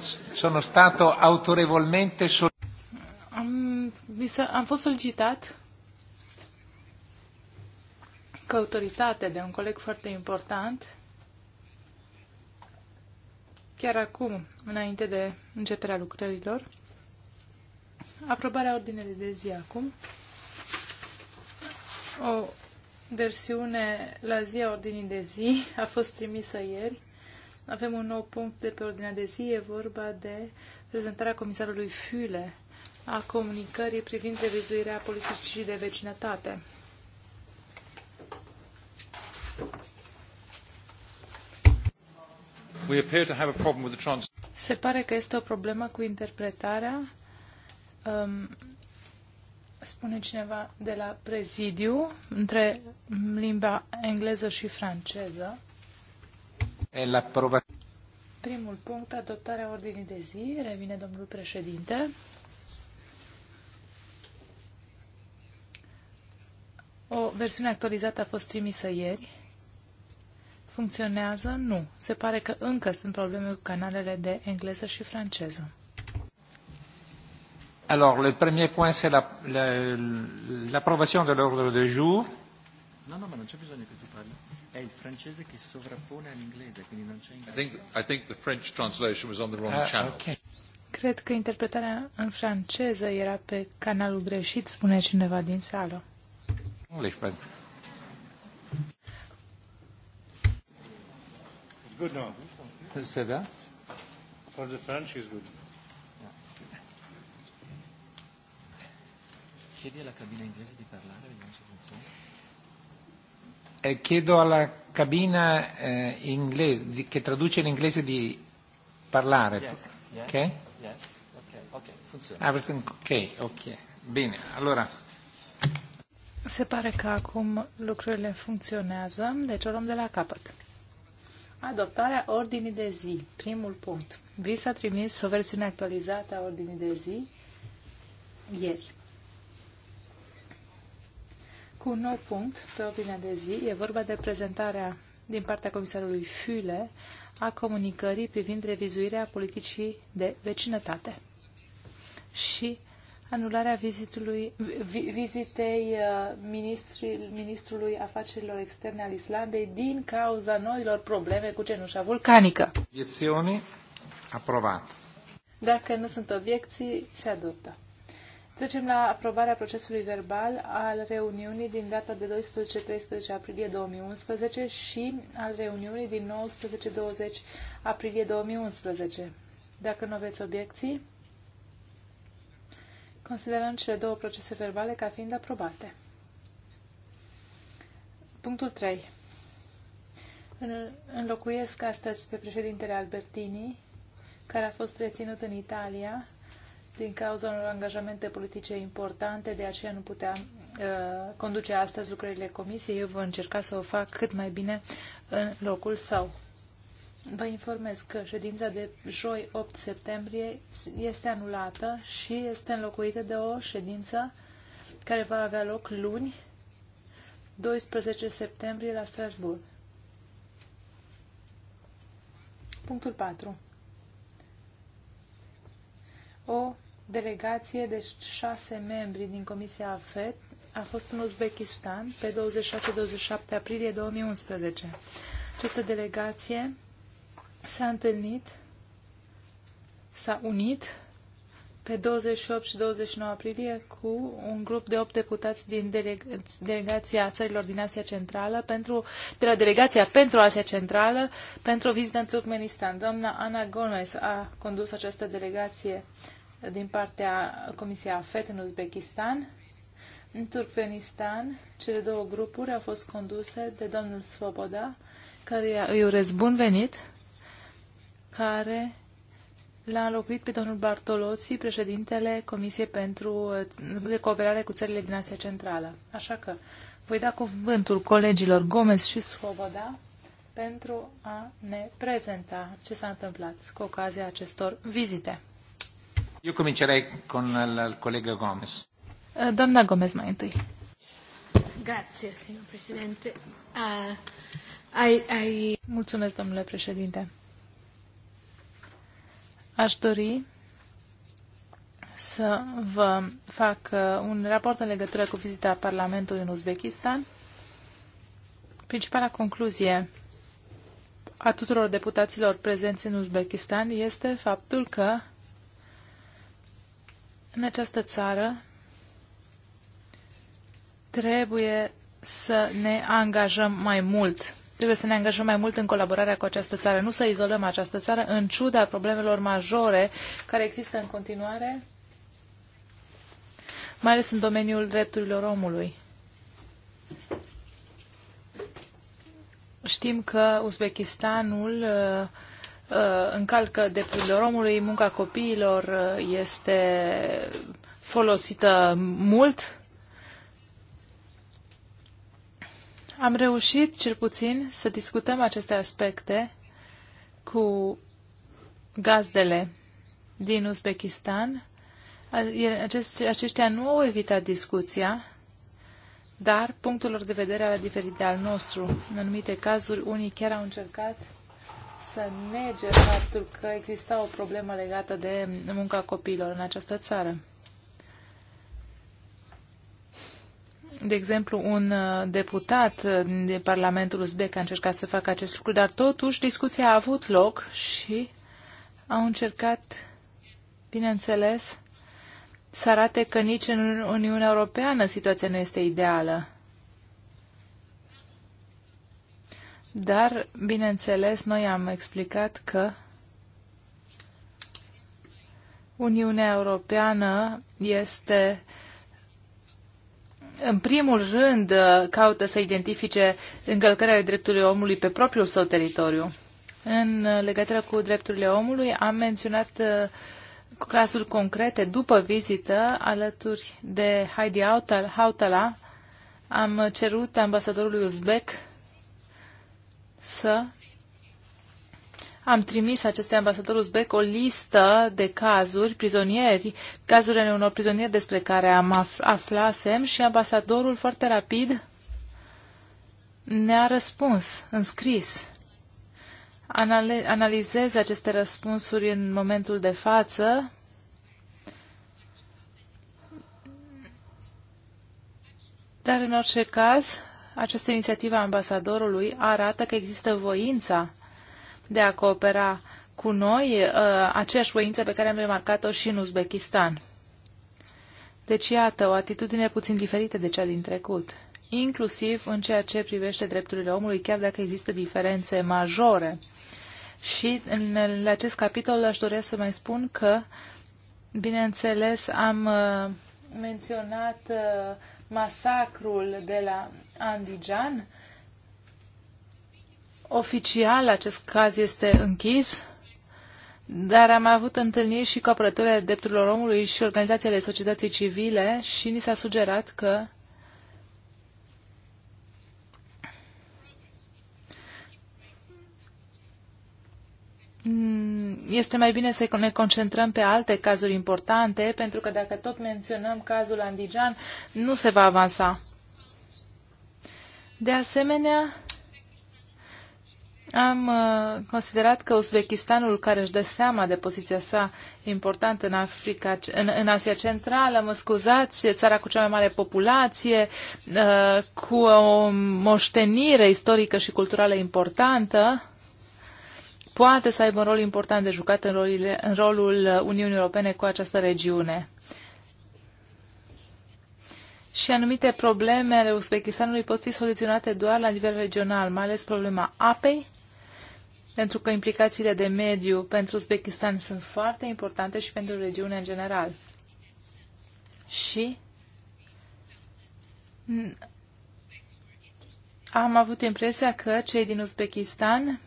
sono stato autorevolmente am, am fost solicitat cu autoritate de un coleg foarte important chiar acum, înainte de începerea lucrărilor. Aprobarea ordinei de zi acum. O versiune la zi a ordinii de zi a fost trimisă ieri avem un nou punct de pe ordinea de zi, e vorba de prezentarea comisarului Füle a comunicării privind revizuirea politicii de vecinătate. We appear to have a problem with the trans Se pare că este o problemă cu interpretarea. Um, spune cineva de la prezidiu, între limba engleză și franceză. Primul punct, adoptarea ordinii de zi, revine domnul președinte. O versiune actualizată a fost trimisă ieri. Funcționează? Nu. Se pare că încă sunt probleme cu canalele de engleză și franceză. Alors, le premier point, c'est l'approbation la, la, de l'ordre de jour. Non, non, mais non c'est plus che tu è il francese che sovrappone all'inglese, quindi non c'è inglese. I think, I think the French translation was on the wrong ah, channel. Okay. Cred că interpretarea în franceză era pe canalul greșit, spune cineva din sală. Englishman. It's good now. Is that? For the French it's good. Chiedi alla cabina inglese di parlare, vediamo se... Eh, chiedo alla cabina eh, inglese, di, che traduce l'inglese di parlare. Yes, yes, ok? Yes, okay, okay, funziona. Ah, ok, ok. Bine, allora. Se pare că acum lucrurile funcționează, deci o luăm de la capăt. Adoptarea ordinii de zi, primul punct. Vi s-a trimis o versiune actualizată a ordinii de zi ieri cu un nou punct pe ordinea de zi. E vorba de prezentarea din partea comisarului Füle a comunicării privind revizuirea politicii de vecinătate și anularea vizitului, vizitei uh, ministrului, ministrului afacerilor externe al Islandei din cauza noilor probleme cu cenușa vulcanică. Obiecțiuni? Aprobat. Dacă nu sunt obiecții, se adoptă. Trecem la aprobarea procesului verbal al reuniunii din data de 12-13 aprilie 2011 și al reuniunii din 19-20 aprilie 2011. Dacă nu aveți obiecții, considerăm cele două procese verbale ca fiind aprobate. Punctul 3. Înlocuiesc astăzi pe președintele Albertini, care a fost reținut în Italia din cauza unor angajamente politice importante, de aceea nu putea uh, conduce astăzi lucrările comisiei. Eu voi încerca să o fac cât mai bine în locul său. Vă informez că ședința de joi 8 septembrie este anulată și este înlocuită de o ședință care va avea loc luni 12 septembrie la Strasbourg. Punctul 4. O delegație de șase membri din Comisia AFET a fost în Uzbekistan pe 26-27 aprilie 2011. Această delegație s-a întâlnit, s-a unit pe 28 și 29 aprilie cu un grup de 8 deputați din delega- delegația țărilor din Asia Centrală pentru, de la delegația pentru Asia Centrală pentru o vizită în Turkmenistan. Doamna Ana Gomez a condus această delegație uh, din partea Comisiei AFET în Uzbekistan. În Turkmenistan, cele două grupuri au fost conduse de domnul Svoboda, care îi urez bun venit, care l-a înlocuit pe domnul Bartoloți, președintele Comisiei pentru de cooperare cu țările din Asia Centrală. Așa că voi da cuvântul colegilor Gomez și Svoboda pentru a ne prezenta ce s-a întâmplat cu ocazia acestor vizite. Eu comincerei cu colegă Gomez. Eh, doamna Gomez mai întâi. Grazie, signor Uh, Mulțumesc, domnule președinte. Aș dori să vă fac eh, un raport în legătură cu vizita Parlamentului în Uzbekistan. Principala concluzie a tuturor deputaților prezenți în Uzbekistan este faptul că în această țară trebuie să ne angajăm mai mult. Trebuie să ne angajăm mai mult în colaborarea cu această țară, nu să izolăm această țară în ciuda problemelor majore care există în continuare, mai ales în domeniul drepturilor omului. Știm că Uzbekistanul uh, Uh, încalcă drepturile omului, munca copiilor uh, este folosită mult. Am reușit, cel puțin, să discutăm aceste aspecte cu gazdele din Uzbekistan. Aceștia nu au evitat discuția, dar punctul lor de vedere era diferit de al nostru. În anumite cazuri, unii chiar au încercat să nege faptul că exista o problemă legată de munca copiilor în această țară. De exemplu, un uh, deputat uh, de Parlamentul Uzbek a încercat să facă acest lucru, dar totuși discuția a avut loc și au încercat, bineînțeles, să arate că nici în Uniunea Europeană situația nu este ideală. Dar, bineînțeles, noi am explicat că Uniunea Europeană este în primul rând caută să identifice încălcările drepturilor omului pe propriul său teritoriu. În legătură cu drepturile omului am menționat uh, clasuri concrete după vizită alături de Heidi Hautala. Am cerut ambasadorului uzbek să am trimis acestui ambasador uzbec o listă de cazuri, prizonieri, cazurile unor prizonieri despre care am af- aflasem și ambasadorul foarte rapid ne-a răspuns în scris. Anal- analizez aceste răspunsuri în momentul de față. Dar în orice caz, această inițiativă a ambasadorului arată că există voința de a coopera cu noi, uh, aceeași voință pe care am remarcat-o și în Uzbekistan. Deci, iată, o atitudine puțin diferită de cea din trecut, inclusiv în ceea ce privește drepturile omului, chiar dacă există diferențe majore. Și în, acest capitol aș doresc să mai spun că, bineînțeles, am uh, menționat uh, masacrul de la Andijan. Oficial, acest caz este închis, dar am avut întâlniri și cu apărătorii drepturilor omului și organizațiile societății civile și ni s-a sugerat că Mm, este mai bine să ne concentrăm pe alte cazuri importante, pentru că dacă tot menționăm cazul Andijan, nu se va avansa. De asemenea, am uh, considerat că Uzbekistanul, care își dă seama de poziția sa importantă în, Africa, în, în Asia Centrală, mă scuzați, țara cu cea mai mare populație, uh, cu o moștenire istorică și culturală importantă, poate să aibă un rol important de jucat în, rolile, în rolul Uniunii Europene cu această regiune. Și anumite probleme ale Uzbekistanului pot fi soluționate doar la nivel regional, mai ales problema apei, pentru că implicațiile de mediu pentru Uzbekistan sunt foarte importante și pentru regiunea în general. Și am avut impresia că cei din Uzbekistan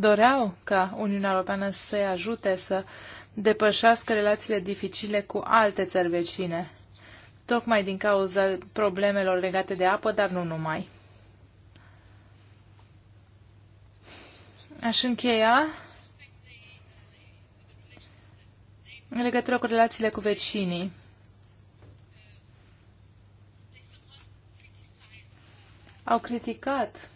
doreau ca Uniunea Europeană să-i ajute să depășească relațiile dificile cu alte țări vecine, tocmai din cauza problemelor legate de apă, dar nu numai. Aș încheia în legătură cu relațiile cu vecinii. Au criticat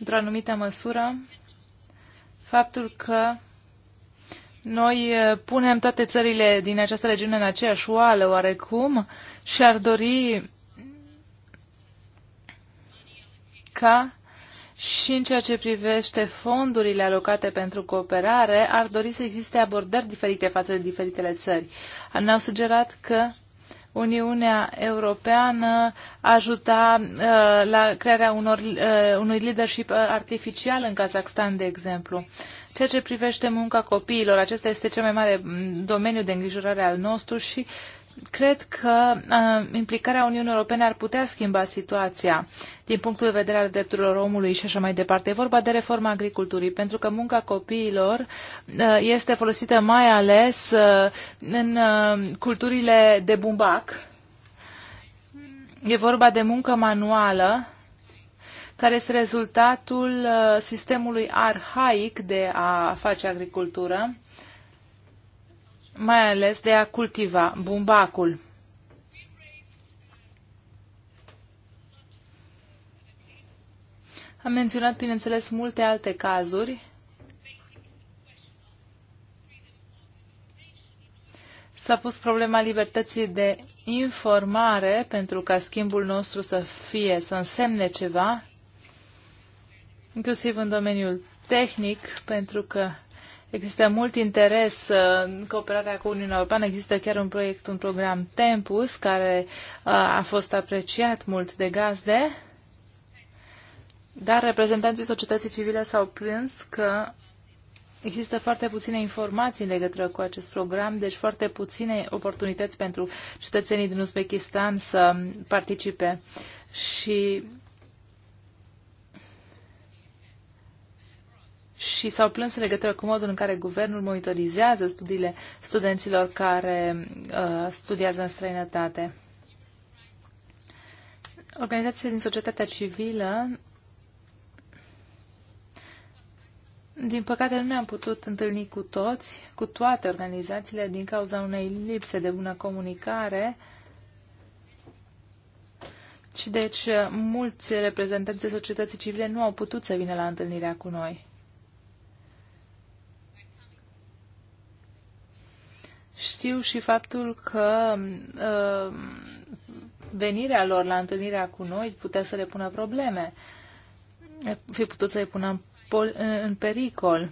într-o anumită măsură, faptul că noi eh, punem toate țările din această regiune în aceeași oală oarecum și ar dori ca și în ceea ce privește fondurile alocate pentru cooperare, ar dori să existe abordări diferite față de diferitele țări. Ne-au sugerat că Uniunea Europeană ajuta uh, la crearea unor, uh, unui leadership uh, artificial în Kazakhstan, de exemplu. Ceea ce privește munca copiilor, acesta este cel mai mare mm, domeniu de îngrijorare al nostru și uh, cred că uh, implicarea Uniunii Europene ar putea schimba situația din punctul de vedere al drepturilor omului și așa mai departe. E vorba de reforma agriculturii, pentru că munca copiilor uh, este folosită mai ales uh, în uh, culturile de bumbac. E vorba de muncă manuală care este rezultatul uh, sistemului arhaic de a face agricultură mai ales de a cultiva bumbacul. Am menționat, bineînțeles, multe alte cazuri. S-a pus problema libertății de informare pentru ca schimbul nostru să fie, să însemne ceva, inclusiv în domeniul tehnic, pentru că Există mult interes uh, în cooperarea cu Uniunea Europeană. Există chiar un proiect, un program Tempus, care uh, a fost apreciat mult de gazde. Dar reprezentanții societății civile s-au plâns că Există foarte puține informații în legătură cu acest program, deci foarte puține oportunități pentru cetățenii din Uzbekistan să participe. Și și s-au plâns în legătură cu modul în care guvernul monitorizează studiile studenților care uh, studiază în străinătate. Organizațiile din societatea civilă, din păcate, nu ne-am putut întâlni cu toți, cu toate organizațiile, din cauza unei lipse de bună comunicare și deci uh, mulți reprezentanți de societății civile nu au putut să vină la întâlnirea cu noi. Știu și faptul că uh, venirea lor la întâlnirea cu noi putea să le pună probleme. Fi putut să-i pună în, pericol.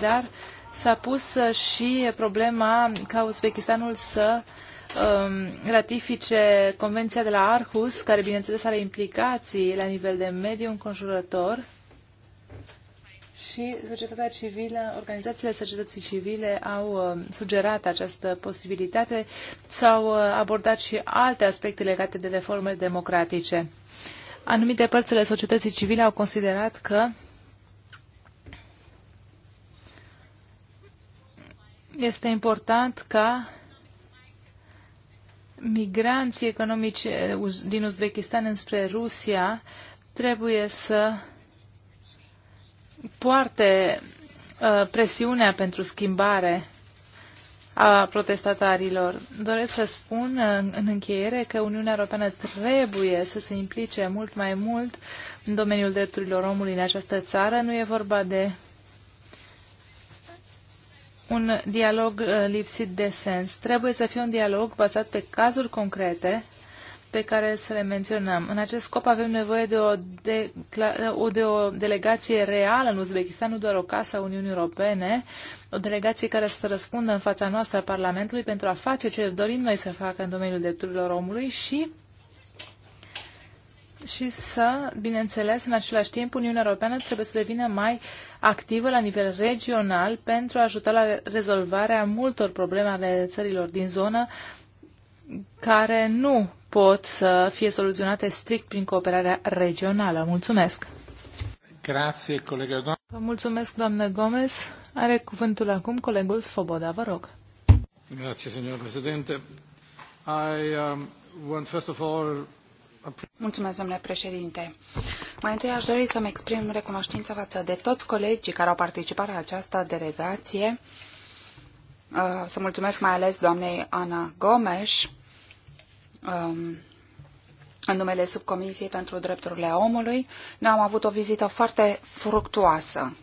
Dar s-a pus și problema ca Uzbekistanul să um, ratifice Convenția de la Arhus, care bineînțeles are implicații la nivel de mediu înconjurător, și societatea civilă, organizațiile societății civile au uh, sugerat această posibilitate, s-au uh, abordat și alte aspecte legate de reforme democratice. Anumite părțile societății civile au considerat că este important ca migranții economici uh, din Uzbekistan înspre Rusia trebuie să poarte uh, presiunea pentru schimbare a protestatarilor. Doresc să spun uh, în încheiere că Uniunea Europeană trebuie să se implice mult mai mult în domeniul drepturilor omului în această țară. Nu e vorba de un dialog uh, lipsit de sens. Trebuie să fie un dialog bazat pe cazuri concrete pe care să le menționăm. În acest scop avem nevoie de o, de, o, de o delegație reală în Uzbekistan, nu doar o casă a Uniunii Europene, o delegație care să răspundă în fața noastră a Parlamentului pentru a face ce dorim noi să facă în domeniul drepturilor omului și și să, bineînțeles, în același timp, Uniunea Europeană trebuie să devină mai activă la nivel regional pentru a ajuta la rezolvarea multor probleme ale țărilor din zonă care nu pot să fie soluționate strict prin cooperarea regională. Mulțumesc! Grazie, Vă mulțumesc, doamnă Gomez. Are cuvântul acum colegul Svoboda, vă rog. Grazie, președinte. I um, want first of all Mulțumesc, domnule președinte. Mai întâi aș dori să-mi exprim recunoștința față de toți colegii care au participat la această delegație. Uh, să mulțumesc mai ales doamnei Ana Gomes um, în numele Subcomisiei pentru Drepturile Omului. Noi am avut o vizită foarte fructuoasă.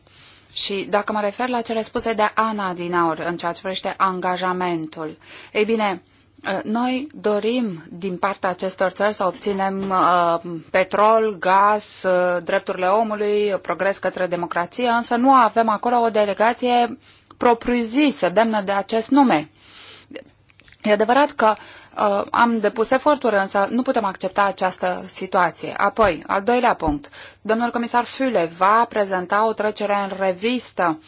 Și dacă mă refer la cele spuse de Ana din aur în ceea ce privește angajamentul, ei bine, uh, noi dorim din partea acestor țări să obținem uh, petrol, gaz, uh, drepturile omului, progres către democrație, însă nu avem acolo o delegație propriu-zisă, demnă de acest nume. E adevărat că Uh, am depus eforturi, însă nu putem accepta această situație. Apoi, al doilea punct. Domnul comisar Füle va prezenta o trecere în revistă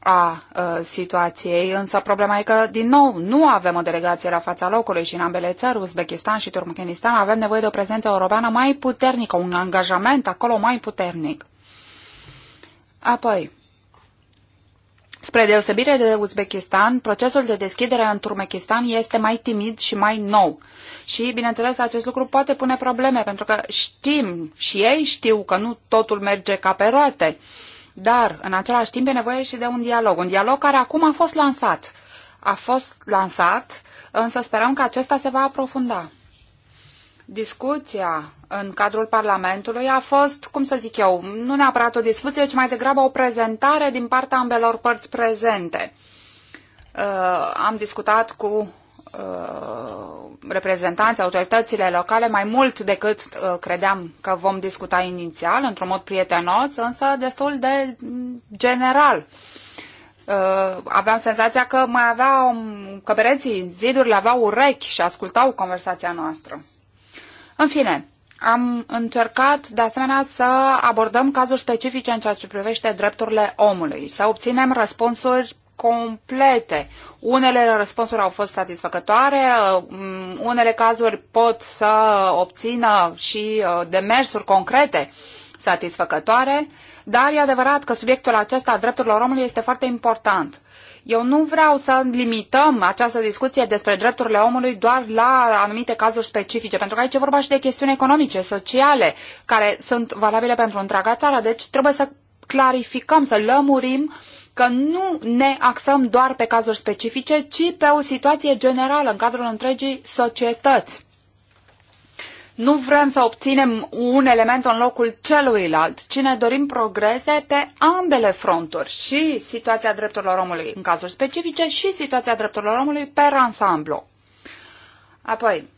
a uh, situației, însă problema e că, din nou, nu avem o delegație la fața locului și în ambele țări, Uzbekistan și Turkmenistan, avem nevoie de o prezență europeană mai puternică, un angajament acolo mai puternic. Apoi, Spre deosebire de Uzbekistan, procesul de deschidere în Turmekistan este mai timid și mai nou. Și, bineînțeles, acest lucru poate pune probleme, pentru că știm și ei știu că nu totul merge ca pe roate. Dar, în același timp, e nevoie și de un dialog. Un dialog care acum a fost lansat. A fost lansat, însă sperăm că acesta se va aprofunda discuția în cadrul Parlamentului a fost, cum să zic eu, nu neapărat o discuție, ci mai degrabă o prezentare din partea ambelor părți prezente. Uh, am discutat cu uh, reprezentanții, autoritățile locale mai mult decât uh, credeam că vom discuta inițial, într-un mod prietenos, însă destul de general. Uh, aveam senzația că mai aveau, că zidurile aveau urechi și ascultau conversația noastră. În fine, am încercat, de asemenea, să abordăm cazuri specifice în ceea ce privește drepturile omului, să obținem răspunsuri complete. Unele răspunsuri au fost satisfăcătoare, mm, unele cazuri pot să obțină și uh, demersuri concrete satisfăcătoare, dar e adevărat că subiectul acesta a drepturilor omului este foarte important. Eu nu vreau să limităm această discuție despre drepturile omului doar la anumite cazuri specifice, pentru că aici e vorba și de chestiuni economice, sociale, care sunt valabile pentru întreaga țară. Deci trebuie să clarificăm, să lămurim că nu ne axăm doar pe cazuri specifice, ci pe o situație generală în cadrul întregii societăți. Nu vrem să obținem un element în locul celuilalt, ci ne dorim progrese pe ambele fronturi, și situația drepturilor omului în cazuri specifice și situația drepturilor omului per ansamblu. Apoi,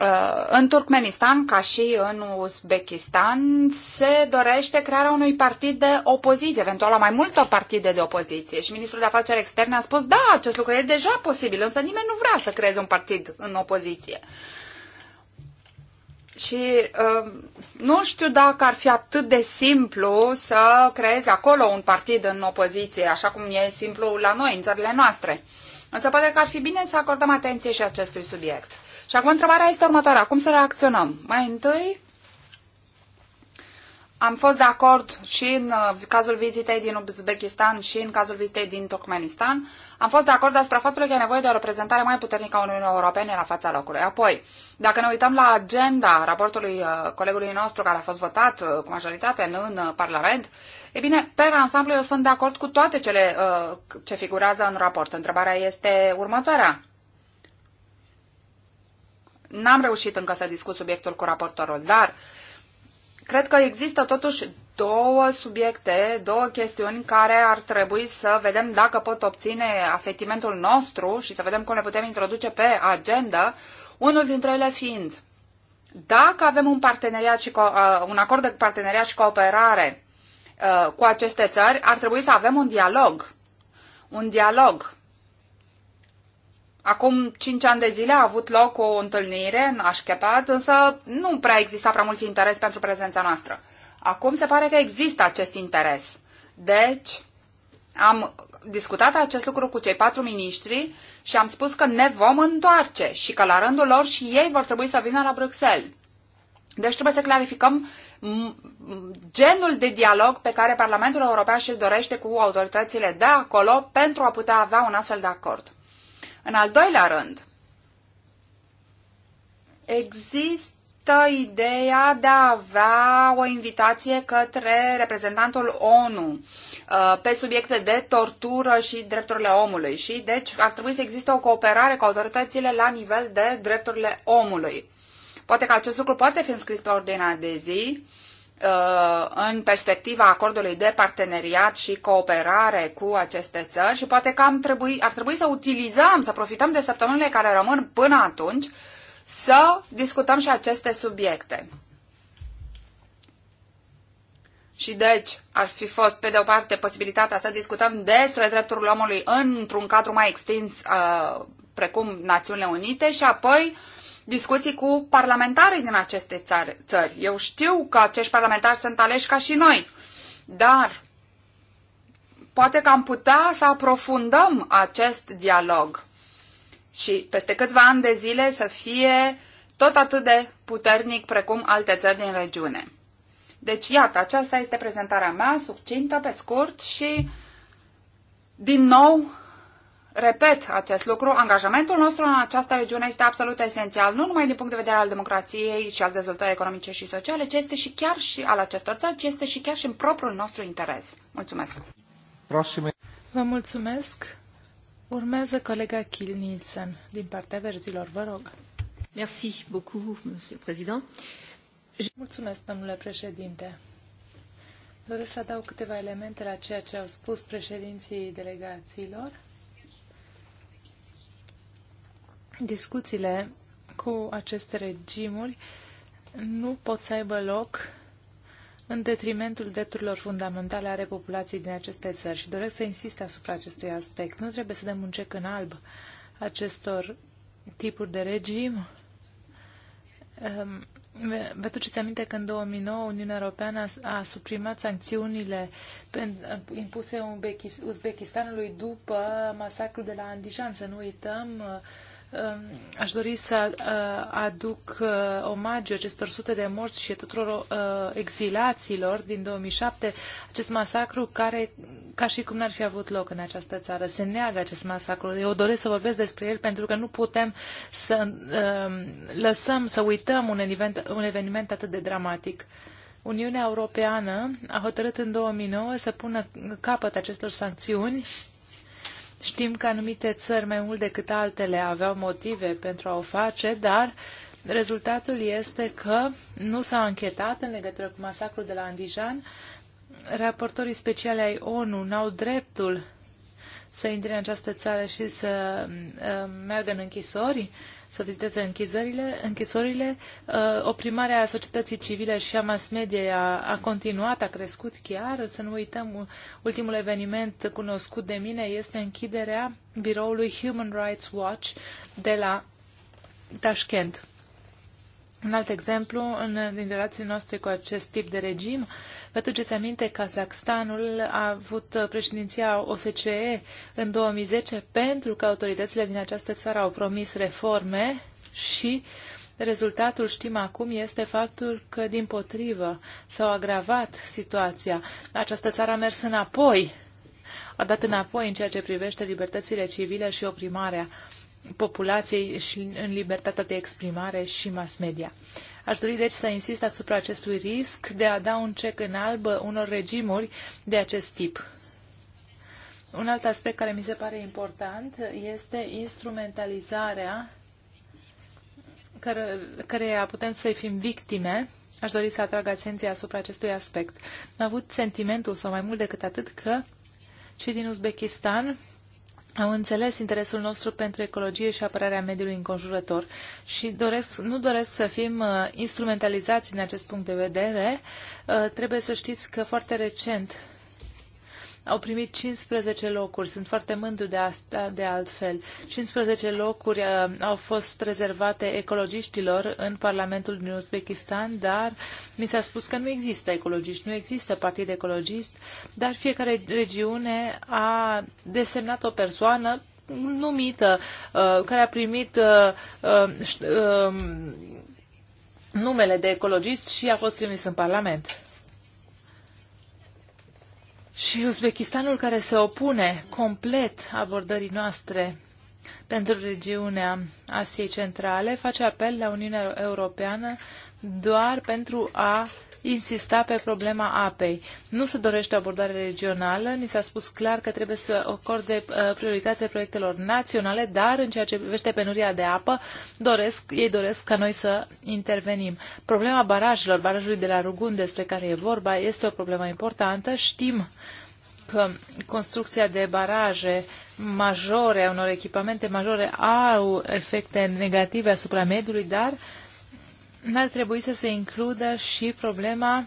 uh, în Turkmenistan, ca și în Uzbekistan, se dorește crearea unui partid de opoziție, eventual a mai multor partide de opoziție. Și ministrul de afaceri externe a spus, da, acest lucru e deja posibil, însă nimeni nu vrea să creeze un partid în opoziție. Uh, și uh, nu știu dacă ar fi atât de simplu să creezi acolo un partid în opoziție, așa cum e simplu la noi, în țările noastre. Însă poate că ar fi bine să acordăm atenție și acestui subiect. Și acum întrebarea este următoarea. Cum să reacționăm? Mai întâi, am fost de acord și în uh, cazul vizitei din Uzbekistan și în cazul vizitei din Turkmenistan. Am fost de acord asupra faptului că e nevoie de o reprezentare mai puternică a Uniunii Europene la fața locului. Apoi, dacă ne uităm la agenda raportului uh, colegului nostru care a fost votat uh, cu majoritate în, în Parlament, e bine, pe ansamblu eu sunt de acord cu toate cele ce figurează în raport. Întrebarea este următoarea n-am reușit încă să discut subiectul cu raportorul, dar Cred că există totuși două subiecte, două chestiuni care ar trebui să vedem dacă pot obține asentimentul nostru și să vedem cum le putem introduce pe agenda, unul dintre ele fiind dacă avem un, parteneriat și uh, un acord de parteneriat și cooperare uh, cu aceste țări, ar trebui să avem un dialog. Un dialog Acum 5 ani de zile a avut loc o întâlnire în Ashkepat, însă nu prea exista prea mult interes pentru prezența noastră. Acum se pare că există acest interes. Deci, am discutat acest lucru cu cei patru miniștri și am spus că ne vom întoarce și că la rândul lor și ei vor trebui să vină la Bruxelles. Deci trebuie să clarificăm genul de dialog pe care Parlamentul European și-l dorește cu autoritățile de acolo pentru a putea avea un astfel de acord. În al doilea rând, există ideea de a avea o invitație către reprezentantul ONU uh, pe subiecte de tortură și drepturile omului și deci ar trebui să existe o cooperare cu autoritățile la nivel de drepturile omului. Poate că acest lucru poate fi înscris pe ordinea de zi Uh, în perspectiva acordului de parteneriat și cooperare cu aceste țări și poate că am trebui, ar trebui să utilizăm, să profităm de săptămânile care rămân până atunci să discutăm și aceste subiecte. Și deci ar fi fost, pe de o parte, posibilitatea să discutăm despre drepturile omului într-un cadru mai extins, uh, precum Națiunile Unite, și apoi uh, discuții cu parlamentarii din aceste țări. Eu știu că acești parlamentari sunt aleși ca și noi, dar poate că am putea să aprofundăm acest dialog și peste câțiva ani de zile să fie tot atât de puternic precum alte țări din regiune. Deci, iată, aceasta este prezentarea mea, succintă, pe scurt și, din nou, repet acest lucru, angajamentul nostru în această regiune este absolut esențial, nu numai din punct de vedere al democrației și al dezvoltării economice și sociale, ci este și chiar și al acestor țări, ci este și chiar și în propriul nostru interes. Mulțumesc! Prosime. Vă mulțumesc! Urmează colega Kil Nielsen, din partea verzilor, vă rog. Merci beaucoup, monsieur président. Mulțumesc, domnule președinte. Doresc să adaug câteva elemente la ceea ce au spus președinții delegațiilor discuțiile cu aceste regimuri nu pot să aibă loc în detrimentul drepturilor fundamentale ale populației din aceste țări și doresc să insist asupra acestui aspect. Nu trebuie să dăm un cec în alb acestor tipuri de regim. Ehm, vă duceți aminte că în 2009 Uniunea Europeană a, a suprimat sancțiunile impuse Uzbekistanului după masacrul de la Andijan. Să nu uităm uh, Aș dori să uh, aduc uh, omagiu acestor sute de morți și tuturor uh, exilaților din 2007, acest masacru care, ca și cum n-ar fi avut loc în această țară, se neagă acest masacru. Eu doresc să vorbesc despre el pentru că nu putem să lăsăm, să uităm un eveniment, un eveniment atât de dramatic. Uniunea Europeană a hotărât în 2009 să pună capăt acestor sancțiuni Știm că anumite țări mai mult decât altele aveau motive pentru a o face, dar rezultatul este că nu s-a închetat în legătură cu masacrul de la Andijan. Raportorii speciale ai ONU n-au dreptul să intre în această țară și să uh, meargă în închisori. Uh, să viziteze închizările, închisorile. Uh, oprimarea societății civile și a mass media a, a continuat, a crescut chiar. Să nu uităm, ultimul eveniment cunoscut de mine este închiderea biroului Human Rights Watch de la Tashkent. Un alt exemplu, în, din relațiile noastre cu acest tip de regim, vă duceți aminte, că Kazakhstanul a avut președinția OSCE în 2010 pentru că autoritățile din această țară au promis reforme și rezultatul, știm acum, este faptul că, din potrivă, s-au agravat situația. Această țară a mers înapoi, a dat înapoi în ceea ce privește libertățile civile și oprimarea populației și în libertatea de exprimare și mass media. Aș dori deci să insist asupra acestui risc de a da un cec în alb unor regimuri de acest tip. Un alt aspect care mi se pare important este instrumentalizarea care, care putem să fim victime. Aș dori să atrag atenția asupra acestui aspect. Am avut sentimentul, sau mai mult decât atât, că cei din Uzbekistan au înțeles interesul nostru pentru ecologie și apărarea mediului înconjurător și doresc, nu doresc să fim uh, instrumentalizați în acest punct de vedere. Uh, trebuie să știți că foarte recent au primit 15 locuri. Sunt foarte mândru de asta, de altfel. 15 locuri uh, au fost rezervate ecologiștilor în Parlamentul din Uzbekistan, dar mi s-a spus că nu există ecologiști, nu există partid ecologist, dar fiecare regiune a desemnat o persoană numită, uh, care a primit uh, uh, um, numele de ecologist și a fost trimis în Parlament. Și Uzbekistanul care se opune complet abordării noastre pentru regiunea Asiei Centrale face apel la Uniunea Europeană doar pentru a insista pe problema apei. Nu se dorește o abordare regională, ni s-a spus clar că trebuie să acorde uh, prioritate proiectelor naționale, dar în ceea ce privește penuria de apă, doresc, ei doresc ca noi să intervenim. Problema barajelor, barajului de la Rugun despre care e vorba, este o problemă importantă. Știm că construcția de baraje majore, a unor echipamente majore, au efecte negative asupra mediului, dar uh, ar trebui să se includă și problema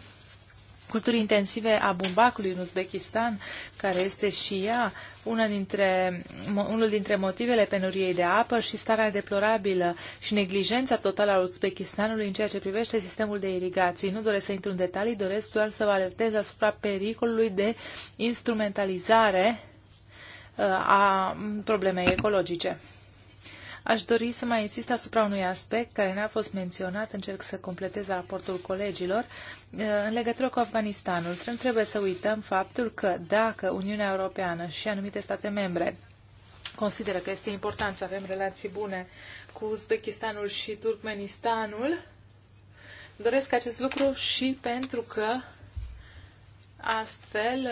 culturii intensive a bumbacului în Uzbekistan, care este și ea una dintre, unul dintre motivele penuriei de apă și starea deplorabilă și neglijența totală a Uzbekistanului în ceea ce privește sistemul de irigații. Nu doresc să intru în detalii, doresc doar să vă alertez asupra pericolului de instrumentalizare uh, a problemei ecologice. Aș dori să mai insist asupra unui aspect care n-a fost menționat, încerc să completez raportul colegilor, în legătură cu Afganistanul. Trebuie să uităm faptul că dacă Uniunea Europeană și anumite state membre consideră că este important să avem relații bune cu Uzbekistanul și Turkmenistanul, doresc acest lucru și pentru că astfel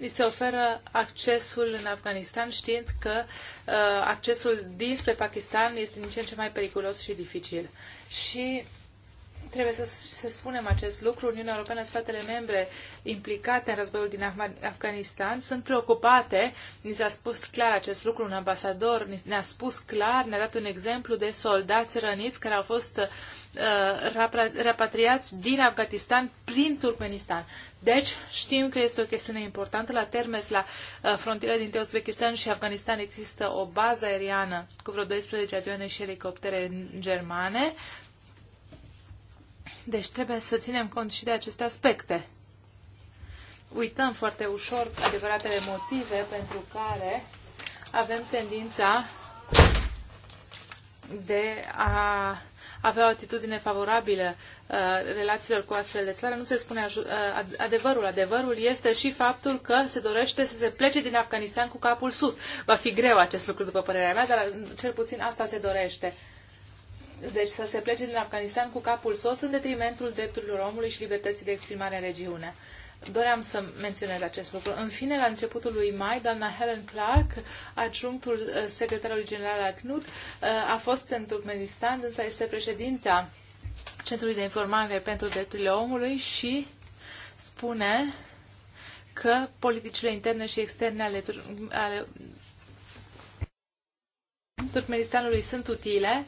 îi se oferă accesul în Afganistan știind că uh, accesul dinspre Pakistan este din ce în ce mai periculos și dificil. Și Trebuie să, se spunem acest lucru. Uniunea Europeană, statele membre implicate în războiul din Afganistan sunt preocupate. Ni s-a spus clar acest lucru, un ambasador ne-a spus clar, ne-a dat un exemplu de soldați răniți care au fost uh, repatriați din Afganistan prin Turkmenistan. Deci știm că este o chestiune importantă. La Termes, la uh, frontiera dintre Uzbekistan și Afganistan, există o bază aeriană cu vreo 12 avioane și elicoptere germane. Uh, deci trebuie să ținem cont și de aceste aspecte. Uităm foarte ușor adevăratele motive pentru care avem tendința de a avea o atitudine favorabilă uh, relațiilor cu astfel de țară, nu se spune uh, adevărul. Adevărul este și faptul că se dorește să se plece din Afganistan cu capul sus. Va fi greu acest lucru, după părerea mea, dar cel puțin asta se dorește deci să se plece din Afganistan cu capul sos în detrimentul drepturilor omului și libertății de exprimare în regiune. Doream să menționez acest lucru. În fine, la începutul lui mai, doamna Helen Clark, adjunctul uh, secretarului general al CNUD, uh, a fost în Turkmenistan, însă este președinta Centrului de Informare pentru Drepturile Omului și spune că politicile interne și externe ale, ale Turkmenistanului sunt utile,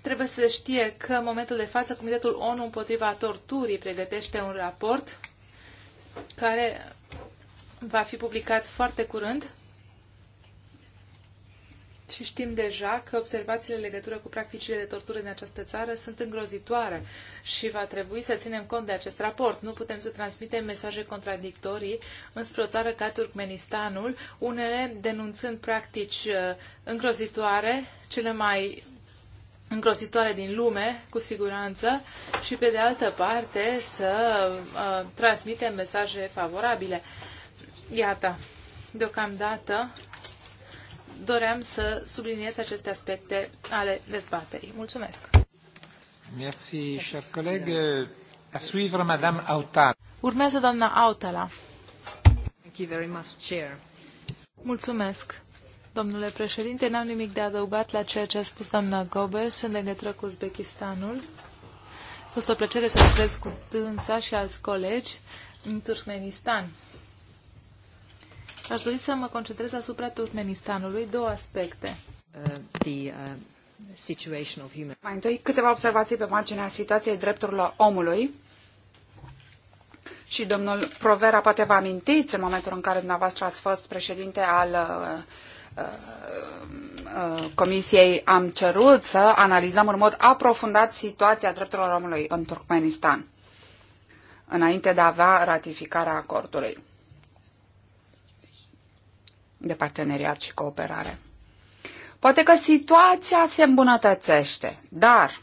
trebuie să știe că în momentul de față Comitetul ONU împotriva torturii pregătește un raport care va fi publicat foarte curând și știm deja că observațiile în legătură cu practicile de tortură în această țară sunt îngrozitoare și va trebui să ținem cont de acest raport. Nu putem să transmitem mesaje contradictorii înspre o țară ca Turkmenistanul, unele denunțând practici uh, îngrozitoare, cele mai îngrozitoare din lume, cu siguranță, și pe de altă parte să uh, transmitem mesaje favorabile. Iată, deocamdată doream să subliniez aceste aspecte ale dezbaterii. Mulțumesc! Merci, cher collègue. A suivre, Madame Autala. Urmează doamna Autala. Thank you very much, Chair. Mulțumesc domnule președinte. N-am nimic de adăugat la ceea ce a spus doamna Goebbels în legătură cu Uzbekistanul. A fost o plăcere să lucrez cu dânsa și alți colegi în Turkmenistan. Aș dori să mă concentrez asupra Turkmenistanului două aspecte. Uh, the, uh, of human... Mai întâi câteva observații pe marginea situației drepturilor omului. Și domnul Provera poate vă amintiți în momentul în care dumneavoastră ați fost președinte al uh, Comisiei am cerut să analizăm în mod aprofundat situația drepturilor omului în Turkmenistan înainte de a avea ratificarea acordului de parteneriat și cooperare. Poate că situația se îmbunătățește, dar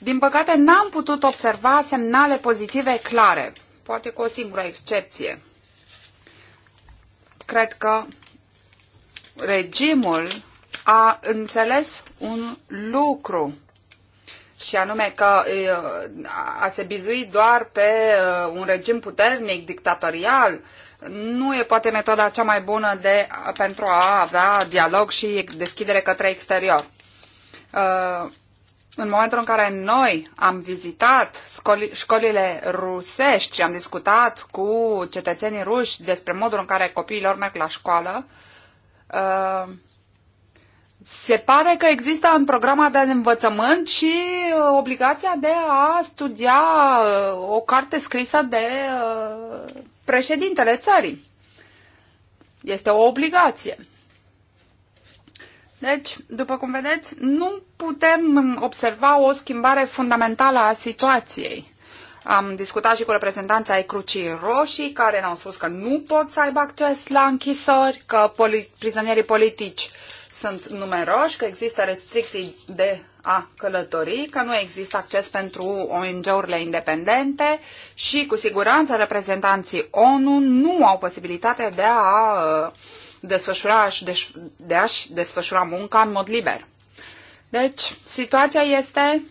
din păcate n-am putut observa semnale pozitive clare, poate cu o singură excepție cred că regimul a înțeles un lucru și anume că a se bizui doar pe un regim puternic, dictatorial, nu e poate metoda cea mai bună de, pentru a avea dialog și deschidere către exterior în momentul în care noi am vizitat școlile rusești și am discutat cu cetățenii ruși despre modul în care copiii lor merg la școală, uh, se pare că există în programa de învățământ și obligația de a studia uh, o carte scrisă de uh, președintele țării. Este o obligație. Deci, după cum vedeți, nu putem observa o schimbare fundamentală a situației. Am discutat și cu reprezentanța ai Crucii Roșii, care ne-au spus că nu pot să aibă acces la închisori, că poli- prizonierii politici sunt numeroși, că există restricții de a călători, că nu există acces pentru ONG-urile independente și, cu siguranță, reprezentanții ONU nu au posibilitatea de a uh, desfășura, de a-și desfășura munca în mod liber. Deci, situația este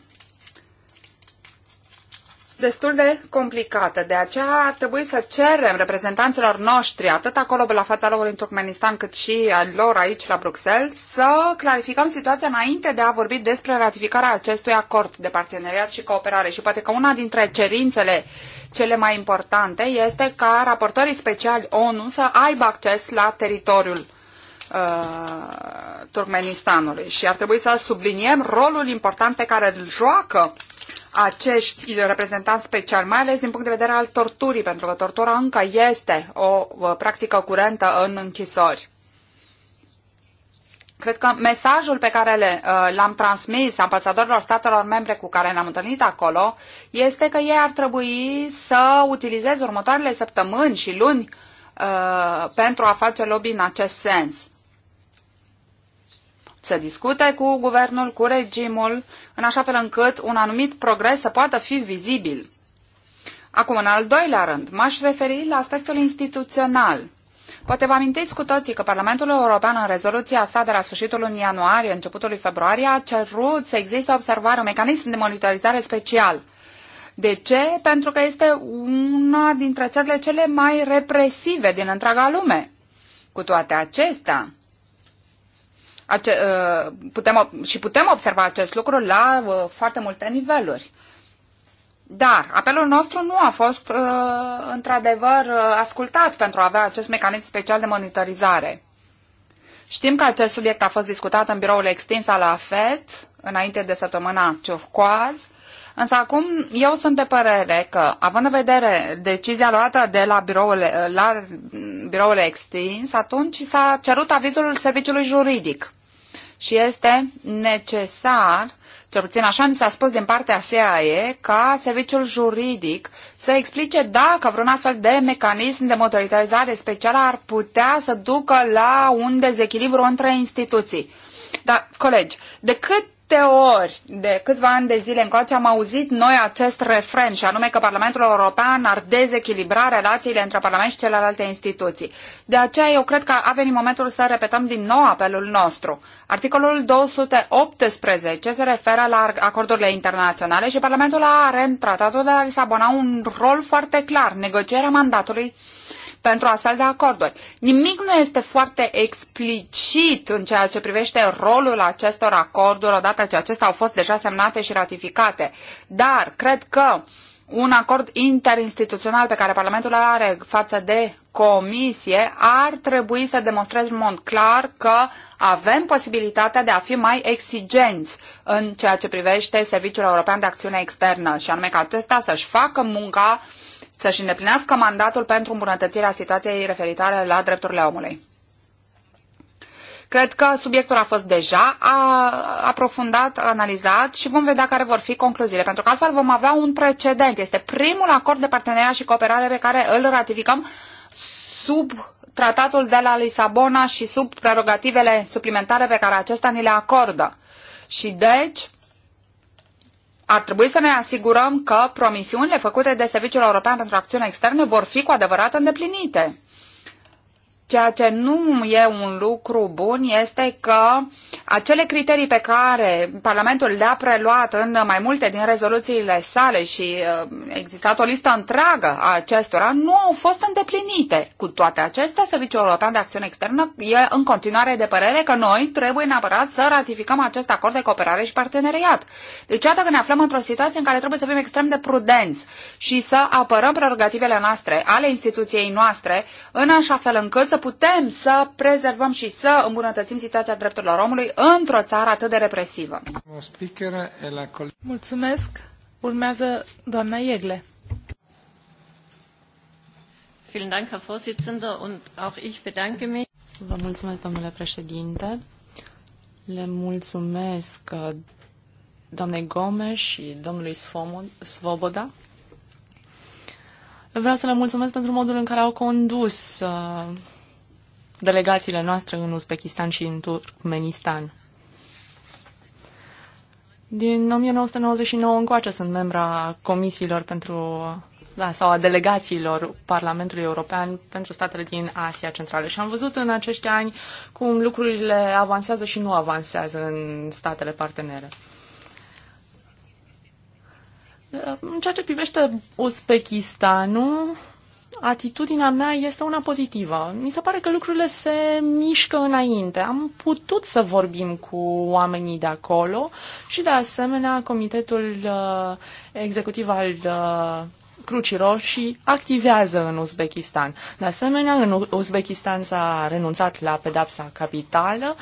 destul de complicată. De aceea ar trebui să cerem reprezentanților noștri, atât acolo la fața locului în Turkmenistan, cât și al lor aici la Bruxelles, să clarificăm situația înainte de a vorbi despre ratificarea acestui acord de parteneriat și cooperare. Și poate că una dintre cerințele cele mai importante este ca raportorii speciali ONU să aibă acces la teritoriul uh, Turkmenistanului și ar trebui să subliniem rolul important pe care îl joacă acești reprezentanți speciali, mai ales din punct de vedere al torturii, pentru că tortura încă este o practică curentă în închisori. Cred că mesajul pe care uh, l-am transmis ambasadorilor statelor membre cu care ne-am întâlnit acolo este că ei ar trebui să utilizeze următoarele săptămâni și luni uh, pentru a face lobby în acest sens să discute cu guvernul, cu regimul, în așa fel încât un anumit progres să poată fi vizibil. Acum, în al doilea rând, m-aș referi la aspectul instituțional. Poate vă amintiți cu toții că Parlamentul European, în rezoluția sa de la sfârșitul lunii ianuarie, începutul lui februarie, a cerut să existe observare, un mecanism de monitorizare special. De ce? Pentru că este una dintre țările cele mai represive din întreaga lume. Cu toate acestea, ace, uh, putem, și putem observa acest lucru la uh, foarte multe niveluri. Dar apelul nostru nu a fost uh, într-adevăr ascultat pentru a avea acest mecanism special de monitorizare. Știm că acest subiect a fost discutat în biroul extins al AFET înainte de săptămâna turcoaz Însă acum eu sunt de părere că, având în vedere decizia luată de la biroul, la biroul extins, atunci s-a cerut avizul serviciului juridic. Și este necesar, cel puțin așa ni s-a spus din partea CIA, ca serviciul juridic să explice dacă vreun astfel de mecanism de monitorizare specială ar putea să ducă la un dezechilibru între instituții. Dar, colegi, de cât șapte ori de câțiva ani de zile încoace am auzit noi acest refren și anume că Parlamentul European ar dezechilibra relațiile între Parlament și celelalte instituții. De aceea eu cred că a venit momentul să repetăm din nou apelul nostru. Articolul 218 se referă la acordurile internaționale și Parlamentul are în tratatul de la Lisabona un rol foarte clar, negocierea mandatului pentru astfel de acorduri. Nimic nu este foarte explicit în ceea ce privește rolul acestor acorduri odată ce acestea au fost deja semnate și ratificate, dar cred că un acord interinstituțional pe care Parlamentul îl are față de Comisie ar trebui să demonstreze în mod clar că avem posibilitatea de a fi mai exigenți în ceea ce privește Serviciul European de Acțiune Externă și anume că acesta să-și facă munca uh, să-și îndeplinească mandatul pentru îmbunătățirea situației referitoare la drepturile omului. Cred că subiectul a fost deja a, aprofundat, analizat și vom vedea care vor fi concluziile, pentru că altfel vom avea un precedent. Este primul acord de parteneriat și cooperare pe care îl ratificăm sub tratatul de la Lisabona și sub prerogativele suplimentare pe care acesta ni le acordă. Și deci, ar trebui să ne asigurăm că promisiunile făcute de Serviciul European pentru Acțiune Externă vor fi cu adevărat îndeplinite. Ceea ce nu e un lucru bun este că acele criterii pe care Parlamentul le-a preluat în mai multe din rezoluțiile sale și uh, existat o listă întreagă a acestora nu au fost îndeplinite. Cu toate acestea, Serviciul European de Acțiune Externă e în continuare de părere că noi trebuie neapărat să ratificăm acest acord de cooperare și parteneriat. Deci iată că ne aflăm într-o situație în care trebuie să fim extrem de prudenți și să apărăm prerogativele noastre ale instituției noastre în așa fel încât să să putem să prezervăm și să îmbunătățim situația drepturilor omului într-o țară atât de represivă. Mulțumesc. Urmează doamna Iegle. Vă mulțumesc, domnule președinte. Le mulțumesc uh, doamnei Gomes și domnului Svoboda. Vreau să le mulțumesc pentru modul în care au condus uh, delegațiile noastre în Uzbekistan și în Turkmenistan. Din 1999 încoace sunt membra comisiilor pentru da, sau a delegațiilor Parlamentului European pentru statele din Asia Centrală. Și am văzut în acești ani cum lucrurile avansează și nu avansează în statele partenere. În ceea ce privește Uzbekistanul, atitudinea mea este una pozitivă. Mi se pare că lucrurile se mișcă înainte. Am putut să vorbim cu oamenii de acolo și, de asemenea, Comitetul uh, Executiv al uh, Crucii Roșii activează în Uzbekistan. De asemenea, în Uzbekistan s-a renunțat la pedapsa capitală.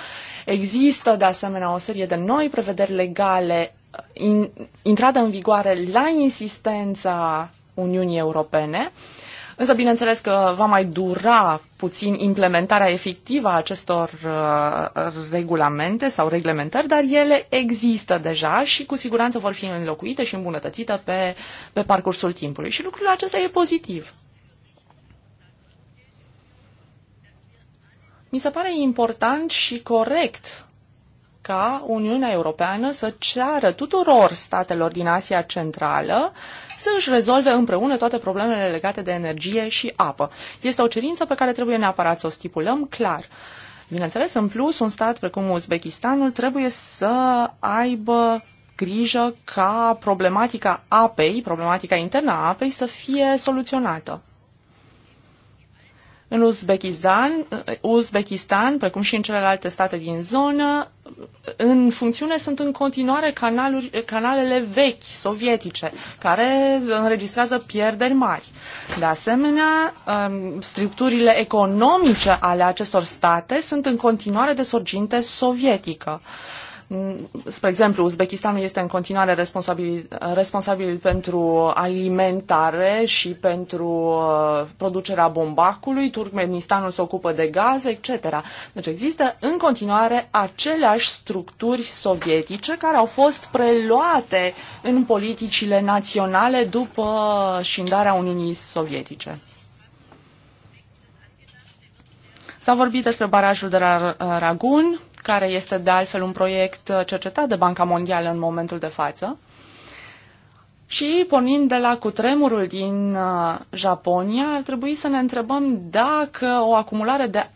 Există, de asemenea, o serie de noi prevederi legale uh, in, intrată în vigoare la insistența Uniunii Europene. Uh, Însă, bineînțeles că va mai dura puțin implementarea efectivă a acestor uh, regulamente sau reglementări, dar ele există deja și cu siguranță vor fi înlocuite și îmbunătățite pe, pe parcursul timpului. Și lucrul acesta e pozitiv. Mi se pare important și corect ca Uniunea Europeană să ceară tuturor statelor din Asia Centrală să își rezolve împreună toate problemele legate de energie și apă. Este o cerință pe care trebuie neapărat să o stipulăm clar. Bineînțeles, în plus, un stat precum Uzbekistanul trebuie să aibă grijă ca problematica apei, problematica internă a apei să fie soluționată. În Uzbekistan, Uzbekistan, precum și în celelalte state din zonă, în funcțiune sunt în continuare canaluri, canalele vechi sovietice, care înregistrează pierderi mari. De asemenea, um, structurile economice ale acestor state sunt în continuare de sorginte sovietică. Spre exemplu, Uzbekistanul este în continuare responsabil, responsabil pentru alimentare și pentru uh, producerea bombacului, Turkmenistanul se ocupă de gaze, etc. Deci există în continuare aceleași structuri sovietice care au fost preluate în politicile naționale după șindarea Uniunii Sovietice. S-a vorbit despre barajul de la Ragun care este de altfel un proiect uh, cercetat de Banca Mondială în momentul de față. Și pornind de la cutremurul din uh, Japonia, ar trebui să ne întrebăm dacă o acumulare de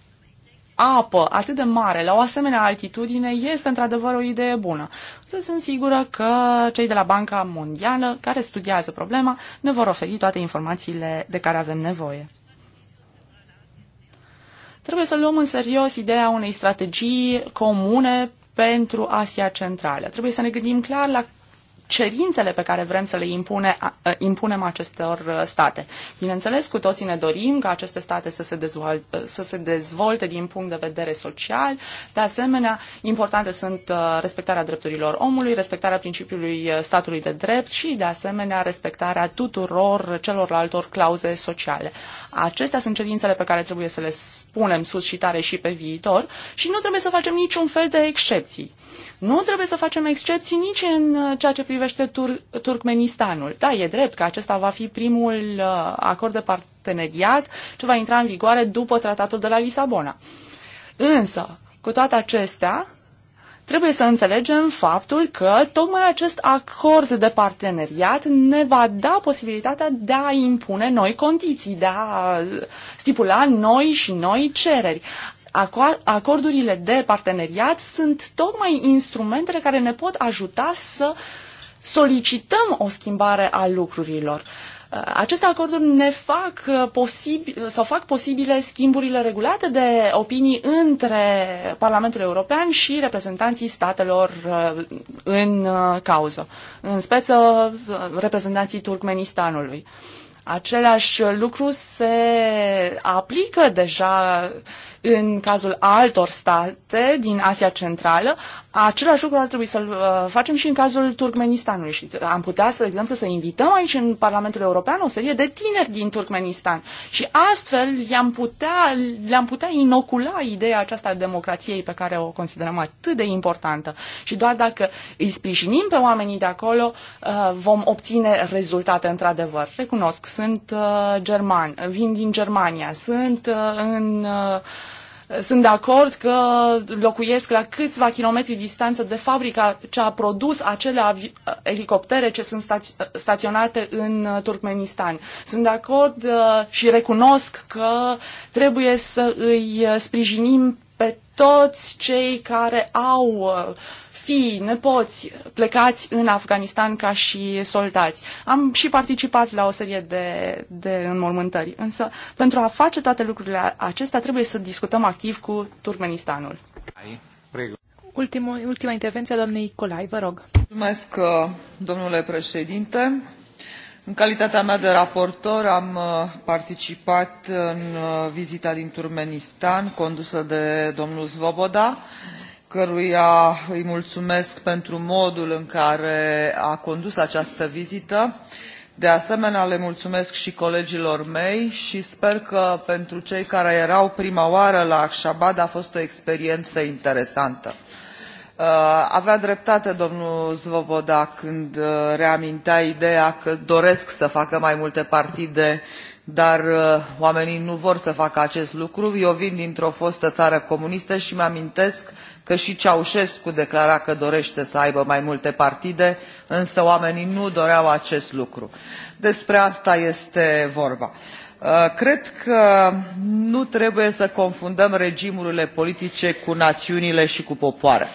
apă atât de mare, la o asemenea altitudine, este într-adevăr o idee bună. Să sunt sigură că cei de la Banca Mondială, care studiază problema, ne vor oferi toate informațiile de care avem nevoie. Trebuie să luăm în serios ideea unei strategii comune pentru Asia Centrală. Trebuie să ne gândim clar la cerințele pe care vrem să le impune, impunem acestor uh, state. Bineînțeles, cu toții ne dorim ca aceste state să se, dezvolte, uh, să se dezvolte din punct de vedere social. De asemenea, importante sunt uh, respectarea drepturilor omului, respectarea principiului statului de drept și, de asemenea, respectarea tuturor celorlaltor clauze sociale. Acestea sunt cerințele pe care trebuie să le spunem sus și tare și pe viitor și nu trebuie să facem niciun fel de excepții. Nu trebuie să facem excepții nici în uh, ceea ce privește Tur- Turkmenistanul. Da, e drept că acesta va fi primul uh, acord de parteneriat ce va intra în vigoare după tratatul de la Lisabona. Însă, cu toate acestea, trebuie să înțelegem faptul că tocmai acest acord de parteneriat ne va da posibilitatea de a impune noi condiții, de a uh, stipula noi și noi cereri. Acordurile de parteneriat sunt tocmai instrumentele care ne pot ajuta să solicităm o schimbare a lucrurilor. Uh, aceste acorduri ne fac uh, posibil sau fac posibile schimburile regulate de opinii între Parlamentul European și reprezentanții statelor uh, în cauză, în speță reprezentanții Turkmenistanului. Același lucru se aplică deja uh, în cazul altor state din Asia Centrală, același lucru ar trebui să-l uh, facem și în cazul Turkmenistanului. Și am putea, spre exemplu, să invităm aici în Parlamentul European o serie de tineri din Turkmenistan și astfel le-am putea, le-am putea inocula ideea aceasta a democrației pe care o considerăm atât de importantă. Și doar dacă îi sprijinim pe oamenii de acolo, uh, vom obține rezultate într-adevăr. Recunosc, sunt uh, german, vin din Germania, sunt în uh, sunt de acord că locuiesc la câțiva kilometri distanță de fabrica ce a produs acele elicoptere ce sunt staț- staționate în uh, Turkmenistan. Sunt de acord uh, și recunosc că trebuie să îi uh, sprijinim pe toți cei care au uh, fii, nepoți plecați în Afganistan ca și soldați. Am și participat la o serie de, de înmormântări, însă pentru a face toate lucrurile acestea trebuie să discutăm activ cu Turkmenistanul. Ultima, ultima intervenție a doamnei Colai, vă rog. Mulțumesc, uh, domnule președinte. În calitatea mea de raportor am uh, participat în uh, vizita din Turmenistan condusă de domnul Svoboda căruia îi mulțumesc pentru modul în care a condus această vizită. De asemenea, le mulțumesc și colegilor mei și sper că pentru cei care erau prima oară la Akshabad a fost o experiență interesantă. Uh, avea dreptate domnul Zvoboda când uh, reamintea ideea că doresc să facă mai multe partide uh, dar uh, oamenii nu vor să facă acest lucru. Eu vin dintr-o fostă țară comunistă și mi-amintesc că și Ceaușescu declara că dorește să aibă mai multe partide, însă oamenii nu doreau acest lucru. Despre asta este vorba. Uh, cred că nu trebuie să confundăm regimurile politice cu națiunile și cu popoarele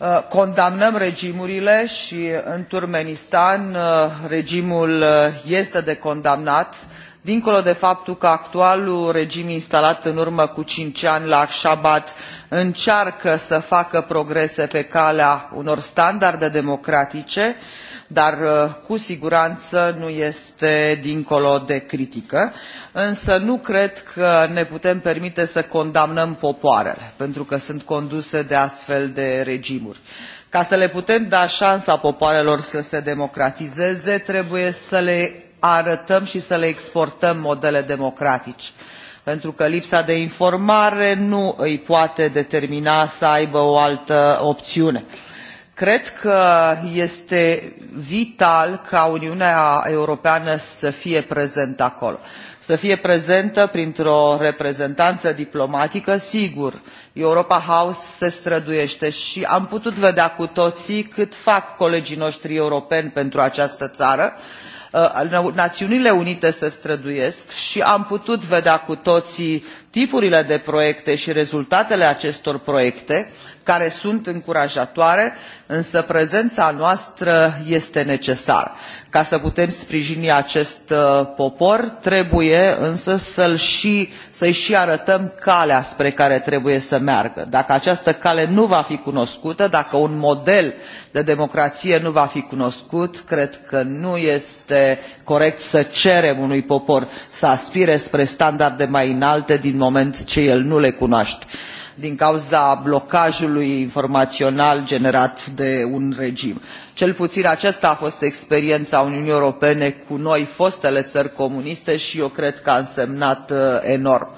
Uh, condamnăm regimurile și în turkmenistan uh, regimul uh, este de condamnat dincolo de faptul că actualul regim instalat în urmă cu cinci ani la ashgabat încearcă să facă progrese pe calea unor standarde democratice și dar uh, cu siguranță nu este dincolo de critică. Însă nu cred că ne putem permite să condamnăm popoarele, pentru că sunt conduse de astfel de regimuri. Ca să le putem da șansa popoarelor să se democratizeze, trebuie să le arătăm și să le exportăm modele democratice pentru că lipsa de informare nu îi poate determina să aibă o altă opțiune. Cred că este vital ca Uniunea Europeană să fie prezentă acolo, să fie prezentă printr-o reprezentanță diplomatică. Sigur, Europa House se străduiește și am putut vedea cu toții cât fac colegii noștri europeni pentru această țară. Uh, Națiunile Unite se străduiesc și am putut vedea cu toții tipurile de proiecte și rezultatele acestor proiecte care sunt încurajatoare, însă prezența noastră este necesară. Ca să putem sprijini acest uh, popor, trebuie însă să i și, să-i și arătăm calea spre care trebuie să meargă. Dacă această cale nu va fi cunoscută, dacă un model de democrație nu va fi cunoscut, cred că nu este corect să cerem unui popor să aspire spre standarde mai înalte din moment ce el nu le cunoaște din cauza blocajului informațional generat de un regim. Cel puțin aceasta a fost experiența Uniunii Europene cu noi, fostele țări comuniste și eu cred că a însemnat uh, enorm.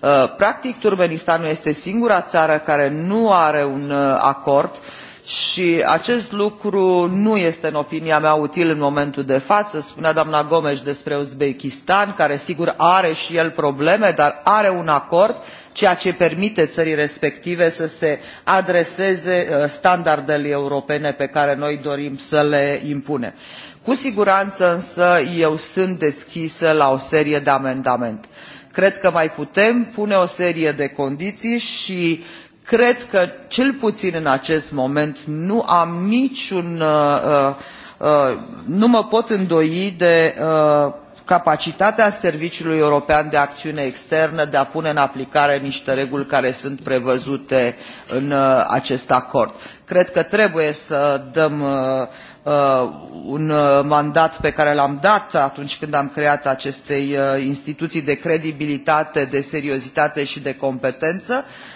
Uh, practic, Turmenistanul este singura țară care nu are un uh, acord și acest lucru nu este, în opinia mea, util în momentul de față. Spunea doamna Gomes despre Uzbekistan, care sigur are și el probleme, dar are un acord ceea ce permite țării respective să se adreseze uh, standardele europene pe care noi dorim să le impunem. Cu siguranță însă eu sunt deschisă la o serie de amendamente. Cred că mai putem pune o serie de condiții și cred că cel puțin în acest moment nu am niciun uh, uh, uh nu mă pot îndoi de uh, capacitatea Serviciului European de Acțiune Externă de a pune în aplicare niște reguli care sunt prevăzute în uh, acest acord. Cred că trebuie să dăm uh, uh, un mandat pe care l-am dat atunci când am creat aceste instituții de credibilitate, de seriozitate și de competență uh,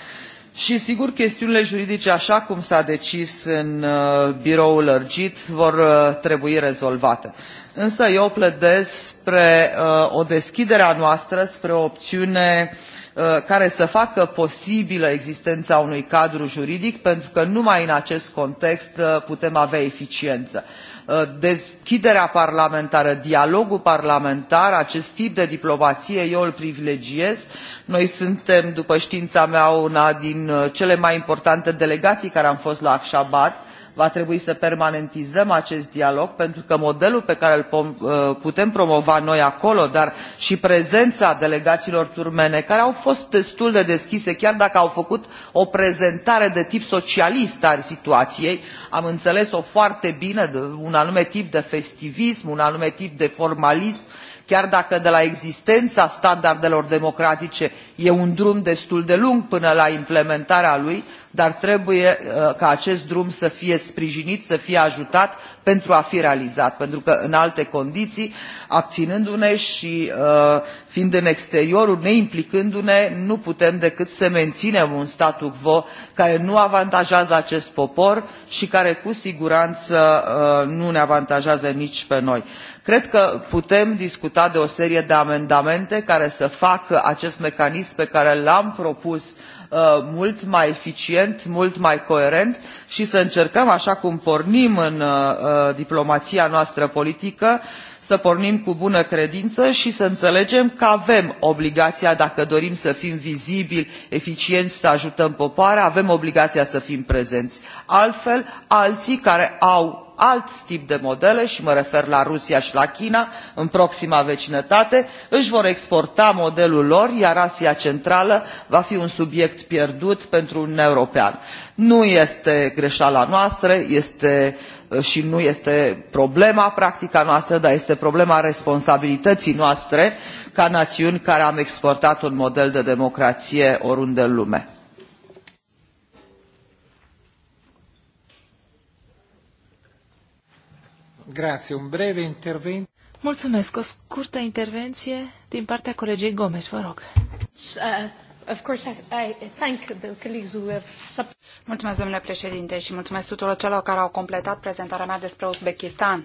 și sigur, chestiunile juridice, așa cum s-a decis în uh, biroul lărgit, vor uh, trebui rezolvate. Însă eu pledez spre uh, o deschidere a noastră, spre o opțiune uh, care să facă posibilă existența unui cadru juridic, pentru că numai în acest context putem avea eficiență. Uh, deschiderea parlamentară dialogul parlamentar acest tip de diplomație eu îl privilegiez. noi suntem după știința mea una din uh, cele mai importante delegații care am fost la ashgabat va trebui să permanentizăm acest dialog pentru că modelul pe care îl uh, putem promova noi acolo dar și prezența delegațiilor turmene care au fost destul de deschise chiar dacă au făcut o prezentare de tip socialist a situației am înțeles o foarte bine un anume tip de festivism un anume tip de formalism chiar dacă de la existența standardelor democratice e un drum destul de lung până la implementarea lui, dar trebuie uh, ca acest drum să fie sprijinit, să fie ajutat pentru a fi realizat, pentru că în alte condiții, abținându-ne și uh, fiind în exteriorul, neimplicându ne nu putem decât să menținem un statu quo care nu avantajează acest popor și care cu siguranță uh, nu ne avantajează nici pe noi cred că putem discuta de o serie de amendamente care să facă acest mecanism pe care l am propus uh, mult mai eficient mult mai coerent și să încercăm așa cum pornim în uh, uh, diplomația noastră politică să pornim cu bună credință și să înțelegem că avem obligația dacă dorim să fim vizibili eficienți să ajutăm poporul, avem obligația să fim prezenți altfel alții care au alt tip de modele și mă refer la rusia și la china în proxima vecinătate își vor exporta modelul lor iar asia centrală va fi un subiect pierdut pentru uniunea europeană. nu este greșeala noastră este uh, și nu este problema practica noastră dar este problema responsabilității noastre ca națiuni care am exportat un model de democrație oriunde în lume. Grazie, un breve Mulțumesc. O scurtă intervenție din partea colegei Gomes, vă rog. Uh, mulțumesc, domnule președinte, și mulțumesc tuturor celor care au completat prezentarea mea despre Uzbekistan.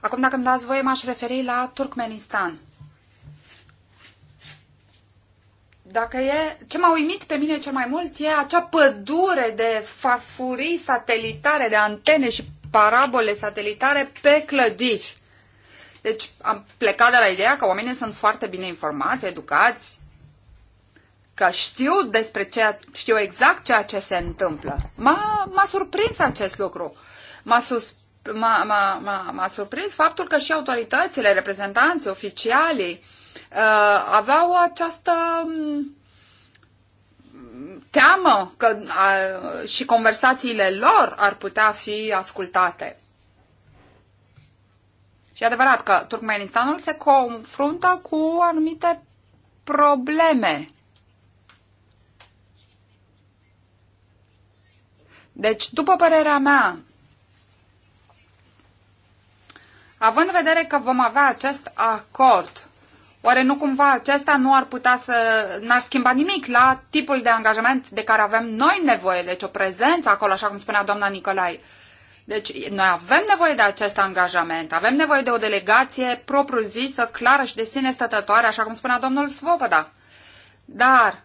Acum, dacă îmi dați voie, m-aș referi la Turkmenistan. Dacă e, ce m-a uimit pe mine cel mai mult e acea pădure de farfurii satelitare, de antene și parabole satelitare pe clădiri. Deci am plecat de la ideea că oamenii sunt foarte bine informați, educați, că știu despre ce, știu exact ceea ce se întâmplă. M-a, m-a surprins acest lucru. M-a, sus, m-a, m-a, m-a, m-a surprins faptul că și autoritățile, reprezentanții, oficialii uh, aveau această teamă că a, și conversațiile lor ar putea fi ascultate. Și adevărat că Turkmenistanul se confruntă cu anumite probleme. Deci, după părerea mea, având în vedere că vom avea acest acord Oare nu cumva acesta nu ar putea să n-ar schimba nimic la tipul de angajament de care avem noi nevoie, deci o prezență acolo, așa cum spunea doamna Nicolai. Deci noi avem nevoie de acest angajament, avem nevoie de o delegație propriu-zisă, clară și de sine stătătoare, așa cum spunea domnul Svoboda. Dar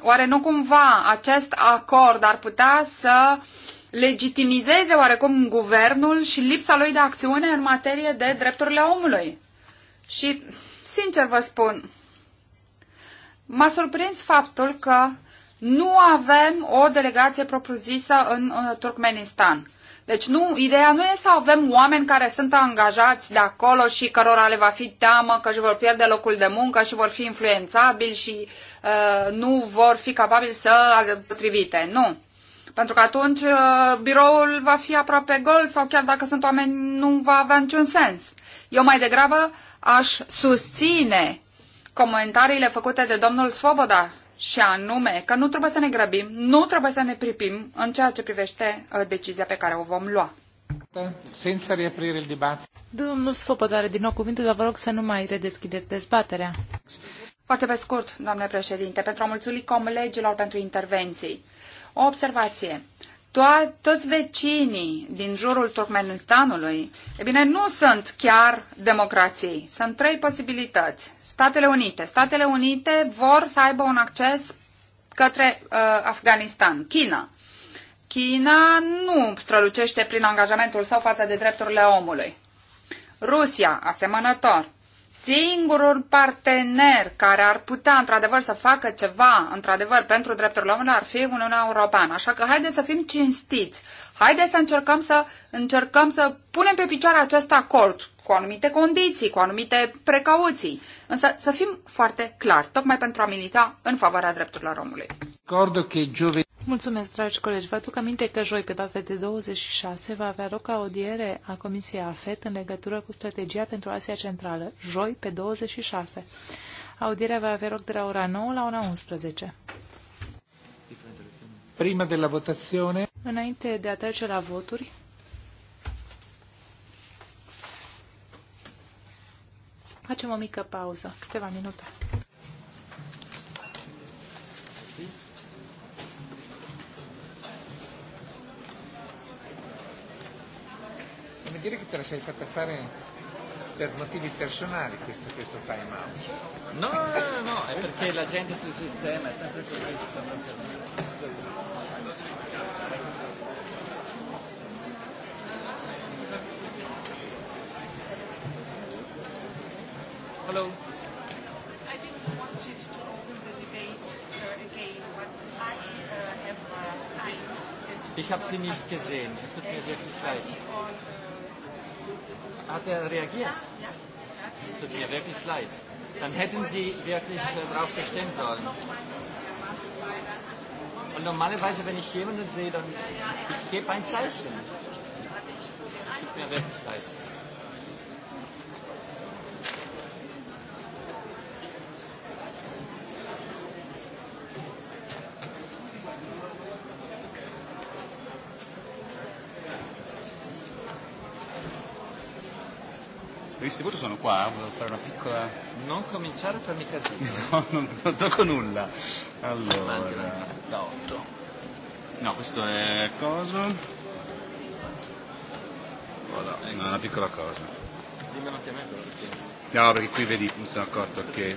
oare nu cumva acest acord ar putea să legitimizeze oarecum guvernul și lipsa lui de acțiune în materie de drepturile omului? Și Sincer vă spun, m-a surprins faptul că nu avem o delegație propriu-zisă în, în Turkmenistan. Deci nu, ideea nu e să avem oameni care sunt angajați de acolo și cărora le va fi teamă că își vor pierde locul de muncă și vor fi influențabili și uh, nu vor fi capabili să potrivite. Nu. Pentru că atunci uh, biroul va fi aproape gol sau chiar dacă sunt oameni nu va avea niciun sens. Eu mai degrabă aș susține comentariile făcute de domnul Svoboda și anume că nu trebuie să ne grăbim, nu trebuie să ne pripim în ceea ce privește uh, decizia pe care o vom lua. Senza riaprire il Domnul Sfopăd are din nou cuvinte, dar vă rog să nu mai redeschideți dezbaterea. Foarte pe scurt, doamne președinte, pentru a mulțumi colegilor pentru intervenții. O observație toți vecinii din jurul Turkmenistanului, e bine, nu sunt chiar democrații. Sunt trei posibilități. Statele Unite. Statele Unite vor să aibă un acces către uh, Afganistan. China. China nu strălucește prin angajamentul său față de drepturile omului. Rusia, asemănător. Singurul partener care ar putea într-adevăr să facă ceva într-adevăr pentru drepturile omului ar fi Uniunea Europeană. Așa că haideți să fim cinstiți. Haideți să încercăm să încercăm să punem pe picioare acest acord cu anumite condiții, cu anumite precauții. Însă să fim foarte clari, tocmai pentru a milita în favoarea drepturilor omului. Mulțumesc, dragi colegi. Vă aduc aminte că joi, pe data de 26, va avea loc audiere a Comisiei AFET în legătură cu strategia pentru Asia Centrală. Joi, pe 26. Audierea va avea loc de la ora 9 la ora 11. Prima de la votazione. Înainte de a trece la voturi, facem o mică pauză, câteva minute. mi dire che te la sei fatta fare per motivi personali questo, questo time out. No, no, no, no, no, è perché la gente sul sistema è sempre così. Hello. I didn't want it to open the debate uh, again, but I uh, have uh, signed. Ich habe sie nicht gesehen. Es tut mir wirklich leid. Hat er reagiert? Ja. tut mir wirklich leid. Dann hätten Sie wirklich äh, darauf bestehen sollen. Und normalerweise, wenn ich jemanden sehe, dann ich gebe ein Zeichen. tut mir wirklich leid. previsti voto sono qua, eh, volevo fare una piccola... Non cominciare a farmi casino. no, non, non tocco nulla. Allora, da 8. No, questo è coso. Voilà, ecco. una piccola cosa. Dimmi un attimo perché... No, perché qui vedi, mi sono accorto che...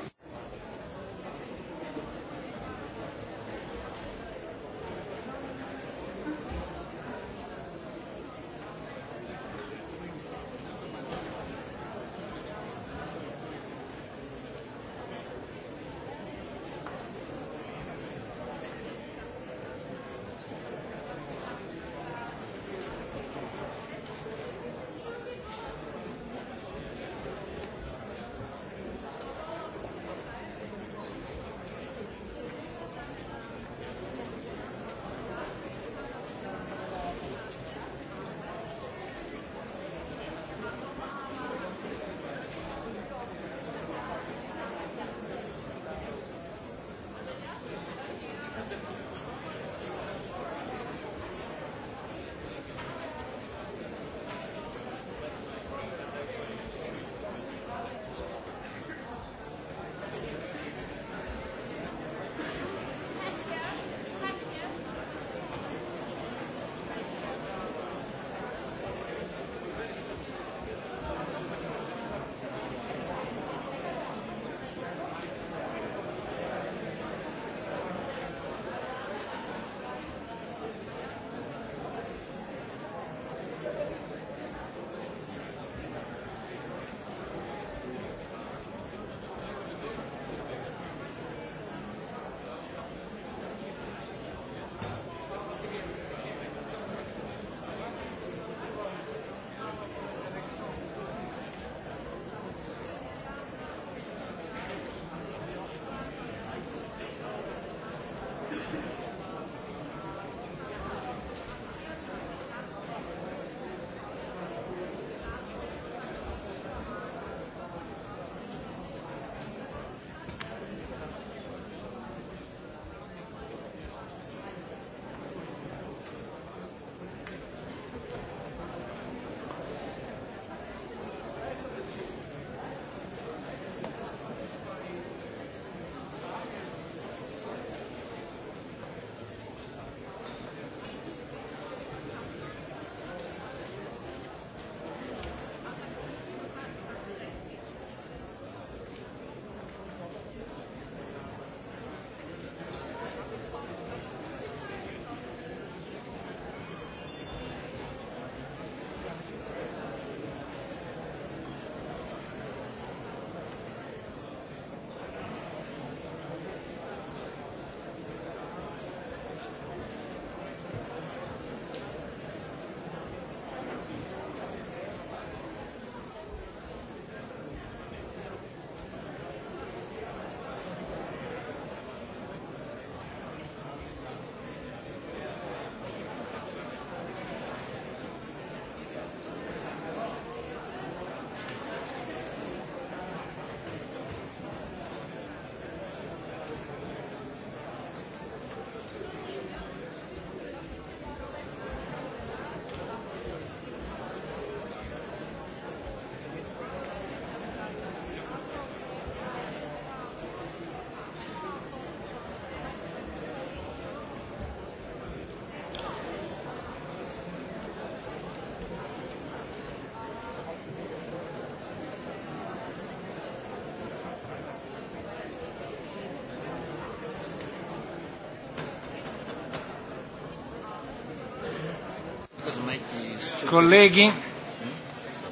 colleghi.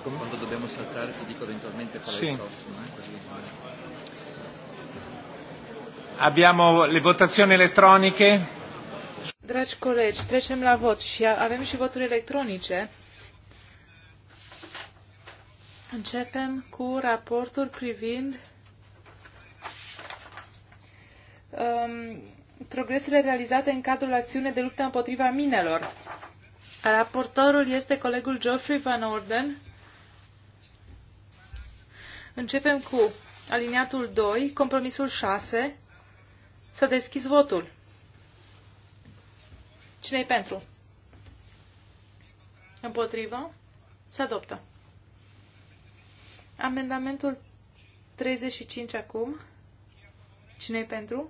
Quando dobbiamo saltare ti dico eventualmente qual è sì. il prossimo. Eh? Così. Abbiamo le votazioni elettroniche. Dragi colegi, trecem la vot și avem și voturi electronice. Începem cu raportul privind um, progresele realizate în cadrul acțiunii de luptă împotriva minelor. Raportorul este colegul Geoffrey Van Orden. Începem cu aliniatul 2, compromisul 6. Să deschizi votul. Cine-i pentru? Împotrivă? Se adoptă. Amendamentul 35 acum. Cine-i pentru?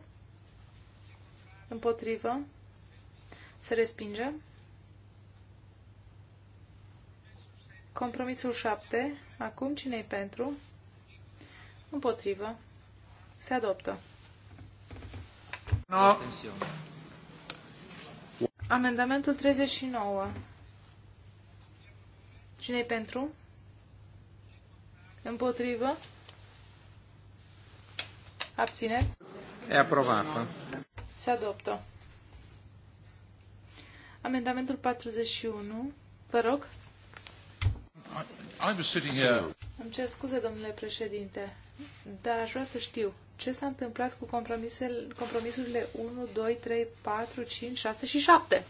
Împotrivă? Se respinge. Compromisul 7. Acum cine-i pentru? Împotrivă. Se adoptă. No. Amendamentul 39. Cine-i pentru? Împotrivă? Abține? E aprobată. Se adoptă. Amendamentul 41. Vă rog. I, I sitting here. Îmi cer scuze, domnule președinte, dar aș vrea să știu ce s-a întâmplat cu compromisurile 1, 2, 3, 4, 5, 6 și 7.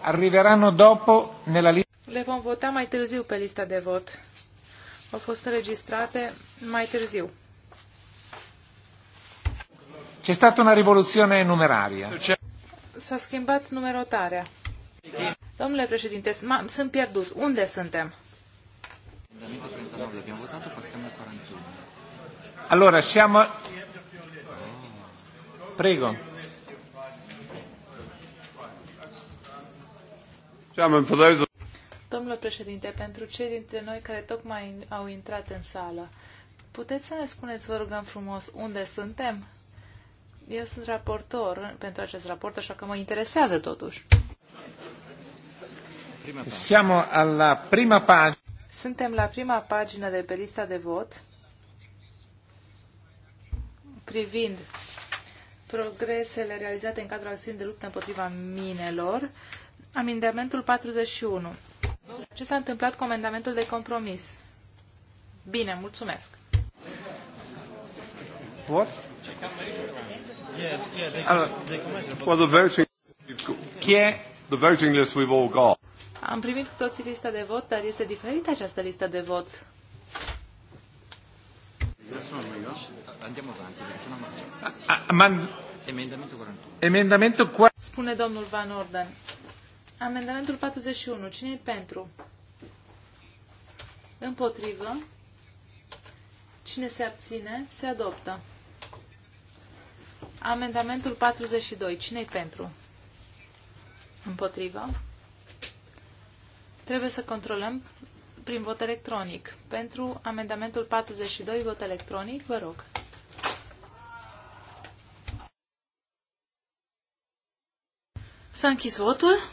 Arriveranno dopo nella lista. Le vom vota mai târziu pe lista de vot. Au fost înregistrate mai târziu. C'è stata una rivoluzione numeraria. S-a schimbat numerotarea. Domnule președinte, sunt pierdut. Unde suntem? Allora, siamo... Prego. Domnule președinte, pentru cei dintre noi care tocmai au intrat în sală, puteți să ne spuneți, vă rugăm frumos, unde suntem? Eu sunt raportor pentru acest raport, așa că mă interesează totuși. Siamo alla prima pagina. Suntem la prima pagină de pe lista de vot privind progresele realizate în cadrul acțiunii de luptă împotriva minelor, amendamentul 41. Ce s-a întâmplat cu amendamentul de compromis? Bine, mulțumesc. What? Uh, the voting list we've all got. Am primit cu toții lista de vot, dar este diferită această listă de vot. Andiamo 41. Spune domnul Van Orden. Amendamentul 41. Cine e pentru? Împotrivă. Cine se abține? Se adoptă. Amendamentul 42. cine e pentru? Împotrivă. Trebuie să controlăm prin vot electronic. Pentru amendamentul 42, vot electronic, vă rog. S-a închis votul.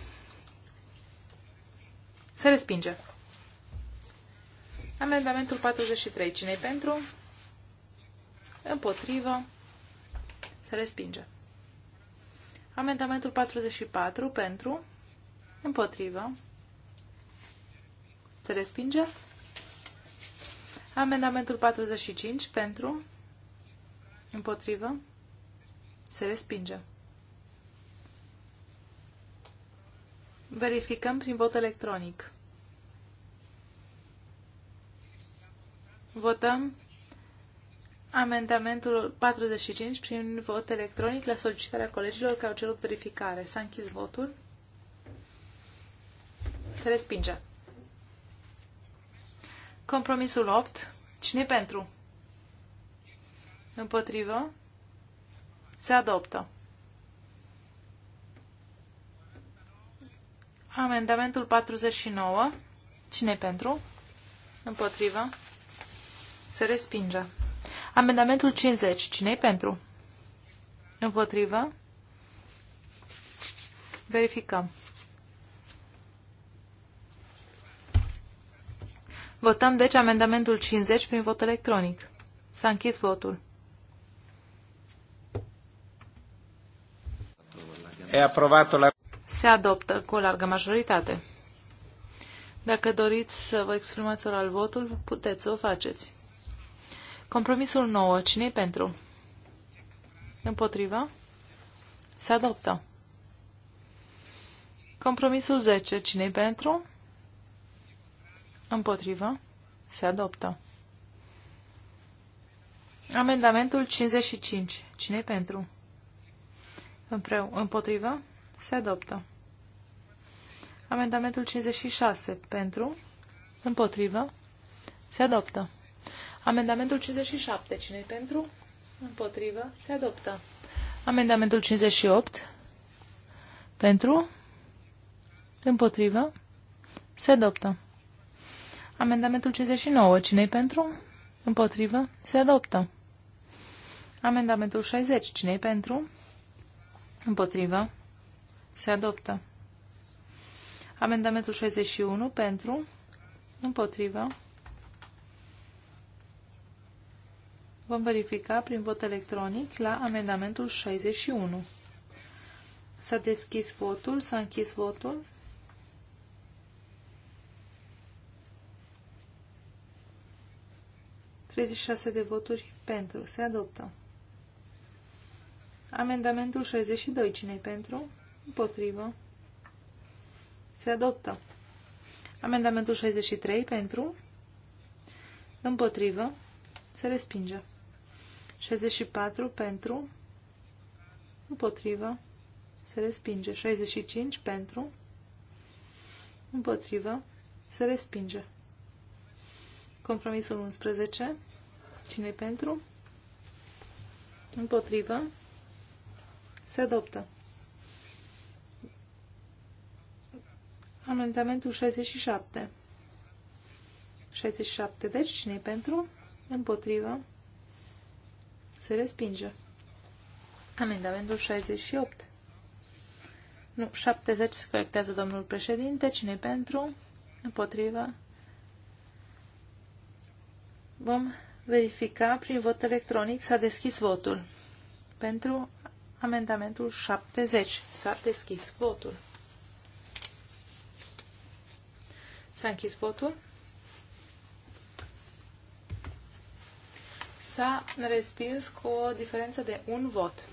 Se respinge. Amendamentul 43. cine pentru? Împotrivă. Se respinge. Amendamentul 44. Pentru. Împotrivă. Se respinge. Amendamentul 45 pentru. Împotrivă. Se respinge. Verificăm prin vot electronic. Votăm amendamentul 45 prin vot electronic la solicitarea colegilor care au cerut verificare. S-a închis votul. Se respinge. Compromisul 8. cine pentru? Împotrivă? Se adoptă. Amendamentul 49. cine pentru? Împotrivă? Se respinge. Amendamentul 50. cine pentru? Împotrivă? Verificăm. Votăm, deci, amendamentul 50 prin vot electronic. S-a închis votul. E aprobat la... Se adoptă cu o largă majoritate. Dacă doriți să vă exprimați oral votul, puteți să o faceți. Compromisul 9. cine pentru? Împotriva? Se adoptă. Compromisul 10. cine pentru? Împotrivă. Se adoptă. Amendamentul 55. cine pentru? Împreu. Împotrivă. Se adoptă. Amendamentul 56. Pentru. Împotrivă. Se adoptă. Amendamentul 57. cine pentru? Împotrivă. Se adoptă. Amendamentul 58. Pentru. Împotrivă. Se adoptă. Amendamentul 59. Cine-i pentru? Împotrivă? Se adoptă. Amendamentul 60. Cine-i pentru? Împotrivă? Se adoptă. Amendamentul 61. Pentru? Împotrivă? Vom verifica prin vot electronic la amendamentul 61. S-a deschis votul, s-a închis votul. 36 de voturi pentru. Se adoptă. Amendamentul 62. cine pentru? Împotrivă. Se adoptă. Amendamentul 63 pentru. Împotrivă. Se respinge. 64 pentru. Împotrivă. Se respinge. 65 pentru. Împotrivă. Se respinge. Compromisul 11. cine pentru? Împotrivă. Se adoptă. Amendamentul 67. 67. Deci cine pentru? Împotrivă. Se respinge. Amendamentul 68. Nu, 70 se corectează domnul președinte. cine pentru? Împotrivă. Vom verifica prin vot electronic. S-a deschis votul. Pentru amendamentul 70 s-a deschis votul. S-a închis votul. S-a respins cu o diferență de un vot.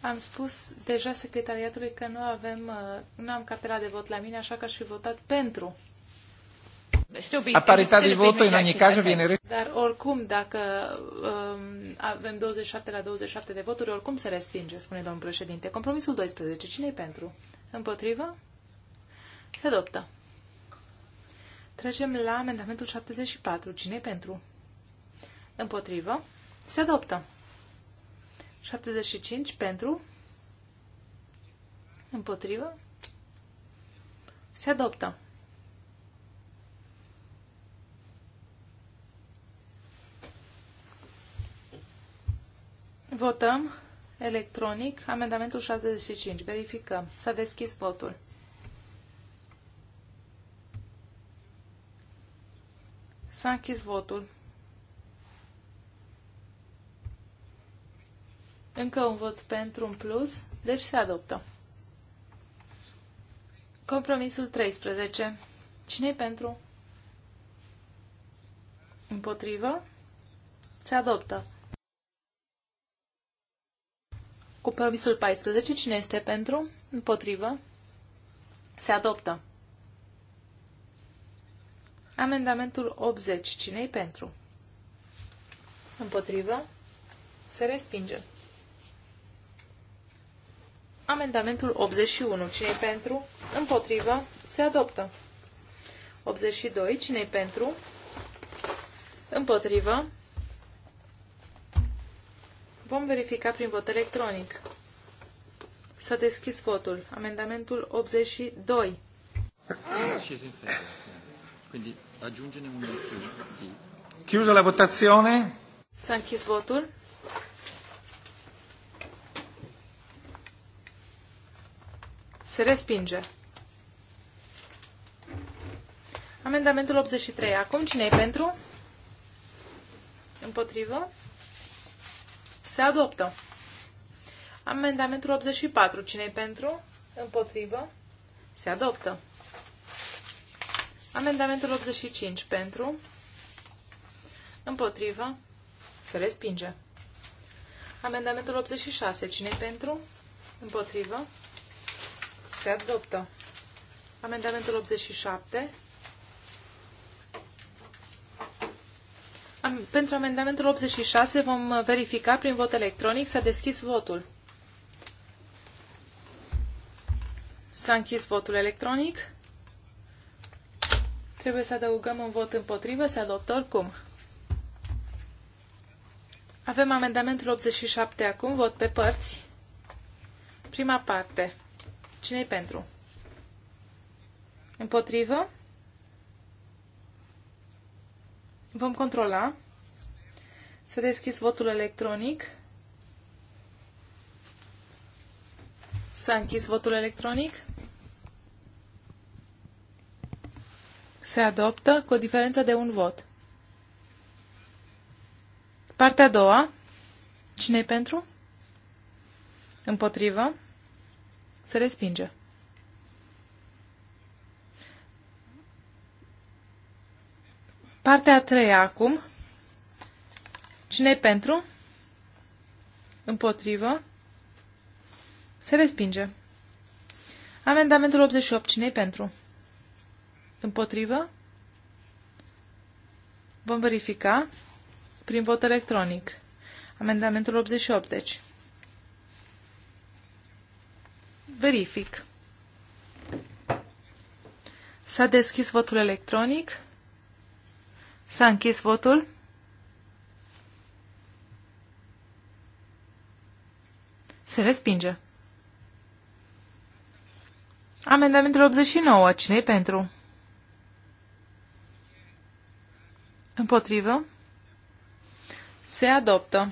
Am spus deja secretariatului că nu avem, uh, nu am cartela de vot la mine, așa că aș fi votat pentru a parità di voto in ogni caso viene Dar oricum, dacă um, avem 27 la 27 de voturi, oricum se respinge, spune domnul președinte. Compromisul 12. cine e pentru? Împotrivă? Se adoptă. Trecem la amendamentul 74. cine e pentru? Împotrivă? Se adoptă. 75 pentru? Împotrivă? Se adoptă. Votăm electronic amendamentul 75. Verificăm. S-a deschis votul. S-a închis votul. Încă un vot pentru un plus, deci se adoptă. Compromisul 13. cine pentru? Împotrivă? Se adoptă. Compromisul 14. Cine este pentru? Împotrivă? Se adoptă. Amendamentul 80. Cine-i pentru? Împotrivă? Se respinge. Amendamentul 81. Cine-i pentru? Împotrivă? Se adoptă. 82. Cine-i pentru? Împotrivă? Vom verifica prin vot electronic. S-a deschis votul. Amendamentul 82. Quindi aggiungene un Chiusa la votazione. S-a închis votul. Se respinge. Amendamentul 83. Acum cine e pentru? Împotrivă? Se adoptă. Amendamentul 84. cine pentru? Împotrivă. Se adoptă. Amendamentul 85. Pentru. Împotrivă. Se respinge. Amendamentul 86. cine pentru? Împotrivă. Se adoptă. Amendamentul 87. pentru amendamentul 86 vom verifica prin vot electronic. S-a deschis votul. S-a închis votul electronic. Trebuie să adăugăm un vot împotrivă. Se adoptă oricum. Avem amendamentul 87 acum. Vot pe părți. Prima parte. Cine-i pentru? Împotrivă? Vom controla. Să deschis votul electronic. S-a închis votul electronic. Se adoptă cu o diferență de un vot. Partea a doua. cine pentru? Împotrivă. Se respinge. Partea a treia acum. cine pentru? Împotrivă. Se respinge. Amendamentul 88. cine pentru? Împotrivă. Vom verifica prin vot electronic. Amendamentul 88, deci. Verific. S-a deschis votul electronic. S-a închis votul. Se respinge. Amendamentul 89. cine pentru? Împotrivă. Se adoptă.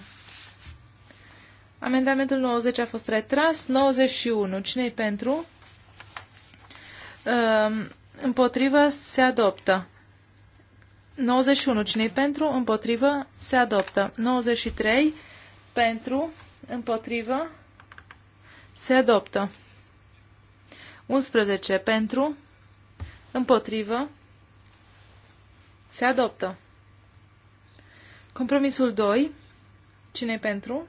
Amendamentul 90 a fost retras. 91. cine pentru? Ehm, împotrivă. Se adoptă. 91. cine pentru? Împotrivă? Se adoptă. 93. Pentru? Împotrivă? Se adoptă. 11. Pentru? Împotrivă? Se adoptă. Compromisul 2. cine pentru?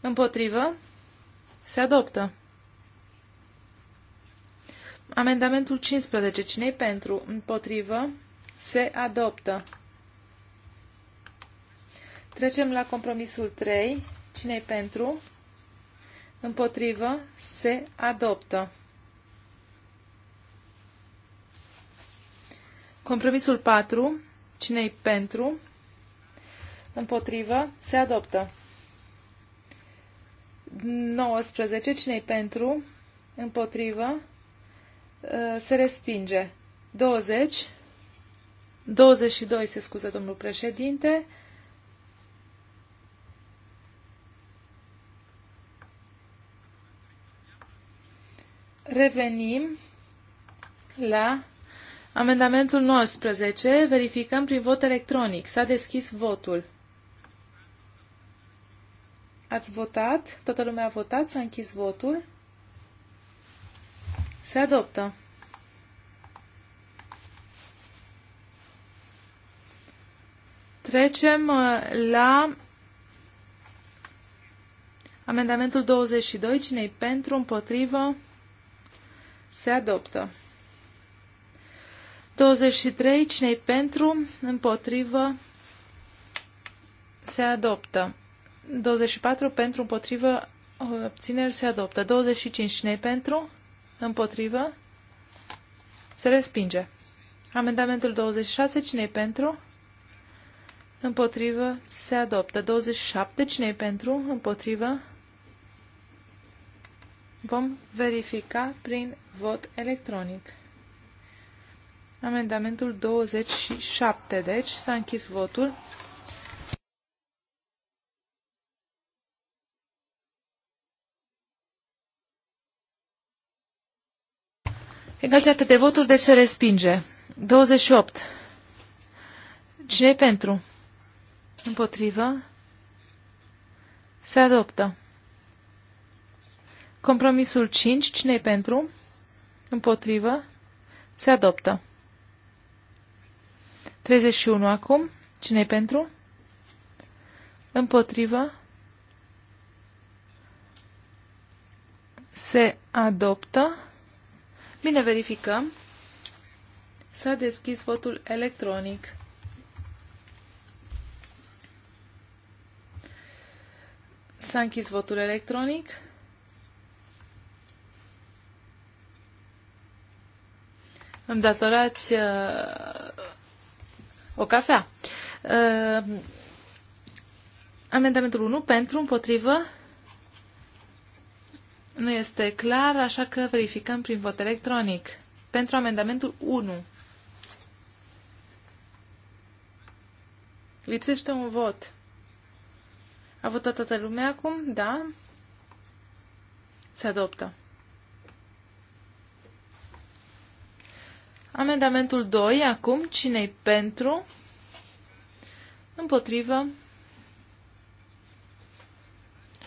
Împotrivă? Se adoptă. Amendamentul 15. cine pentru? Împotrivă? se adoptă. Trecem la compromisul 3. cine e pentru? Împotrivă, se adoptă. Compromisul 4. cine e pentru? Împotrivă, se adoptă. 19. cine e pentru? Împotrivă, se respinge. 20. 22, se scuză domnul președinte. Revenim la amendamentul 19. Verificăm prin vot electronic. S-a deschis votul. Ați votat? Toată lumea a votat? S-a închis votul? Se adoptă. Trecem uh, la amendamentul 22. cine e pentru, împotrivă, se adoptă. 23. cine e pentru, împotrivă, se adoptă. 24. Pentru, împotrivă, obțineri, se adoptă. 25. cine e pentru, împotrivă, se respinge. Amendamentul 26. cine e pentru? Împotrivă. Se adoptă. 27. cine e pentru? Împotrivă. Vom verifica prin vot electronic. Amendamentul 27. Deci s-a închis votul. Egalitate de voturi, deci se respinge. 28. cine e pentru? Împotrivă. Se adoptă. Compromisul 5. cine e pentru? Împotrivă. Se adoptă. 31 acum. cine e pentru? Împotrivă. Se adoptă. Bine, verificăm. S-a deschis votul electronic. S-a închis votul electronic. Îmi datorați uh, o cafea. Uh, amendamentul 1 pentru, împotrivă. Nu este clar, așa că verificăm prin vot electronic. Pentru amendamentul 1. Lipsește un vot. A votat toată lumea acum? Da? Se adoptă. Amendamentul 2, acum, cine pentru? Împotrivă.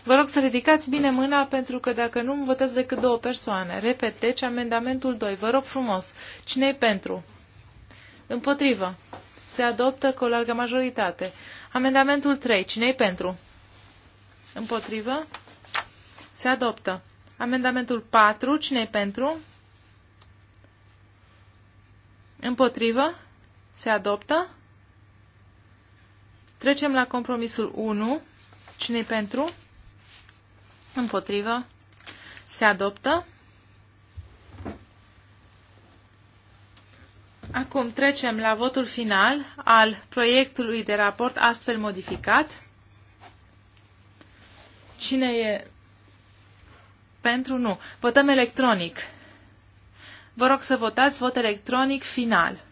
Vă rog să ridicați bine mâna, pentru că dacă nu, votați decât două persoane. Repet, deci, amendamentul 2. Vă rog frumos. cine e pentru? Împotrivă. Se adoptă cu o largă majoritate. Amendamentul 3. cine e pentru? Împotrivă? Se adoptă. Amendamentul 4. Cine-i pentru? Împotrivă? Se adoptă. Trecem la compromisul 1. Cine-i pentru? Împotrivă? Se adoptă. Acum trecem la votul final al proiectului de raport astfel modificat. Cine e pentru? Nu. Votăm electronic. Vă rog să votați vot electronic final.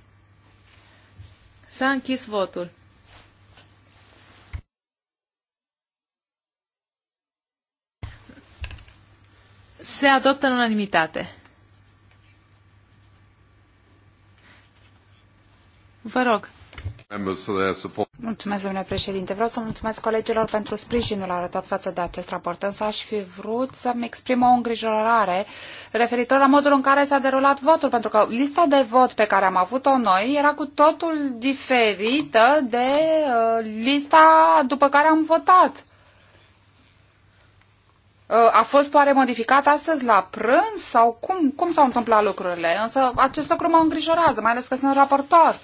S-a închis votul. Se adoptă în unanimitate. Vă rog. Mulțumesc, domnule președinte. Vreau să mulțumesc colegilor pentru sprijinul arătat față de acest raport, însă aș fi vrut să-mi exprim o îngrijorare referitor la modul în care s-a derulat votul, pentru că lista de vot pe care am avut-o noi era cu totul diferită de uh, lista după care am votat. Uh, a fost oare modificat astăzi la prânz sau cum, cum s-au întâmplat lucrurile? Însă acest lucru mă îngrijorează, mai ales că sunt raportor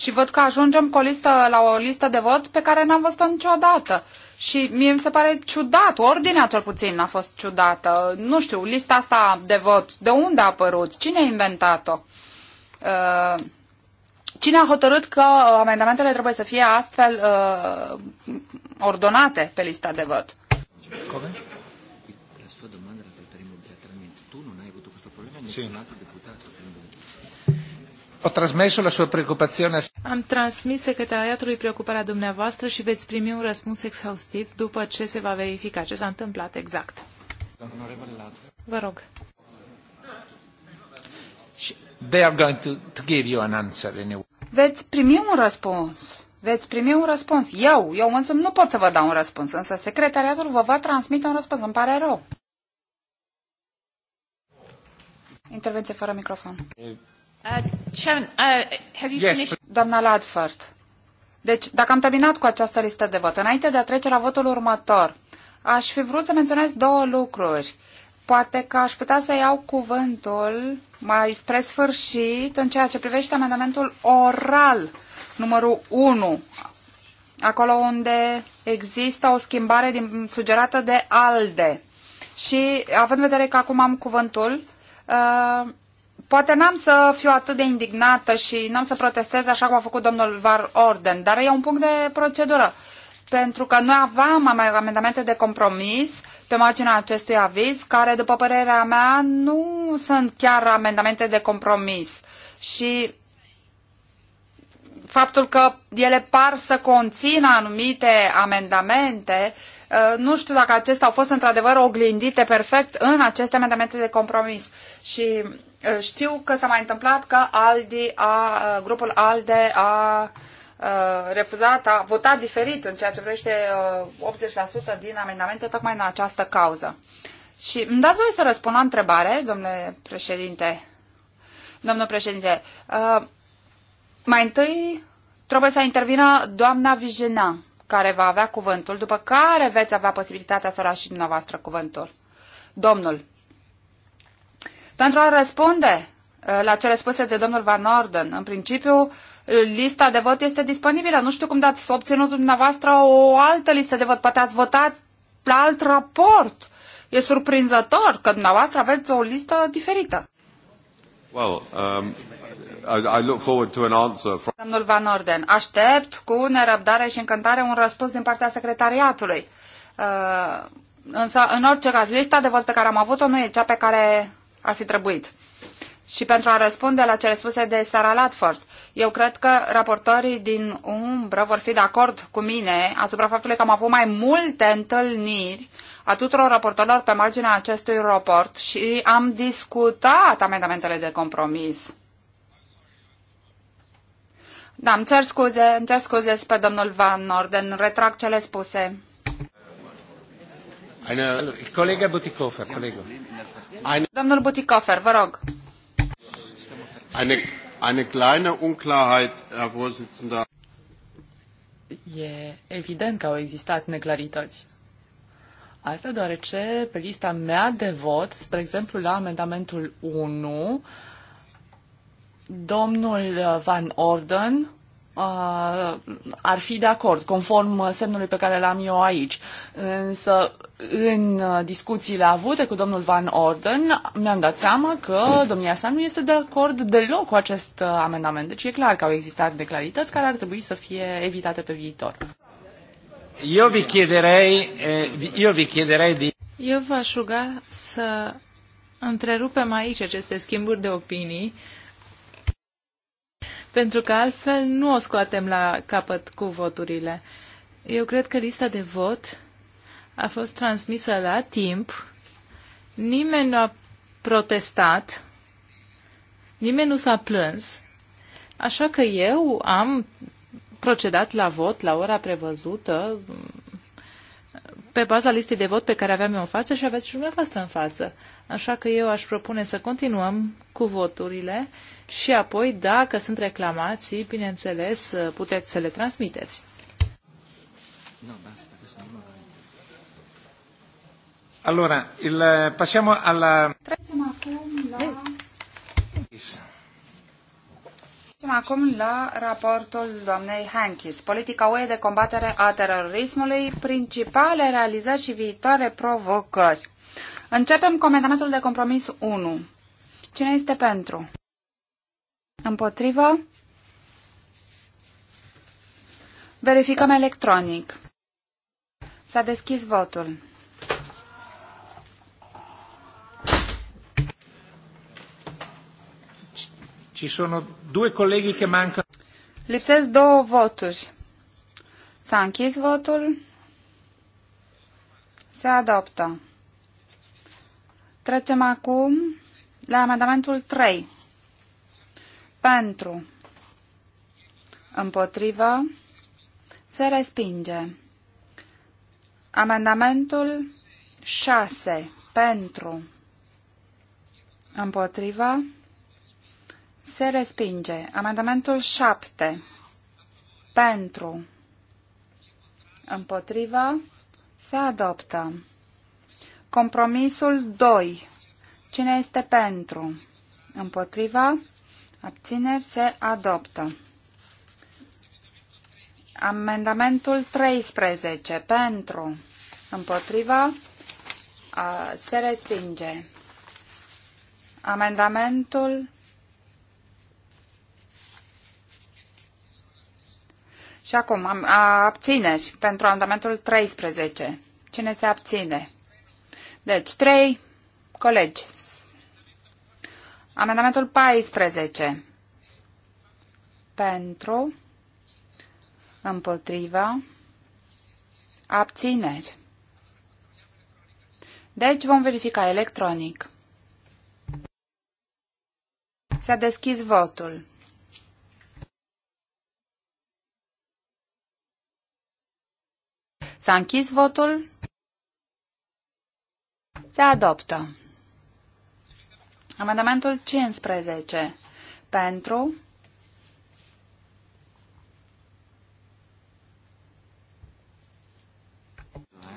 și văd că ajungem cu o listă, la o listă de vot pe care n-am văzut-o niciodată. Și mie mi se pare ciudat, ordinea cel puțin a fost ciudată. Nu știu, lista asta de vot, de unde a apărut? Cine a inventat-o? Uh, cine a hotărât că uh, amendamentele trebuie să fie astfel uh, ordonate pe lista de vot? Ho trasmesso la sua preoccupazione. Am transmis secretariatului preocuparea dumneavoastră și veți primi un răspuns exhaustiv după ce se va verifica ce s-a întâmplat exact. Vă rog. They are going to, to give you an answer anyway. Veți primi un răspuns. Veți primi un răspuns. Eu, eu însă nu pot să vă dau un răspuns, însă secretariatul vă va transmite un răspuns. Îmi pare rău. Intervenție fără microfon. Uh, uh, have you Doamna Ladford. Deci, dacă am terminat cu această listă de vot, înainte de a trece la votul următor, aș fi vrut să menționez două lucruri. Poate că aș putea să iau cuvântul mai spre sfârșit în ceea ce privește amendamentul oral numărul 1, acolo unde există o schimbare din, sugerată de ALDE. Și având în vedere că acum am cuvântul, uh, Poate n-am să fiu atât de indignată și n-am să protestez așa cum a făcut domnul Var Orden, dar e un punct de procedură. Pentru că noi aveam amendamente de compromis pe marginea acestui aviz, care, după părerea mea, nu sunt chiar amendamente de compromis. Și faptul că ele par să conțină anumite amendamente, uh, nu știu dacă acestea au fost într-adevăr oglindite perfect în aceste amendamente de compromis. Și Eh, știu că s-a mai întâmplat că Aldi a, eh, grupul ALDE a, a eh, refuzat, a votat diferit în ceea ce privește 80% din amendamente tocmai în această cauză. Și îmi dați voi să răspund la întrebare, domnule președinte. Domnul președinte, mai întâi trebuie să intervină doamna Vigena, care va avea cuvântul, după care veți avea posibilitatea să luați și dumneavoastră cuvântul. Domnul, pentru a răspunde uh, la cele spuse de domnul Van Orden, în principiu, lista de vot este disponibilă. Nu știu cum dați obținut dumneavoastră o altă listă de vot. Poate ați votat la alt raport. E surprinzător că dumneavoastră aveți o listă diferită. Well, um, I, I look forward to an answer from... Domnul Van Orden, aștept cu nerăbdare și încântare un răspuns din partea secretariatului. Uh, însă, în orice caz, lista de vot pe care am avut-o nu e cea pe care ar fi trebuit. Și pentru a răspunde la cele spuse de Sara Latford, eu cred că raportorii din umbră vor fi de acord cu mine asupra faptului că am avut mai multe întâlniri a tuturor raportorilor pe marginea acestui raport și am discutat amendamentele de compromis. Da, îmi cer scuze, îmi cer scuze pe domnul Van Norden, retrag cele spuse. Colega Buticofer, colegă. Eine, Domnul Butikofer, vă rog. Eine, eine kleine Unklarheit, Herr Vorsitzender. E evident că au existat neclarități. Asta deoarece pe lista mea de vot, spre exemplu la amendamentul 1, domnul Van Orden uh, ar fi de acord, conform semnului pe care l-am eu aici. Însă, în uh, discuțiile avute cu domnul Van Orden, mi-am dat seama că domnia sa nu este de acord deloc cu acest uh, amendament. Deci e clar că au existat declarități care ar trebui să fie evitate pe viitor. Eu vi chiederei, eh, eu vi chiederei de... Eu v-aș ruga să întrerupem aici aceste schimburi de opinii pentru că altfel nu o scoatem la capăt cu voturile. Eu cred că lista de vot a fost transmisă la timp, nimeni nu a protestat, nimeni nu s-a plâns, așa că eu am procedat la vot la ora prevăzută pe baza listei de vot pe care aveam eu în față și aveți și dumneavoastră în față. Așa că eu aș propune să continuăm cu voturile și apoi, dacă sunt reclamații, bineînțeles, uh, puteți să le transmiteți. Allora, il, eh, passiamo alla... Trecem acum la... Trecem acum la raportul doamnei Hankis. Politica UE de combatere a terorismului, principale realizări și viitoare provocări. Începem cu amendamentul de compromis 1. Cine este pentru? Împotrivă. Verificăm electronic. S-a deschis votul. Ci sono due colleghi che mancano. Lipsesc două voturi. S-a închis votul. Se adoptă. Trecem acum la amendamentul 3. Pentru. Împotrivă. Se respinge. Amendamentul 6. Pentru. Împotrivă. Se respinge. Amendamentul 7. Pentru. Împotrivă. Se adoptă. Compromisul 2. Cine este pentru? Împotriva? abțineri, se adoptă. Amendamentul 13 pentru, împotriva, a, se respinge. Amendamentul și acum am, a, abțineri pentru amendamentul 13. Cine se abține? Deci, trei colegi Amendamentul 14. Pentru, împotriva, abțineri. Deci vom verifica electronic. S-a deschis votul. S-a închis votul. Se adoptă. Amendamentul 15. Pentru.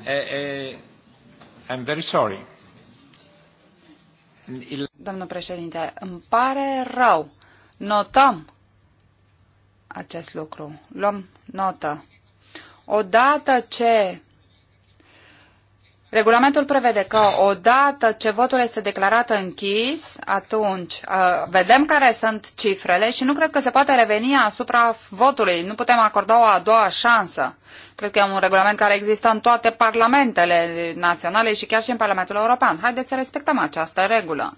Eh, eh, I'm very sorry. Domnul președinte, îmi pare rău. Notăm acest lucru. Luăm notă. Odată ce Regulamentul prevede că odată ce votul este declarat închis, atunci uh, vedem care sunt cifrele și nu cred că se poate reveni asupra votului. Nu putem acorda o a doua șansă. Cred că e un regulament care există în toate parlamentele naționale și chiar și în Parlamentul European. Haideți să respectăm această regulă.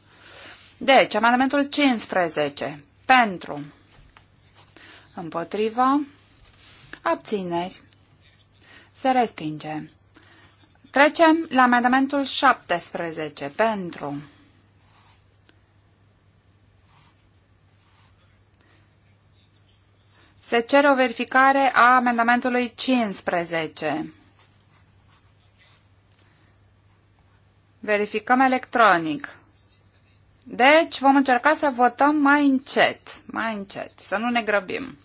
Deci, amendamentul 15. Pentru. Împotrivă. Abțineri. Se respinge. Trecem la amendamentul 17. Pentru. Se cere o verificare a amendamentului 15. Verificăm electronic. Deci vom încerca să votăm mai încet, mai încet, să nu ne grăbim.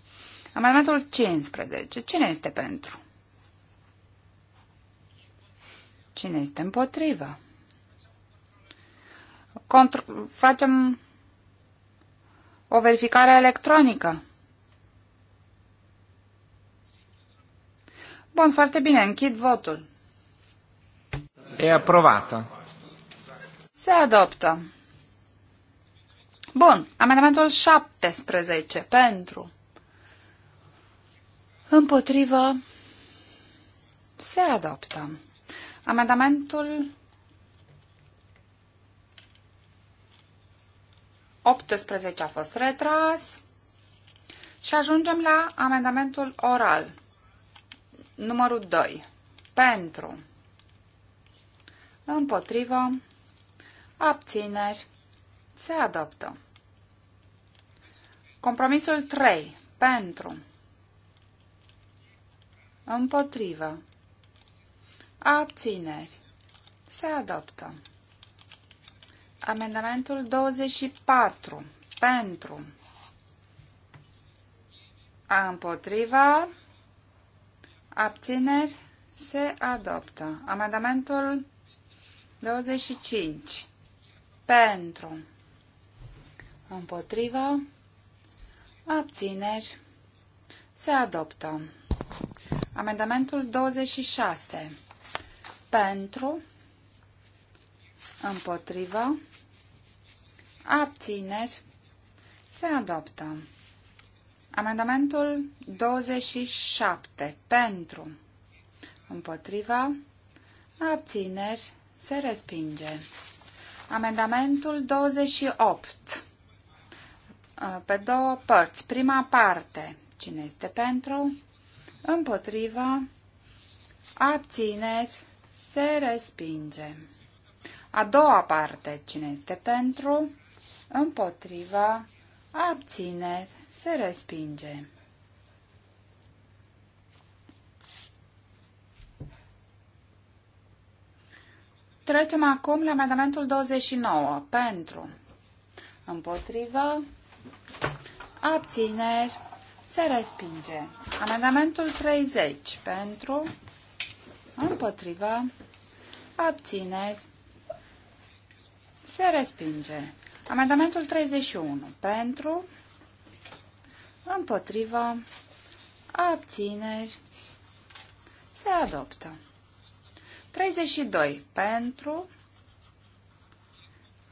Amendamentul 15. Cine este pentru? Cine este împotrivă? Contr- facem o verificare electronică. Bun, foarte bine, închid votul. E aprobată. Se adoptă. Bun, amendamentul 17 pentru împotrivă se adoptă. Amendamentul 18 a fost retras și ajungem la amendamentul oral, numărul 2. Pentru, împotrivă, abțineri, se adoptă. Compromisul 3. Pentru, împotrivă, Abțineri. Se adoptă. Amendamentul 24. Pentru. Împotriva. Abțineri. Se adoptă. Amendamentul 25. Pentru. Împotriva. Abțineri. Se adoptă. Amendamentul 26 pentru, împotriva, abțineri, se adoptă. Amendamentul 27 pentru, împotriva, abțineri, se respinge. Amendamentul 28 uh, pe două părți. Prima parte, cine este pentru, împotriva, abțineri, se respinge. A doua parte, cine este pentru, împotriva, abțineri, se respinge. Trecem acum la amendamentul 29. Pentru, împotriva, abțineri, se respinge. Amendamentul 30. Pentru, împotriva, abțineri, se respinge. Amendamentul 31 pentru, împotriva, abțineri, se adoptă. 32 pentru,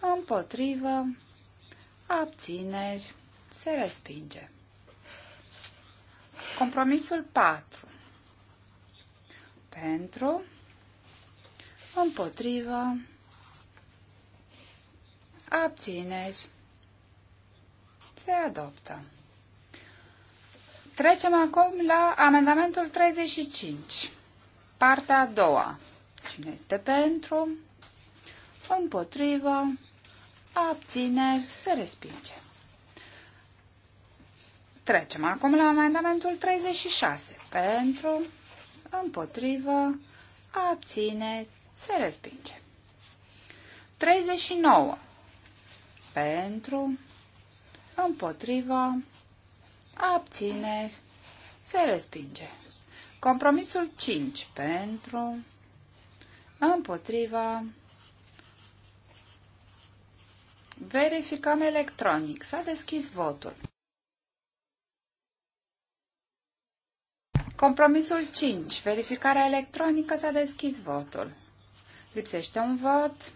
împotriva, abțineri, se respinge. Compromisul 4 pentru. Împotrivă. Abțineri. Se adoptă. Trecem acum la amendamentul 35, partea a doua. Cine este pentru? Împotrivă? Abțineri? Se respinge. Trecem acum la amendamentul 36. Pentru? împotrivă, abține, se respinge. 39. Pentru, împotrivă, abține se respinge. Compromisul 5. Pentru, împotrivă, verificăm electronic. S-a deschis votul. Compromisul 5. Verificarea electronică s-a deschis votul. Lipsește un vot.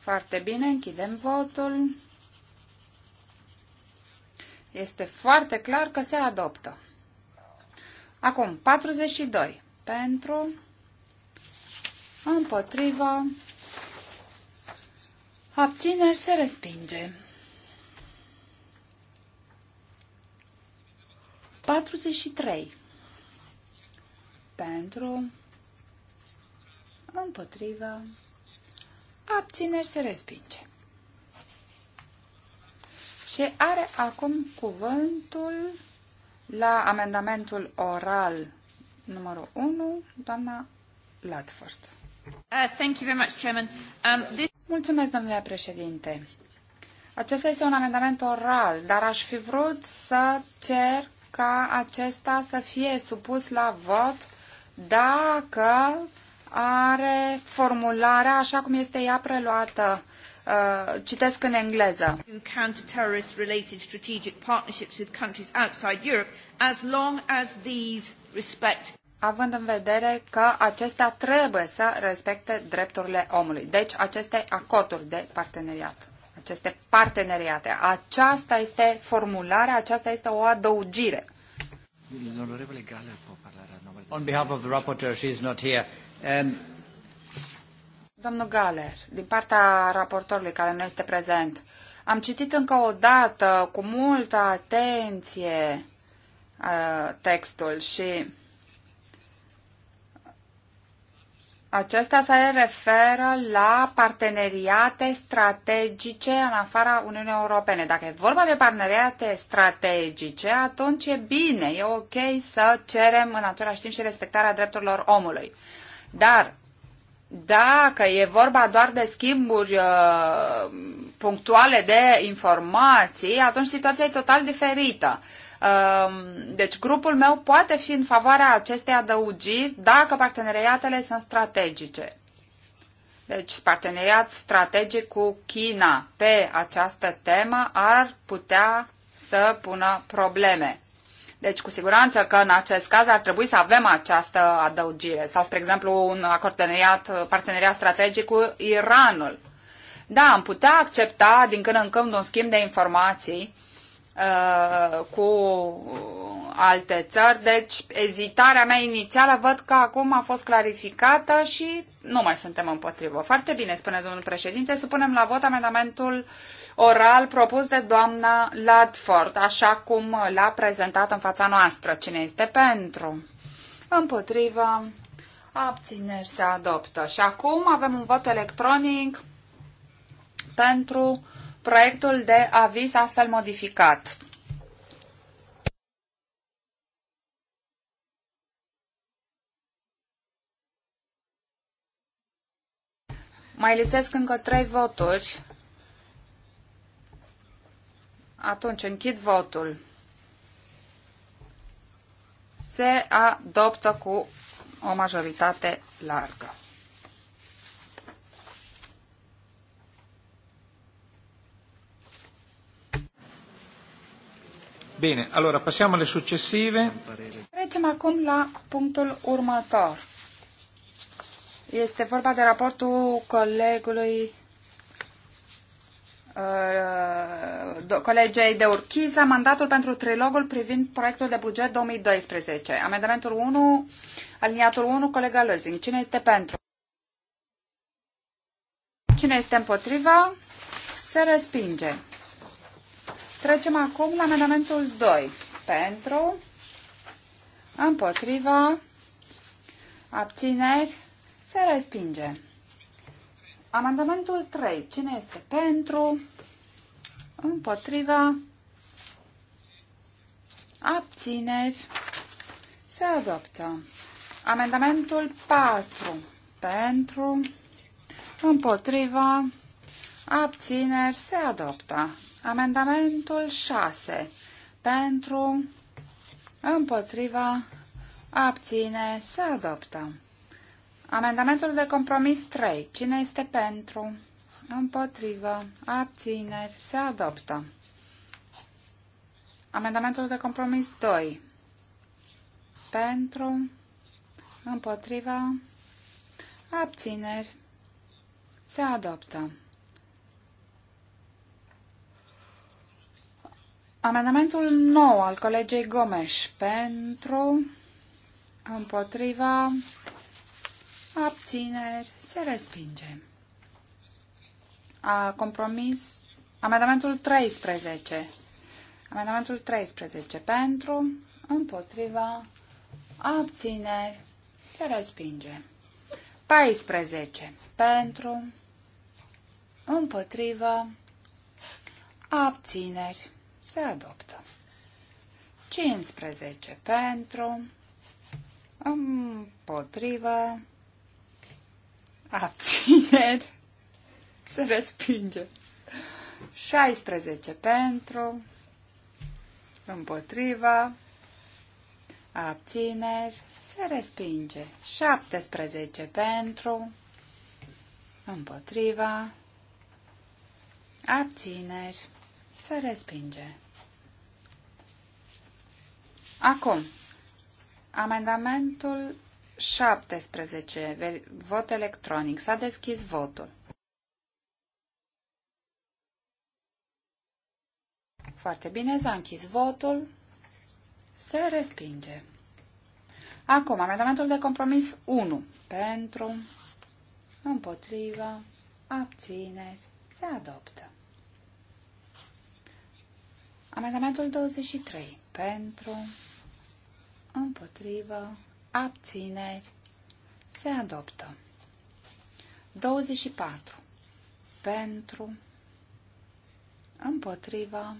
Foarte bine, închidem votul. Este foarte clar că se adoptă. Acum, 42. Pentru, Împotrivă. Abține, se respinge. 43 pentru, împotrivă, abțineri se respinge. Și are acum cuvântul la amendamentul oral numărul 1, doamna Latford. Uh, thank you very much, Chairman. Um, this... Mulțumesc, domnule președinte. Acesta este un amendament oral, dar aș fi vrut să cer ca acesta să fie supus la vot dacă are formularea așa cum este ea preluată. Uh, citesc în engleză. Counter-terrorist related strategic partnerships with countries outside Europe as long as these respect având în vedere că acestea trebuie să respecte drepturile omului. Deci aceste acorduri de parteneriat, aceste parteneriate, aceasta este formularea, aceasta este o adăugire. L'onorevole Galea On behalf of the rapporteur, she is not here. Um... Domnul Galer, din partea raportorului care nu este prezent, am citit încă o dată cu multă atenție uh, textul și Acesta se referă la parteneriate strategice în afara Uniunii Europene. Dacă e vorba de parteneriate strategice, atunci e bine, e ok să cerem în același timp și respectarea drepturilor omului. Dar dacă e vorba doar de schimburi uh, punctuale de informații, atunci situația e total diferită. Uh, Ehm, deci grupul meu poate fi în favoarea acestei adăugiri dacă parteneriatele sunt strategice. Deci parteneriat strategic cu China pe această temă ar putea să pună probleme. Deci, cu siguranță că în acest caz ar trebui să avem această adăugire. Sau, spre exemplu, un parteneriat, parteneriat strategic cu Iranul. Da, am putea accepta din când în când un schimb de informații, Uh, cu alte țări. Deci, ezitarea mea inițială văd că acum a fost clarificată și nu mai suntem împotrivă. Foarte bine, spune domnul președinte, să punem la vot amendamentul oral propus de doamna Ladford, așa cum l-a prezentat în fața noastră. Cine este pentru? Împotrivă. Abțineri se adoptă. Și acum avem un vot electronic pentru proiectul de aviz astfel modificat. Mai lipsesc încă trei voturi. Atunci închid votul. Se adoptă cu o majoritate largă. Bine, allora passiamo alle successive. Trecem acum la punctul următor. Este vorba de raportul colegului uh, colegei de Urchiza, mandatul pentru trilogul privind proiectul de buget 2012. Amendamentul 1, aliniatul 1, colega Lăzing. Cine este pentru? Cine este împotriva? Se respinge. Trecem acum la amendamentul 2. Pentru, împotriva, abțineri, se respinge. Amendamentul 3. Cine este pentru, împotriva, abțineri, se adoptă. Amendamentul 4. Pentru, împotriva, abțineri, se adoptă. Amendamentul 6. Pentru, împotriva, abține, se adoptă. Amendamentul de compromis 3. Cine este pentru? împotriva, Abțineri. Se adoptă. Amendamentul de compromis 2. Pentru. împotriva, Abțineri. Se adoptă. Amendamentul nou al colegei Gomes pentru, împotriva, abțineri, se respinge. A, compromis, amendamentul 13. Amendamentul 13 pentru, împotriva, abțineri, se respinge. 14 pentru, împotriva, abțineri, se adoptă. 15 pentru, împotrivă, abțineri, se respinge. 16 pentru, împotriva, abțineri, se respinge. 17 pentru, împotriva, abțineri. Se respinge. Acum, amendamentul 17, vot electronic. S-a deschis votul. Foarte bine, s-a închis votul. Se respinge. Acum, amendamentul de compromis 1. Pentru, împotriva, abțineri, se adoptă. Amendamentul 23. Pentru, împotrivă, abțineri, se adoptă. 24. Pentru, împotrivă,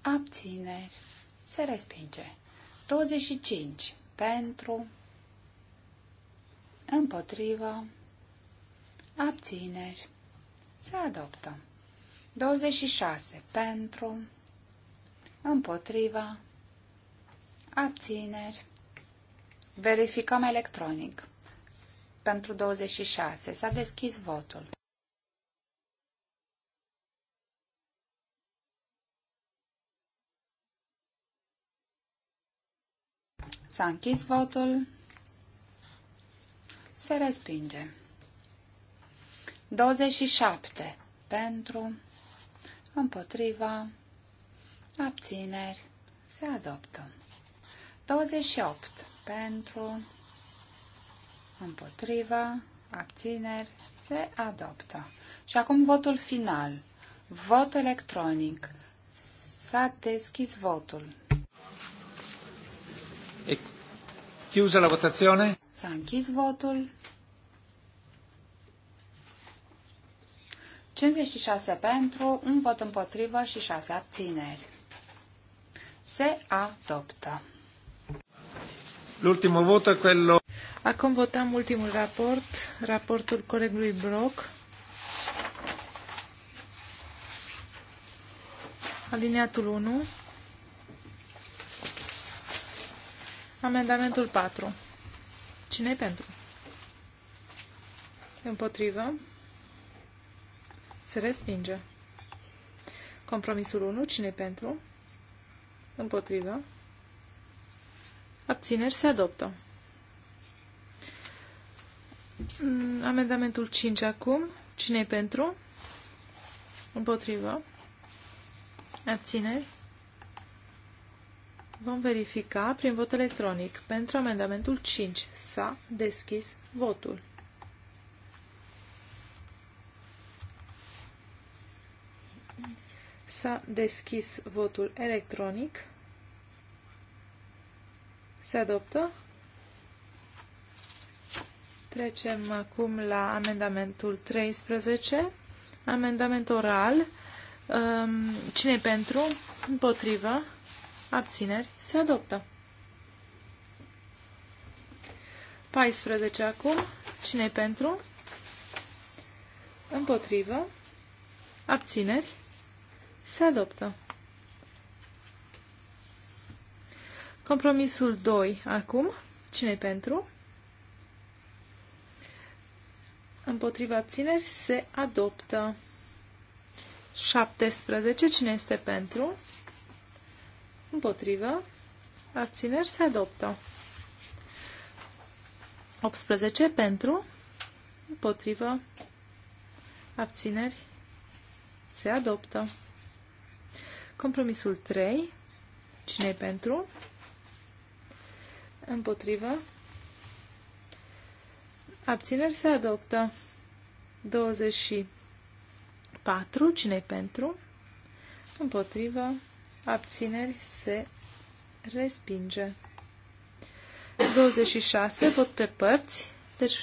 abțineri, se respinge. 25. Pentru, împotrivă, abțineri, se adoptă. 26. Pentru, împotriva, abțineri. Verificăm electronic. Pentru 26 s-a deschis votul. S-a închis votul. Se respinge. 27 pentru, împotriva, abțineri, se adoptă. 28 pentru, împotriva, abțineri, se adoptă. Și acum votul final. Vot electronic. S-a deschis votul. E chiusa la votazione? S-a închis votul. 56 pentru, un vot împotrivă și 6 abțineri. Se adoptă. L'ultimo voto è quello... Acum votăm ultimul raport, raportul colegului Brock. Aliniatul 1. Amendamentul 4. cine pentru? Împotrivă. Se respinge. Compromisul 1. cine pentru? Împotrivă. Abțineri se adoptă. Mm, amendamentul 5 acum. Cine-i pentru? Împotrivă. Abțineri. Vom verifica prin vot electronic. Pentru amendamentul 5 s-a deschis votul. S-a deschis votul electronic. Se adoptă. Trecem acum la amendamentul 13. Amendament oral. Um, cine pentru? Împotrivă? Abțineri? Se adoptă. 14 acum. cine pentru? Împotrivă? Abțineri? Se adoptă. Compromisul 2 acum. cine pentru? Împotriva abțineri se adoptă. 17. Cine este pentru? Împotrivă. Abțineri se adoptă. 18. Pentru. Împotrivă. Abțineri se adoptă. Compromisul 3. Cine-i pentru? Împotrivă. Abțineri se adoptă. 24. Cine-i pentru? Împotrivă. Abțineri se respinge. 26. Vot pe părți. Deci,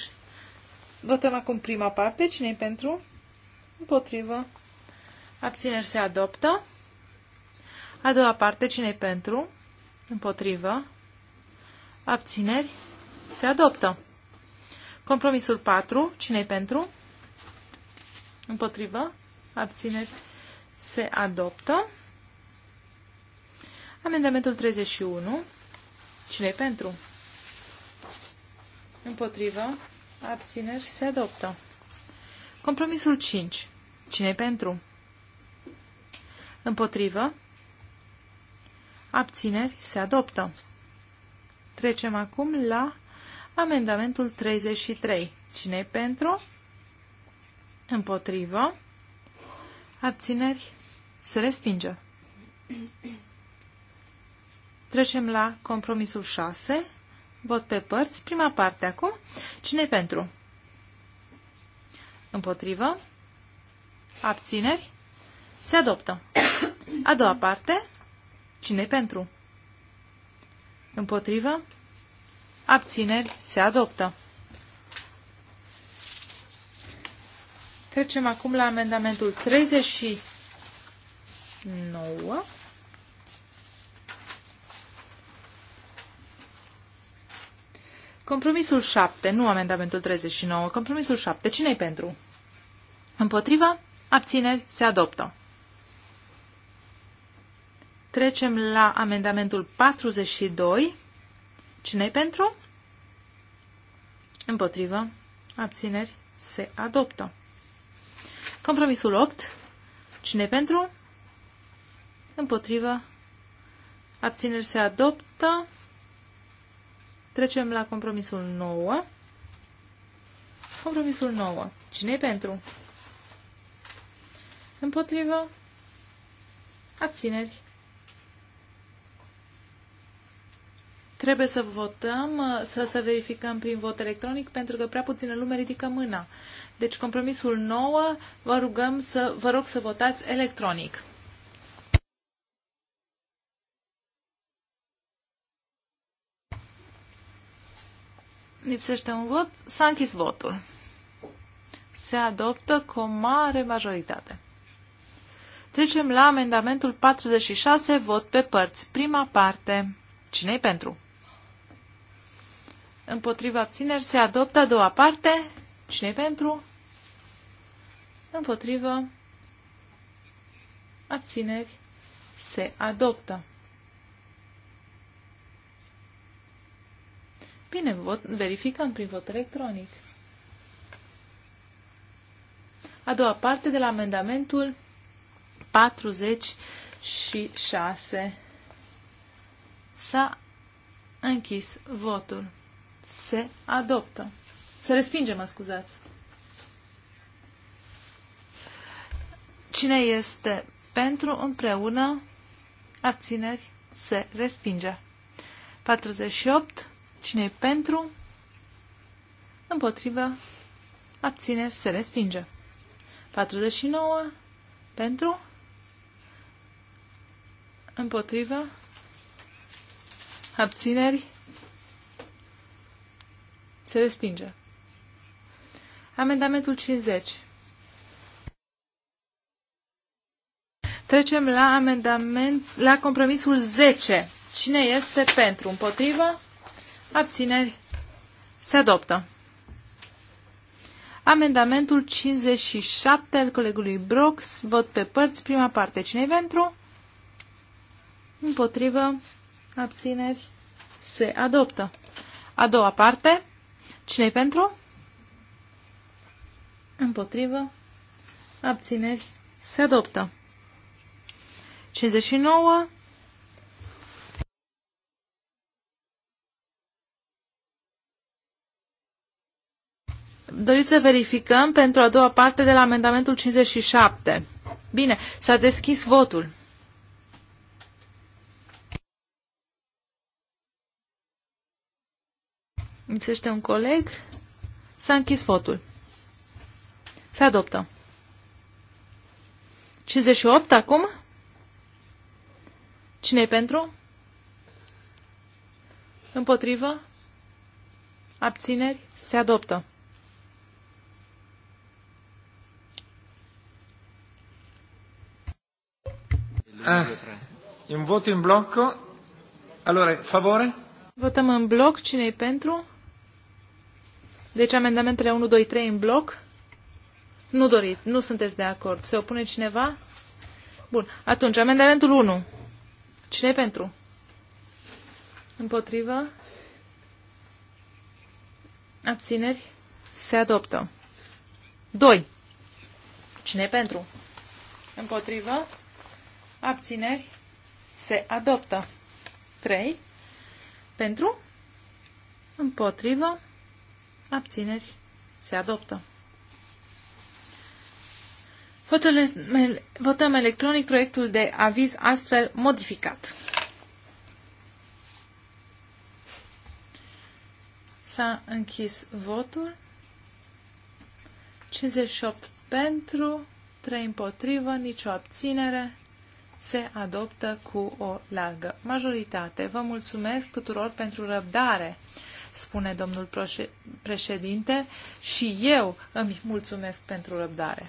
votăm acum prima parte. Cine-i pentru? Împotrivă. Abțineri se adoptă. A doua parte, cine pentru? Împotrivă. Abțineri. Se adoptă. Compromisul 4. cine pentru? Împotrivă. Abțineri. Se adoptă. Amendamentul 31. cine pentru? Împotrivă. Abțineri. Se adoptă. Compromisul 5. cine pentru? Împotrivă. Abțineri se adoptă. Trecem acum la amendamentul 33. cine pentru? Împotrivă. Abțineri se respinge. Trecem la compromisul 6. Vot pe părți. Prima parte acum. cine pentru? Împotrivă. Abțineri. Se adoptă. A doua parte cine pentru? Împotrivă? Abțineri se adoptă. Trecem acum la amendamentul 39. Compromisul 7, nu amendamentul 39, compromisul 7. cine pentru? Împotrivă? Abțineri se adoptă. Trecem la amendamentul 42. Cine-i pentru? Împotrivă. Abțineri. Se adoptă. Compromisul 8. Cine pentru? Împotrivă. Abțineri se adoptă. Trecem la compromisul 9. Compromisul 9. cine pentru? Împotrivă. Abțineri Trebuie să votăm, uh, să, să verificăm prin vot electronic, pentru că prea puțină lume ridică mâna. Deci compromisul 9, vă rugăm să, vă rog să votați electronic. Lipsește un vot, s-a închis votul. Se adoptă cu o mare majoritate. Trecem la amendamentul 46, vot pe părți. Prima parte. Cine-i pentru? împotriva abțineri se adoptă. A doua parte, cine pentru? Împotriva abțineri se adoptă. Bine, vot, verificăm prin vot electronic. A doua parte de la amendamentul 46. S-a închis votul se adoptă. Se respinge, mă scuzați. Cine este pentru împreună, abțineri, se respinge. 48. Cine e pentru, împotrivă, abțineri, se respinge. 49. Pentru, împotrivă, abțineri, se respinge. Amendamentul 50. Trecem la amendament, la compromisul 10. Cine este pentru? Împotrivă? Abțineri? Se adoptă. Amendamentul 57 al colegului Brox. Vot pe părți. Prima parte. cine e pentru? Împotrivă? Abțineri? Se adoptă. A doua parte. Cine-i pentru? Împotrivă. Abțineri. Se adoptă. 59. Doriți să verificăm pentru a doua parte de la amendamentul 57. Bine, s-a deschis votul. Lipsește un coleg. S-a închis votul. Se adoptă. 58 acum? cine e pentru? Împotrivă? Abțineri? Se adoptă. Ah, un vot în bloc. Allora, favore? Votăm în bloc. cine e pentru? Deci amendamentele 1, 2, 3 în bloc. Nu dorit, nu sunteți de acord. Se opune cineva? Bun. Atunci, amendamentul 1. cine e pentru? Împotrivă? Abțineri? Se adoptă. 2. cine e pentru? Împotrivă? Abțineri? Se adoptă. 3. Pentru? Împotrivă? abțineri, se adoptă. Votăm electronic proiectul de aviz astfel modificat. S-a închis votul. 58 pentru, 3 împotrivă, nicio abținere. Se adoptă cu o largă majoritate. Vă mulțumesc tuturor pentru răbdare spune domnul președinte, și eu îmi mulțumesc pentru răbdare.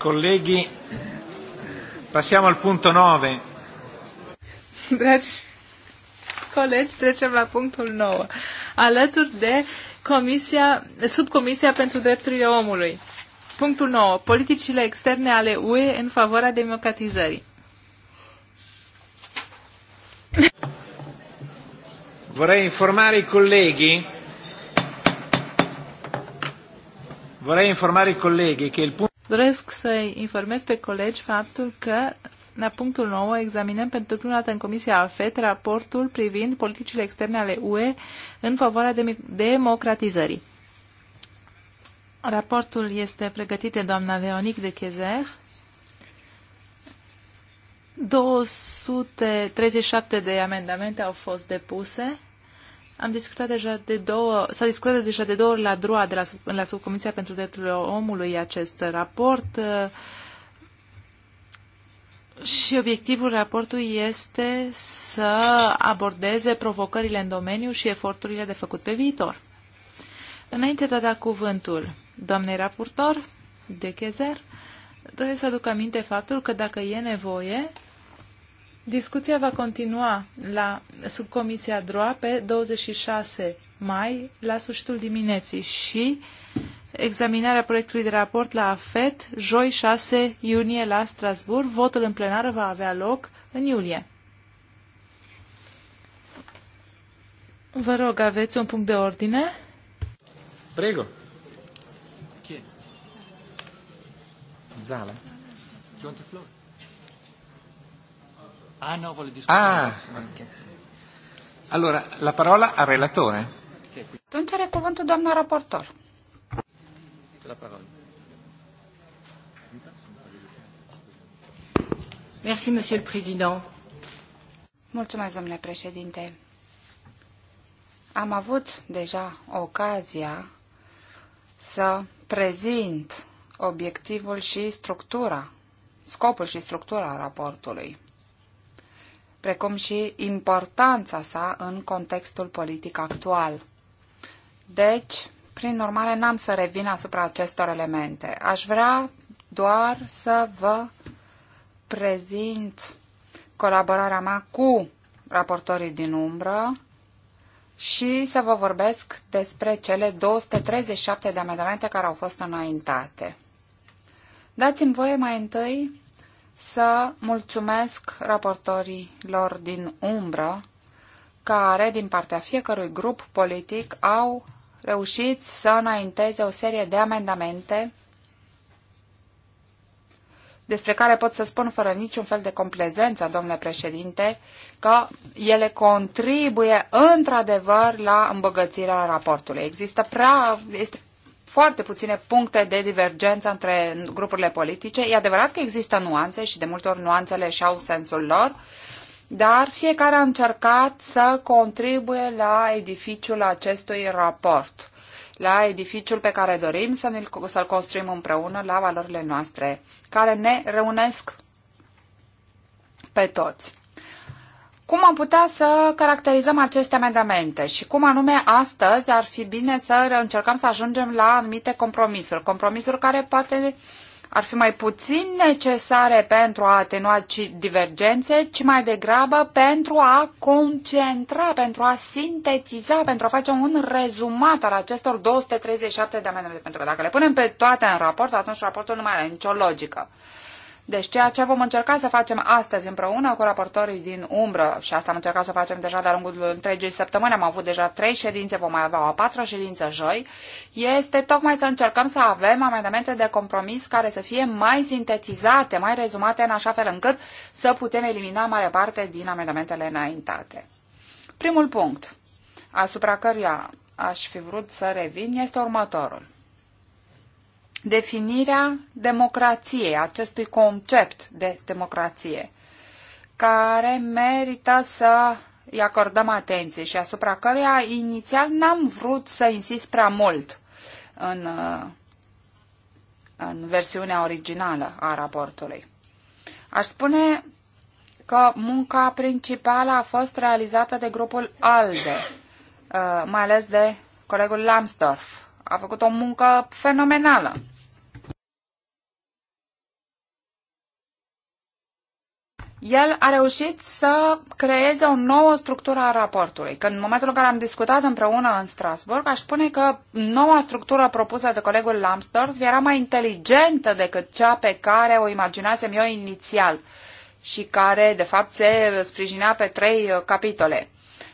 Colleghi, passiamo al punto 9. Dragi colegi, trecem la punctul 9. Alături de comisia, subcomisia pentru drepturile omului. Punctul 9. Politicile externe ale UE în favoarea democratizării. Vorrei informare i colleghi Vorrei informare i colleghi che il punto Doresc să informez pe colegi faptul că la punctul 9 examinăm pentru prima dată în Comisia AFET raportul privind politicile externe ale UE în favoarea de democratizării. Raportul este pregătit de doamna Veronique de Chezer. 237 de amendamente au fost depuse am discutat deja de două, s-a discutat deja de două ori la DROA, de la, sub, la Subcomisia pentru Drepturile Omului, acest raport. Uh, și obiectivul raportului este să abordeze provocările în domeniu și eforturile de făcut pe viitor. Înainte de a da cuvântul doamnei raportor de Chezer, doresc să aduc aminte faptul că dacă e nevoie, Discuția va continua la subcomisia DROA pe 26 mai, la sfârșitul dimineții și examinarea proiectului de raport la AFET, joi 6 iunie la Strasburg. Votul în plenară va avea loc în iulie. Vă rog, aveți un punct de ordine? Prego. Zala. Do you Ah, no, volevo discutere. Ah, ok. Allora, la parola al relatore. Atunci are cuvântul doamna raportor. La parola. Merci, Monsieur le Président. Mulțumesc, domnule președinte. Am avut deja ocazia să prezint obiectivul și structura, scopul și structura raportului precum și importanța sa în contextul politic actual. Deci, prin urmare, n-am să revin asupra acestor elemente. Aș vrea doar să vă prezint colaborarea mea cu raportorii din umbră și să vă vorbesc despre cele 237 de amendamente care au fost înaintate. Dați-mi voie mai întâi să mulțumesc raportorilor din umbră, care, din partea fiecărui grup politic, au reușit să înainteze o serie de amendamente despre care pot să spun fără niciun fel de complezență, domnule președinte, că ele contribuie într-adevăr la îmbogățirea raportului. Există prea, este foarte puține puncte de divergență între grupurile politice. E adevărat că există nuanțe și de multe ori nuanțele și-au sensul lor, dar fiecare a încercat să contribuie la edificiul acestui raport, la edificiul pe care dorim să l să-l construim împreună la valorile noastre, care ne reunesc pe toți. Cum am putea să caracterizăm aceste amendamente și cum anume astăzi ar fi bine să încercăm să ajungem la anumite compromisuri, compromisuri care poate ar fi mai puțin necesare pentru a atenua divergențe, ci mai degrabă pentru a concentra, pentru a sintetiza, pentru a face un rezumat al acestor 237 de amendamente. Pentru că dacă le punem pe toate în raport, atunci raportul nu mai are nicio logică. Deci ceea ce vom încerca să facem astăzi împreună cu raportorii din umbră, și asta am încercat să facem deja de-a lungul întregii săptămâni, am avut deja trei ședințe, vom mai avea o patra ședință joi, este tocmai să încercăm să avem amendamente de compromis care să fie mai sintetizate, mai rezumate în așa fel încât să putem elimina mare parte din amendamentele înaintate. Primul punct asupra căruia aș fi vrut să revin este următorul definirea democrației, acestui concept de democrație, care merită să îi acordăm atenție și asupra căreia inițial n-am vrut să insist prea mult în, în versiunea originală a raportului. Aș spune că munca principală a fost realizată de grupul ALDE, uh, mai ales de colegul Lambsdorff. A făcut o muncă fenomenală. el a reușit să creeze o nouă structură a raportului. Când în momentul în care am discutat împreună în Strasburg, aș spune că noua structură propusă de colegul Lambsdorff era mai inteligentă decât cea pe care o imaginasem eu inițial și care, de fapt, se sprijinea pe trei capitole.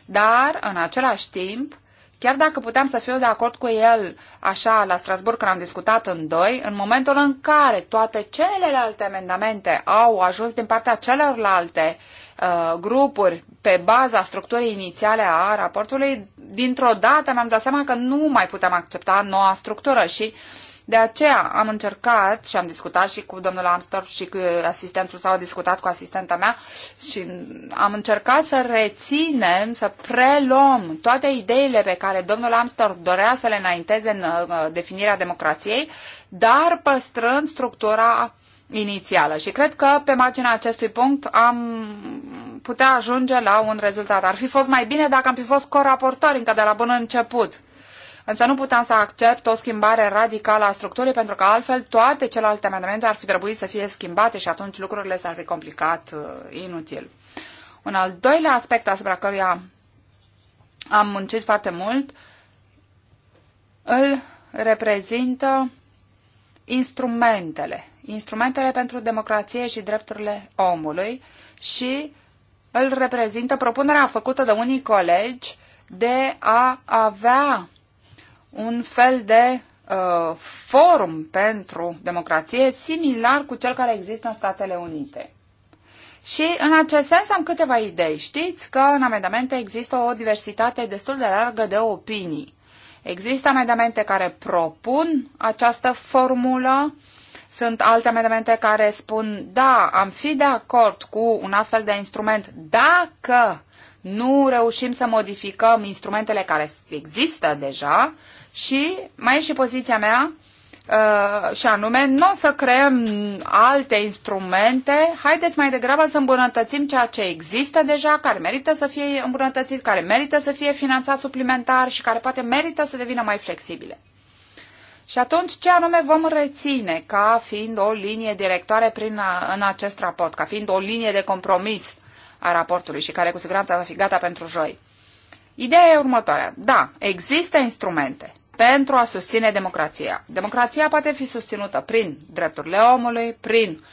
Dar, în același timp, Chiar dacă puteam să fiu de acord cu el așa la Strasburg când am discutat în doi, în momentul în care toate celelalte amendamente au ajuns din partea celorlalte uh, grupuri pe baza structurii inițiale a raportului, dintr-o dată mi-am dat seama că nu mai putem accepta noua structură și uh, de aceea am încercat și am discutat și cu domnul Amstorf și cu asistentul sau discutat cu asistenta mea și am încercat să reținem, să preluăm toate ideile pe care domnul Amstorf dorea să le înainteze în uh, definirea democrației, dar păstrând structura inițială. Și cred că pe marginea acestui punct am putea ajunge la un rezultat. Ar fi fost mai bine dacă am fi fost coraportori încă de la bun început. Însă nu puteam să accept o schimbare radicală a structurii, pentru că altfel toate celelalte amendamente ar fi trebuit să fie schimbate și atunci lucrurile s-ar fi complicat uh, inutil. Un al doilea aspect asupra căruia am muncit foarte mult îl reprezintă instrumentele, instrumentele pentru democrație și drepturile omului și îl reprezintă propunerea făcută de unii colegi de a avea un fel de uh, forum pentru democrație similar cu cel care există în Statele Unite. Și în acest sens am câteva idei. Știți că în amendamente există o diversitate destul de largă de opinii. Există amendamente care propun această formulă, sunt alte amendamente care spun, da, am fi de acord cu un astfel de instrument dacă nu reușim să modificăm instrumentele care există deja și mai e și poziția mea, uh, și anume, nu o să creăm alte instrumente, haideți mai degrabă să îmbunătățim ceea ce există deja, care merită să fie îmbunătățit, care merită să fie finanțat suplimentar și care poate merită să devină mai flexibile. Și atunci, ce anume vom reține ca fiind o linie directoare prin a, uh, în acest raport, ca fiind o linie de compromis a raportului și care cu siguranță va fi gata pentru joi? Ideea e următoarea. Da, există instrumente, pentru a susține democrația. Democrația poate fi susținută prin drepturile omului, prin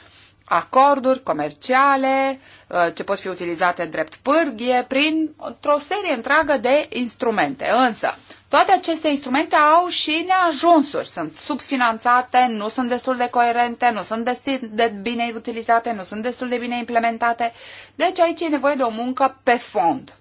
acorduri comerciale uh, ce pot fi utilizate drept pârghie, prin o serie întreagă de instrumente. Însă, toate aceste instrumente au și neajunsuri. Sunt subfinanțate, nu sunt destul de coerente, nu sunt destul de bine utilizate, nu sunt destul de bine implementate. Deci aici e nevoie de o muncă pe fond.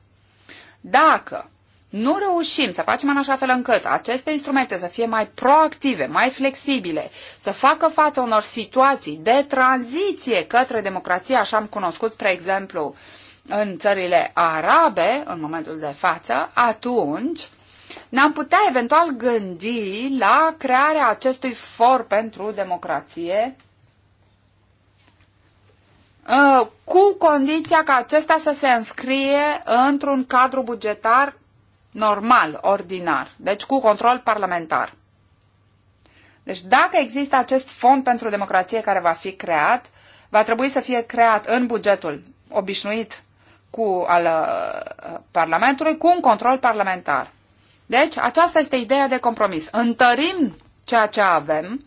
Dacă nu reușim să facem în așa fel încât aceste instrumente să fie mai proactive, mai flexibile, să facă față unor situații de tranziție către democrație, așa am cunoscut, spre exemplu, în țările arabe, în momentul de față, atunci ne-am putea eventual gândi la crearea acestui for pentru democrație uh, cu condiția ca acesta să se înscrie într-un cadru bugetar normal, ordinar, deci cu control parlamentar. Deci dacă există acest fond pentru democrație care va fi creat, va trebui să fie creat în bugetul obișnuit cu al uh, Parlamentului, cu un control parlamentar. Deci, aceasta este ideea de compromis. Întărim ceea ce avem,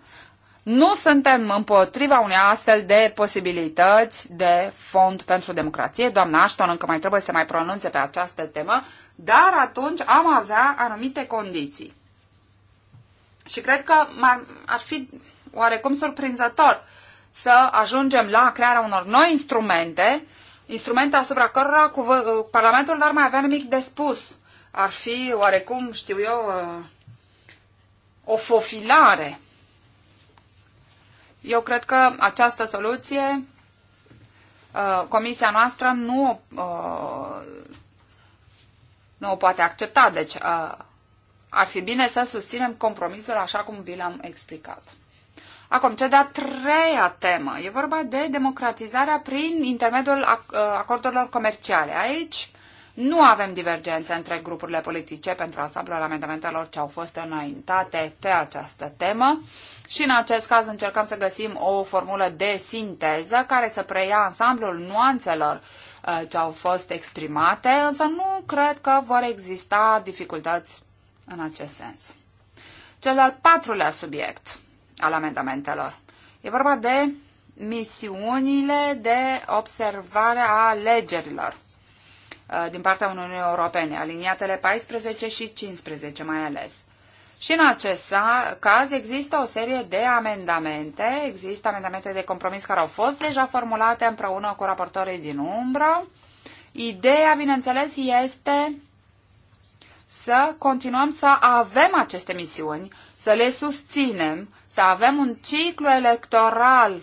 nu suntem împotriva unei astfel de posibilități de fond pentru democrație. Doamna Ashton încă mai trebuie să mai pronunțe pe această temă, dar atunci am avea anumite condiții. Și cred că ar fi oarecum surprinzător să ajungem la crearea unor noi instrumente, instrumente asupra cărora Parlamentul n-ar mai avea nimic de spus. Ar fi oarecum, știu eu, uh, o fofilare eu cred că această soluție, uh, comisia noastră nu, uh, nu o poate accepta. Deci uh, ar fi bine să susținem compromisul așa cum vi l-am explicat. Acum, cea de-a treia temă. E vorba de democratizarea prin intermediul acordurilor comerciale. Aici nu avem divergențe între grupurile politice pentru ansamblul amendamentelor ce au fost înaintate pe această temă și în acest caz încercăm să găsim o formulă de sinteză care să preia ansamblul nuanțelor uh, ce au fost exprimate, însă nu cred că vor exista dificultăți în acest sens. Cel al patrulea subiect al amendamentelor e vorba de misiunile de observare a alegerilor. Uh, din partea Uniunii Europene, aliniatele 14 și 15 mai ales. Și în acest caz există o serie de amendamente, există amendamente de compromis care au fost deja formulate împreună cu raportorii din umbră. Ideea, bineînțeles, este să continuăm să avem aceste misiuni, să le susținem, să avem un ciclu electoral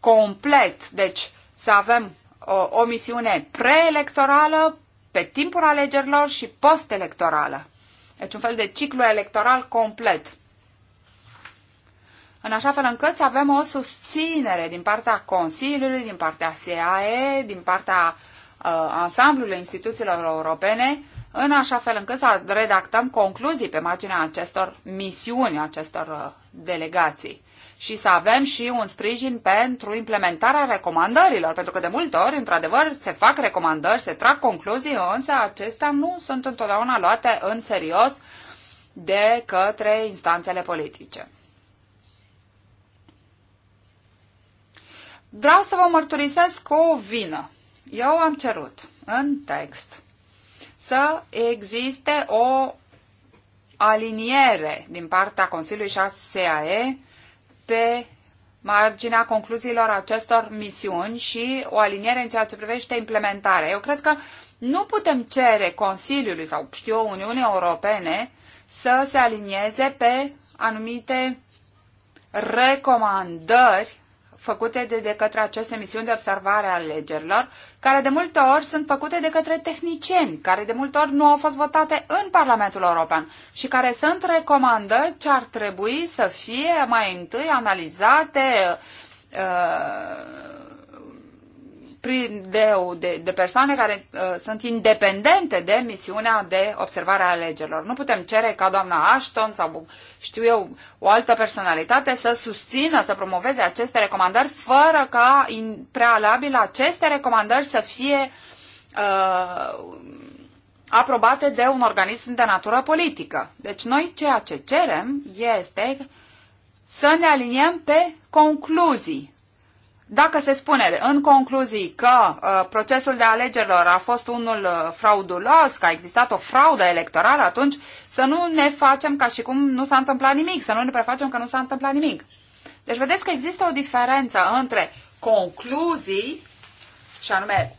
complet, deci să avem o, misiune preelectorală, pe timpul alegerilor și postelectorală. Deci un fel de ciclu electoral complet. În așa fel încât să avem o susținere din partea Consiliului, din partea CAE, din partea uh, ansamblului instituțiilor europene, în așa fel încât să redactăm concluzii pe marginea acestor misiuni, acestor uh, delegații și să avem și un sprijin pentru implementarea recomandărilor, pentru că de multe ori, într-adevăr, se fac recomandări, se trag concluzii, însă acestea nu sunt întotdeauna luate în serios de către instanțele politice. Vreau să vă mărturisesc o vină. Eu am cerut în text să existe o aliniere din partea Consiliului și a SAE pe marginea concluziilor acestor misiuni și o aliniere în ceea ce privește implementarea. Eu cred că nu putem cere Consiliului sau, știu eu, Uniunii Europene să se alinieze pe anumite recomandări făcute de, de către aceste misiuni de observare a alegerilor, care de multe ori sunt făcute de către tehnicieni, care de multe ori nu au fost votate în Parlamentul European și care sunt recomandă ce ar trebui să fie mai întâi analizate uh, de, de, de persoane care uh, sunt independente de misiunea de observare a alegerilor. Nu putem cere ca doamna Ashton sau, știu eu, o altă personalitate să susțină, să promoveze aceste recomandări fără ca, în prealabil, aceste recomandări să fie uh, aprobate de un organism de natură politică. Deci noi ceea ce cerem este să ne aliniem pe concluzii dacă se spune în concluzii că uh, procesul de alegerilor a fost unul uh, fraudulos, că a existat o fraudă electorală, atunci să nu ne facem ca și cum nu s-a întâmplat nimic, să nu ne prefacem că nu s-a întâmplat nimic. Deci vedeți că există o diferență între concluzii, și anume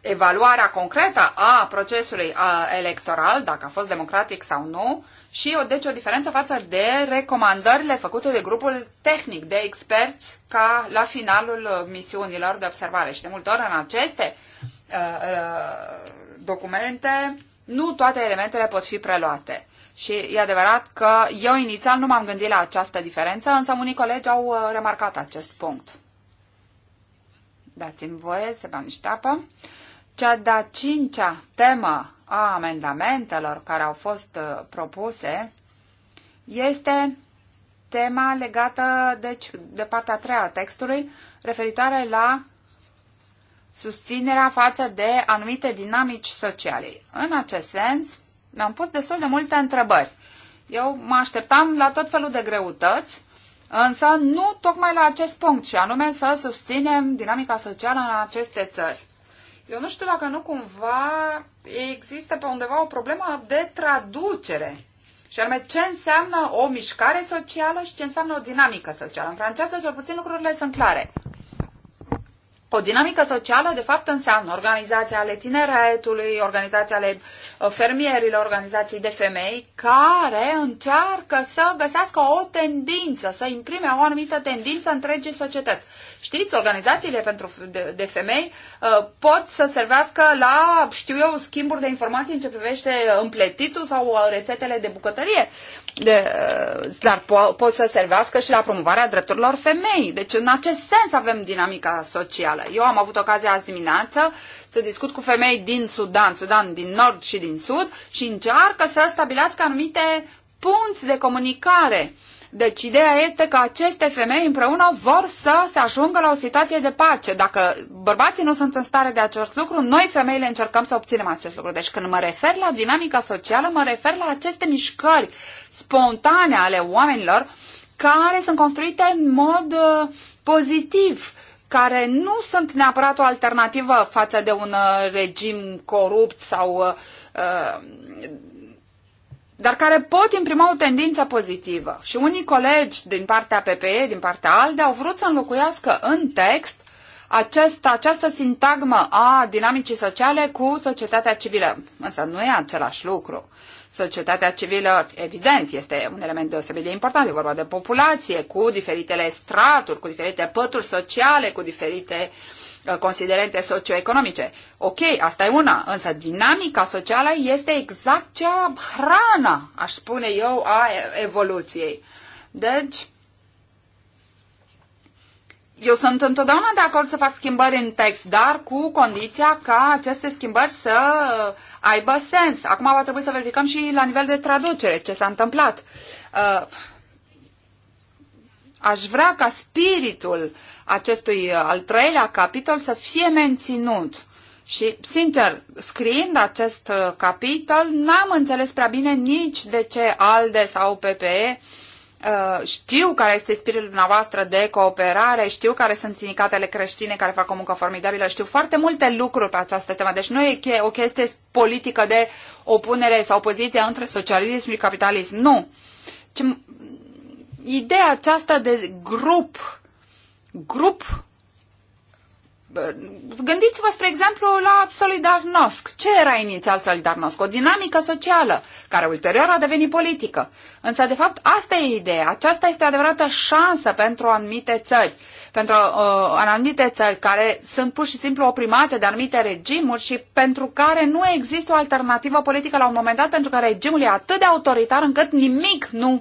evaluarea concretă a procesului electoral, dacă a fost democratic sau nu, și o, deci o diferență față de recomandările făcute de grupul tehnic de experți ca la finalul uh, misiunilor de observare. Și de multe ori în aceste uh, uh, documente nu toate elementele pot fi preluate. Și e adevărat că eu inițial nu m-am gândit la această diferență, însă unii colegi au uh, remarcat acest punct. Dați-mi voie să bag niște apă. Uh, cea de-a cincea temă a amendamentelor care au fost uh, propuse este tema legată deci, de partea a treia a textului referitoare la susținerea față de anumite dinamici sociale. În acest sens, mi-am pus destul de multe întrebări. Eu mă așteptam la tot felul de greutăți, însă nu tocmai la acest punct, și anume să susținem dinamica socială în aceste țări. Eu nu știu dacă nu cumva există pe undeva o problemă de traducere. Și anume, ce înseamnă o mișcare socială și ce înseamnă o dinamică socială. În franceză, cel puțin, lucrurile sunt clare. O dinamică socială, de fapt, înseamnă organizația ale tineretului, organizația ale uh, fermierilor, organizații de femei, care încearcă să găsească o tendință, să imprime o anumită tendință întregii societăți. Știți, organizațiile pentru, de, de femei uh, pot să servească la, știu eu, schimburi de informații în ce privește uh, împletitul sau rețetele de bucătărie dar po- pot să servească și la promovarea drepturilor femei. Deci în acest sens avem dinamica socială. Eu am avut ocazia azi dimineață să discut cu femei din Sudan, Sudan din nord și din sud și încearcă să stabilească anumite punți de comunicare uh, deci ideea este că aceste femei împreună vor să se ajungă la o situație de pace. Dacă bărbații nu sunt în stare de acest lucru, noi femeile încercăm să obținem acest lucru. Deci când mă refer la dinamica socială, mă refer la aceste mișcări spontane ale oamenilor care sunt construite în mod uh, pozitiv, care nu sunt neapărat o alternativă față de un uh, regim corupt sau uh, uh dar care pot imprima o tendință pozitivă. Și unii colegi din partea PPE, din partea ALDE, au vrut să înlocuiască în text acest, această sintagmă a dinamicii sociale cu societatea civilă. Însă nu e același lucru. Societatea civilă, evident, este un element deosebit de important. E vorba de populație, cu diferitele straturi, cu diferite pături sociale, cu diferite uh, considerente socioeconomice. Ok, asta e una, însă dinamica socială este exact cea hrana, aș spune eu, a evoluției. Deci, eu sunt întotdeauna de acord să fac schimbări în text, dar cu condiția ca aceste schimbări să aibă sens. Acum va trebui să verificăm și la nivel de traducere ce s-a întâmplat. Uh, aș vrea ca spiritul acestui uh, al treilea capitol să fie menținut. Și, sincer, scriind acest uh, capitol, n-am înțeles prea bine nici de ce ALDE sau PPE Uh, știu care este spiritul dumneavoastră de cooperare, știu care sunt sindicatele creștine care fac o muncă formidabilă, știu foarte multe lucruri pe această temă. Deci nu e o chestie politică de opunere sau opoziție între socialism și capitalism. Nu. Ci ideea aceasta de grup, grup, gândiți-vă, spre exemplu, la Solidarnosc. Ce era inițial Solidarnosc? O dinamică socială, care ulterior a devenit politică. Însă, de fapt, asta e ideea. Aceasta este o adevărată șansă pentru anumite țări. Pentru uh, anumite țări care sunt pur și simplu oprimate de anumite regimuri și pentru care nu există o alternativă politică la un moment dat, pentru că regimul e atât de autoritar încât nimic nu uh,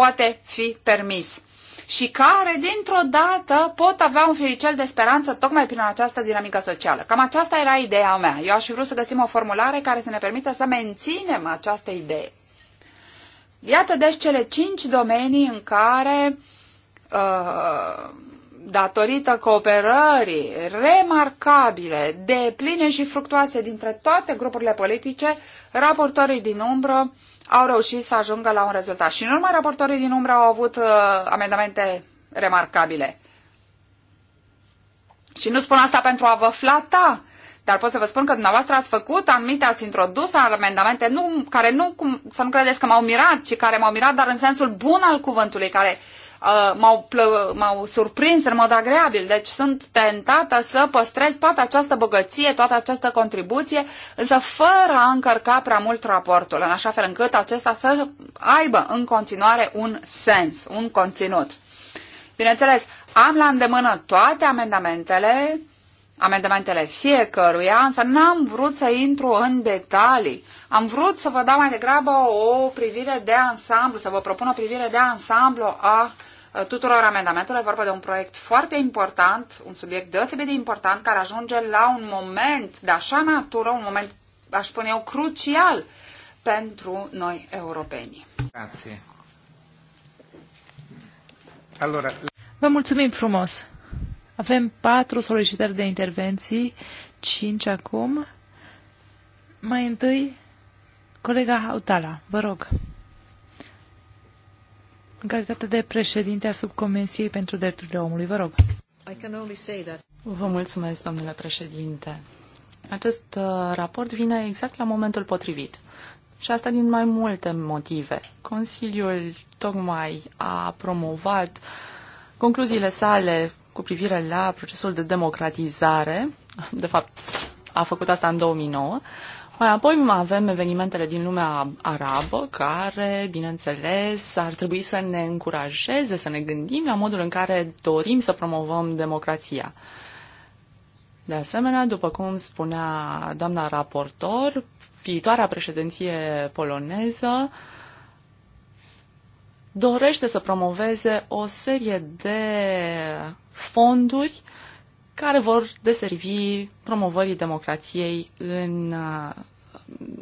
poate fi permis și care, dintr-o dată, pot avea un firicel de speranță tocmai prin această dinamică socială. Cam aceasta era ideea mea. Eu aș fi vrut să găsim o formulare care să ne permită să menținem această idee. Iată deci cele cinci domenii în care, uh, datorită cooperării remarcabile, de pline și fructoase dintre toate grupurile politice, raportorii din umbră uh, au reușit să ajungă la un rezultat. Și nu numai raportorii din umbră au avut uh, amendamente remarcabile. Și nu spun asta pentru a vă flata, dar pot să vă spun că dumneavoastră ați făcut anumite, ați introdus amendamente nu, care nu, cum, să nu credeți că m-au mirat, ci care m-au mirat, dar în sensul bun al cuvântului, care uh, Uh, m-au, m-au surprins în mod agreabil, deci sunt tentată să păstrez toată această bogăție, toată această contribuție, însă fără a încărca prea mult raportul, în așa fel încât acesta să aibă în continuare un sens, un conținut. Bineînțeles, am la îndemână toate amendamentele amendamentele fiecăruia, însă n-am vrut să intru în detalii. Am vrut să vă dau mai degrabă o privire de ansamblu, să vă propun o privire de ansamblu a tuturor amendamentelor. E vorba de un proiect foarte important, un subiect deosebit de important, care ajunge la un moment de așa natură, un moment, aș spune eu, crucial pentru noi europeni. Grazie. Allora... Vă mulțumim frumos! Avem patru solicitări de intervenții, cinci acum. Mai întâi, colega Hautala, vă rog. În calitate de președinte a subcomisiei pentru drepturile omului, vă rog. Vă mulțumesc, domnule președinte. Acest uh, raport vine exact la momentul potrivit. Și asta din mai multe motive. Consiliul tocmai a promovat concluziile sale cu privire la procesul de democratizare. De fapt, a făcut asta în 2009. Mai apoi avem evenimentele din lumea arabă care, bineînțeles, ar trebui să ne încurajeze să ne gândim la modul în care dorim să promovăm democrația. De asemenea, după cum spunea doamna raportor, viitoarea președinție poloneză uh, dorește să promoveze o serie de fonduri care vor deservi promovării democrației în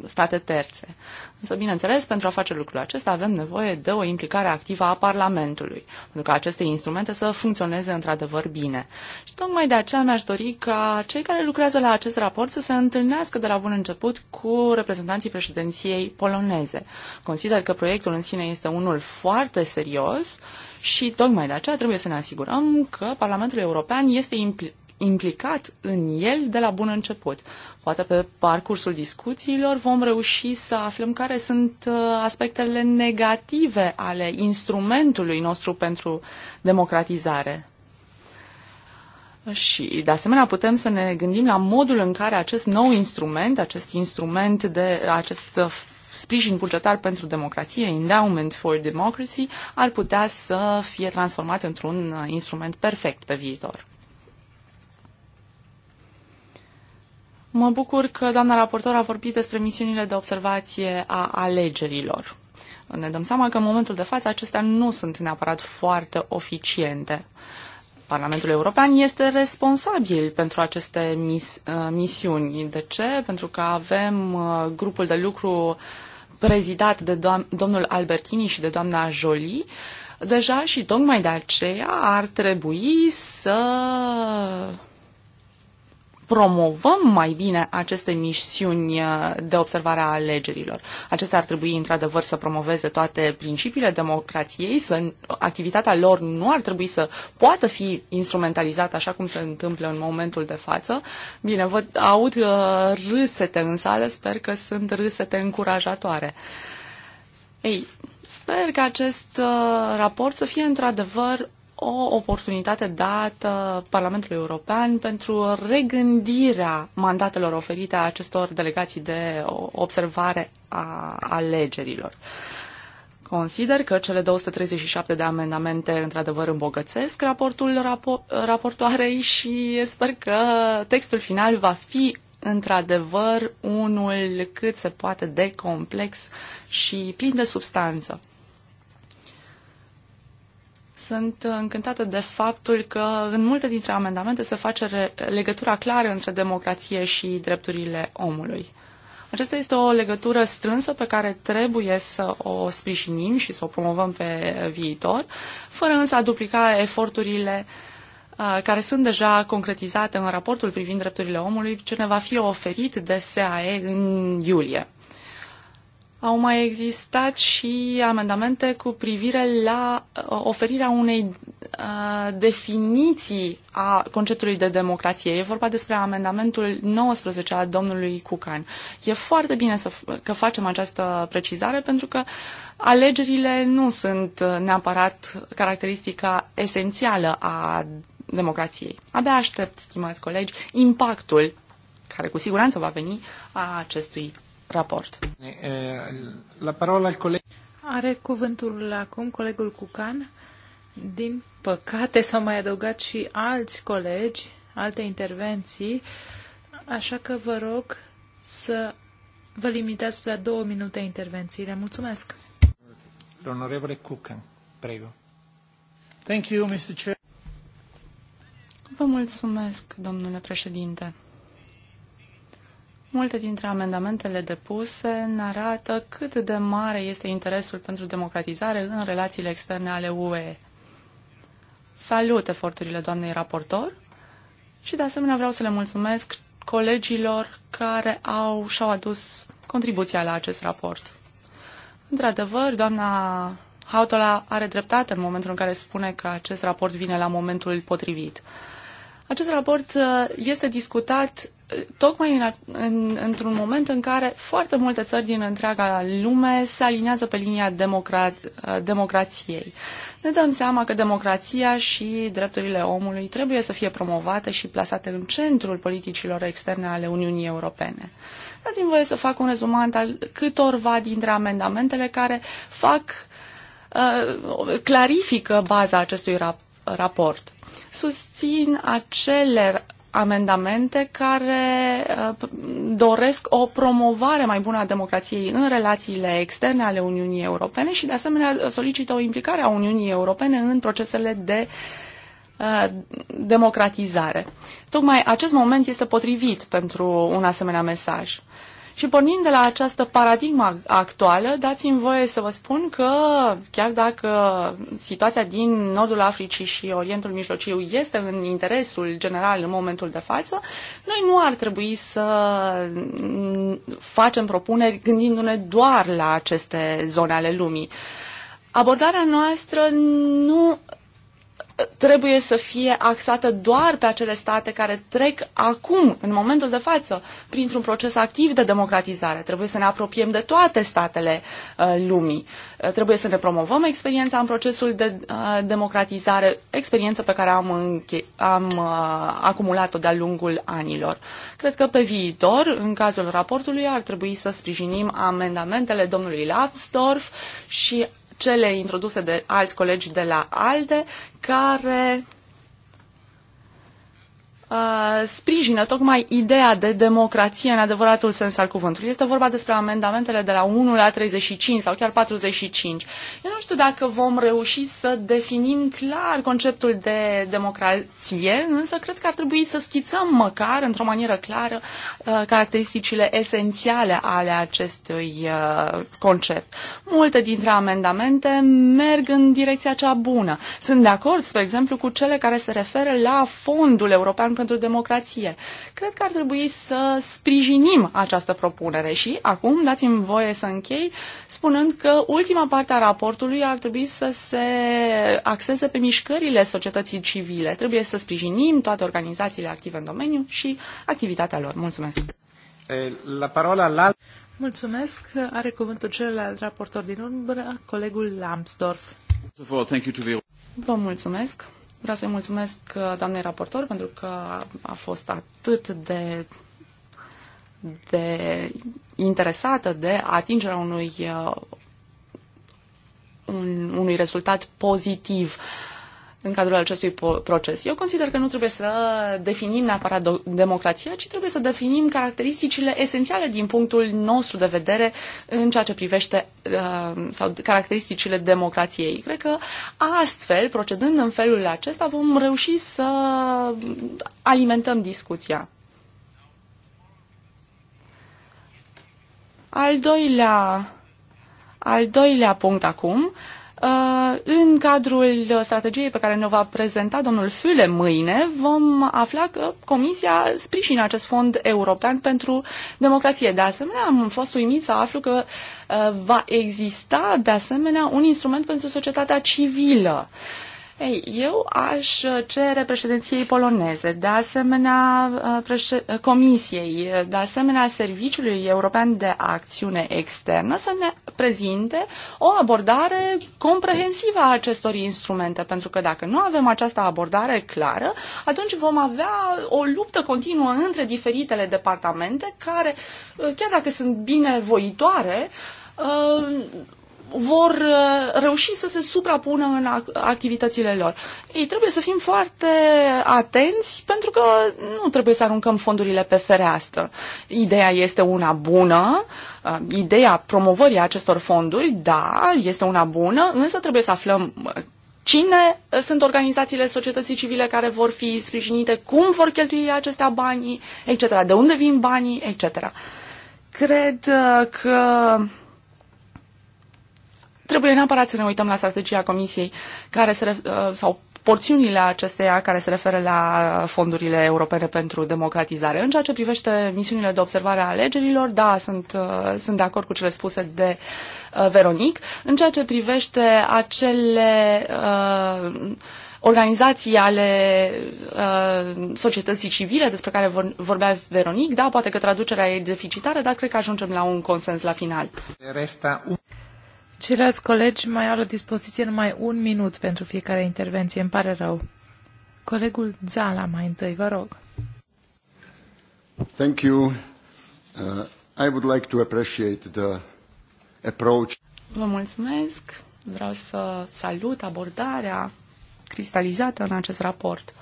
state terțe. Însă, bineînțeles, pentru a face lucrul acesta avem nevoie de o implicare activă a Parlamentului, pentru ca aceste instrumente să funcționeze într-adevăr bine. Și tocmai de aceea mi-aș dori ca cei care lucrează la acest raport să se întâlnească de la bun început cu reprezentanții președinției poloneze. Consider că proiectul în sine este unul foarte serios și tocmai de aceea trebuie să ne asigurăm că Parlamentul European este impl- implicat în el de la bun început. Poate pe parcursul discuțiilor vom reuși să aflăm care sunt uh, aspectele negative ale instrumentului nostru pentru democratizare. Și, de asemenea, putem să ne gândim la modul în care acest nou instrument, acest instrument de acest uh, sprijin bugetar pentru democrație, Endowment for Democracy, ar putea să fie transformat într-un uh, instrument perfect pe viitor. Mă bucur că doamna raportor a vorbit despre misiunile de observație a alegerilor. Ne dăm seama că în momentul de față acestea nu sunt neapărat foarte eficiente. Parlamentul European este responsabil pentru aceste mis- uh, misiuni. De ce? Pentru că avem uh, grupul de lucru prezidat de domnul Albertini și de doamna Jolie, deja și tocmai de aceea ar trebui să promovăm mai bine aceste misiuni uh, de observare a alegerilor. Acestea ar trebui, într-adevăr, să promoveze toate principiile democrației, să, activitatea lor nu ar trebui să poată fi instrumentalizată așa cum se întâmplă în momentul de față. Bine, vă aud uh, râsete în sală, sper că sunt râsete încurajatoare. Ei, Sper că acest uh, raport să fie într-adevăr o oportunitate dată Parlamentului European pentru regândirea mandatelor oferite a acestor delegații de observare a alegerilor. Consider că cele 237 de amendamente într-adevăr îmbogățesc raportul rapo- raportoarei și sper că textul final va fi într-adevăr unul cât se poate de complex și plin de substanță. Sunt încântată de faptul că în multe dintre amendamente se face legătura clară între democrație și drepturile omului. Aceasta este o legătură strânsă pe care trebuie să o sprijinim și să o promovăm pe viitor, fără însă a duplica eforturile uh, care sunt deja concretizate în raportul privind drepturile omului, ce ne va fi oferit de SAE în iulie au mai existat și amendamente cu privire la uh, oferirea unei uh, definiții a conceptului de democrație. E vorba despre amendamentul 19 al domnului Cucan. E foarte bine să, că facem această precizare pentru că alegerile nu sunt uh, neapărat caracteristica esențială a democrației. Abia aștept, stimați colegi, impactul care cu siguranță va veni a acestui raport. La parola al coleg. Are cuvântul acum colegul Cucan. Din păcate s-au mai adăugat și alți colegi, alte intervenții, așa că vă rog să vă limitați la două minute intervențiile. Mulțumesc. Onorevole Cucan, prego. Thank you, Mr. Chair. Vă mulțumesc, domnule președinte. Multe dintre amendamentele depuse ne arată cât de mare este interesul pentru democratizare în relațiile externe ale UE. Salut eforturile doamnei raportor și de asemenea vreau să le mulțumesc colegilor care au și-au adus contribuția la acest raport. Într-adevăr, doamna Hautola are dreptate în momentul în care spune că acest raport vine la momentul potrivit. Acest raport uh, este discutat tocmai în, în, într-un moment în care foarte multe țări din întreaga lume se alinează pe linia democra, democrației. Ne dăm seama că democrația și drepturile omului trebuie să fie promovate și plasate în centrul politicilor externe ale Uniunii Europene. Dați-mi voie să fac un rezumant al câtorva dintre amendamentele care fac, uh, clarifică baza acestui rap, raport. Susțin acele amendamente care uh, doresc o promovare mai bună a democrației în relațiile externe ale Uniunii Europene și, de asemenea, solicită o implicare a Uniunii Europene în procesele de uh, democratizare. Tocmai acest moment este potrivit pentru un asemenea mesaj. Și pornind de la această paradigmă actuală, dați-mi voie să vă spun că chiar dacă situația din nordul Africii și Orientul Mijlociu este în interesul general în momentul de față, noi nu ar trebui să facem propuneri gândindu-ne doar la aceste zone ale lumii. Abordarea noastră nu trebuie să fie axată doar pe acele state care trec acum, în momentul de față, printr-un proces activ de democratizare. Trebuie să ne apropiem de toate statele uh, lumii. Uh, trebuie să ne promovăm experiența în procesul de uh, democratizare, experiență pe care am, am uh, acumulat-o de-a lungul anilor. Cred că pe viitor, în cazul raportului, ar trebui să sprijinim amendamentele domnului Lavsdorf și cele introduse de alți colegi de la ALDE, care Uh, sprijină tocmai ideea de democrație în adevăratul sens al cuvântului. Este vorba despre amendamentele de la 1 la 35 sau chiar 45. Eu nu știu dacă vom reuși să definim clar conceptul de democrație, însă cred că ar trebui să schițăm măcar într-o manieră clară uh, caracteristicile esențiale ale acestui uh, concept. Multe dintre amendamente merg în direcția cea bună. Sunt de acord, spre exemplu, cu cele care se referă la fondul european pentru pentru democrație. Cred că ar trebui să sprijinim această propunere și acum dați-mi voie să închei spunând că ultima parte a raportului ar trebui să se axeze pe mișcările societății civile. Trebuie să sprijinim toate organizațiile active în domeniu și activitatea lor. Mulțumesc! Eh, la parola la... Mulțumesc. Are cuvântul celălalt raportor din urmă, colegul Lambsdorff. Vă mulțumesc. Vreau să-i mulțumesc uh, doamnei raportor pentru că a fost atât de de interesată de atingerea unui, uh, un, unui rezultat pozitiv uh, în cadrul acestui proces. Eu consider că nu trebuie să definim neapărat democrația, ci trebuie să definim caracteristicile esențiale din punctul nostru de vedere în ceea ce privește uh, sau caracteristicile democrației. Cred că astfel, procedând în felul acesta, vom reuși să alimentăm discuția. Al doilea, al doilea punct acum Uh, în cadrul strategiei pe care ne va prezenta domnul Füle mâine, vom afla că Comisia sprijină acest fond european pentru democrație. De asemenea, am fost uimit să aflu că uh, va exista, de asemenea, un instrument pentru societatea civilă. Ei, eu aș cere președinției poloneze, de asemenea uh, președ... Uh, comisiei, uh, de asemenea Serviciului European de Acțiune Externă să ne prezinte o abordare comprehensivă a acestor instrumente, pentru că dacă nu avem această abordare clară, atunci vom avea o luptă continuă între diferitele departamente care, chiar dacă sunt binevoitoare, vor uh, reuși să se suprapună în activitățile lor. Ei trebuie să fim foarte atenți pentru că nu trebuie să aruncăm fondurile pe fereastră. Ideea este una bună, uh, ideea promovării acestor fonduri, da, este una bună, însă trebuie să aflăm uh, cine sunt organizațiile societății civile care vor fi sprijinite, cum vor cheltui acestea banii, etc., de unde vin banii, etc. Cred că Trebuie neapărat să ne uităm la strategia Comisiei care se, uh, sau porțiunile acesteia care se referă la fondurile europene pentru democratizare. În ceea ce privește misiunile de observare a alegerilor, da, sunt, uh, sunt de acord cu cele spuse de uh, Veronic. În ceea ce privește acele uh, organizații ale uh, societății civile despre care vor, vorbea Veronic, da, poate că traducerea e deficitară, dar cred că ajungem la un consens la final. Resta un... Ceilalți colegi mai au la dispoziție numai un minut pentru fiecare intervenție. Îmi pare rău. Colegul Zala mai întâi, vă rog. Thank you. Uh, I would like to appreciate the approach. Vă mulțumesc. Vreau să salut abordarea cristalizată în acest raport.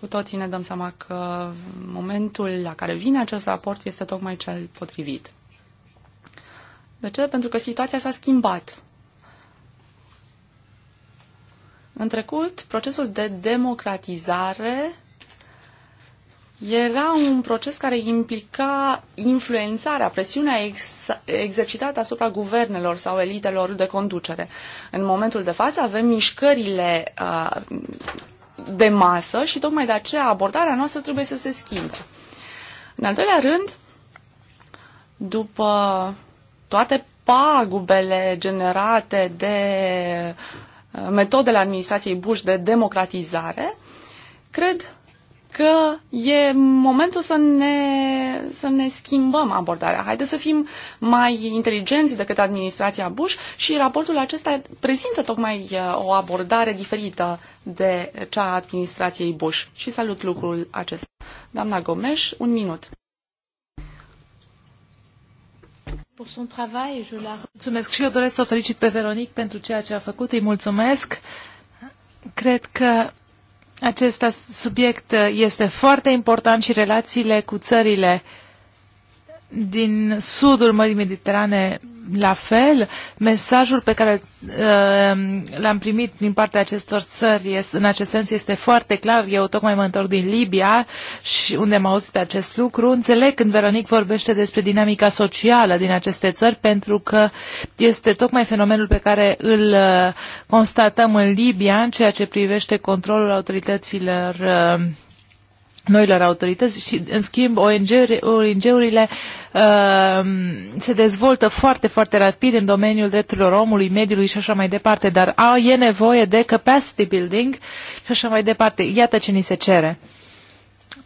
Cu toții ne dăm seama că momentul la care vine acest raport este tocmai cel potrivit. De ce? Pentru că situația s-a schimbat. În trecut, procesul de democratizare era un proces care implica influențarea, presiunea ex- exercitată asupra guvernelor sau elitelor de conducere. În momentul de față avem mișcările uh, de masă și tocmai de aceea abordarea noastră trebuie să se schimbe. În al doilea rând, după toate pagubele generate de uh, metodele administrației Bush de democratizare, cred că e momentul să ne, să ne schimbăm abordarea. Haideți să fim mai inteligenți decât administrația Bush și raportul acesta prezintă tocmai uh, o abordare diferită de cea a administrației Bush. Și salut lucrul acesta. Doamna Gomes, un minut. Mulțumesc și eu doresc să o felicit pe Veronic pentru ceea ce a făcut. Îi mulțumesc. Cred că acest subiect uh, este foarte important și relațiile cu țările uh, din sudul Mării Mediterane la fel, mesajul pe care uh, l-am primit din partea acestor țări este, în acest sens este foarte clar. Eu tocmai mă întorc din Libia și unde am auzit acest lucru. Înțeleg când Veronic vorbește despre dinamica socială din aceste țări pentru că este tocmai fenomenul pe care îl uh, constatăm în Libia în ceea ce privește controlul autorităților uh, noilor autorități și, în schimb, ONG-urile Ehm, se dezvoltă foarte, foarte rapid în domeniul drepturilor omului, mediului și așa mai departe, dar a, e nevoie de capacity building și așa mai departe. Iată ce ni se cere.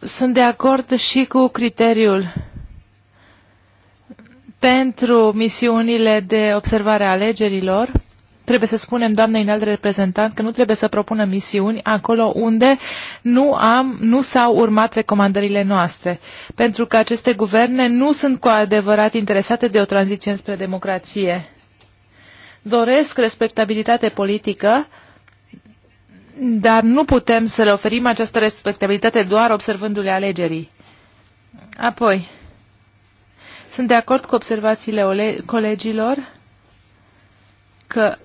Sunt de acord și cu criteriul pentru misiunile de observare a alegerilor trebuie să spunem, doamnei înalt reprezentant, că nu trebuie să propună misiuni acolo unde nu, am, nu s-au urmat recomandările noastre, pentru că aceste guverne nu sunt cu adevărat interesate de o tranziție spre democrație. Doresc respectabilitate politică, dar nu putem să le oferim această respectabilitate doar observându-le alegerii. Apoi, sunt de acord cu observațiile colegilor că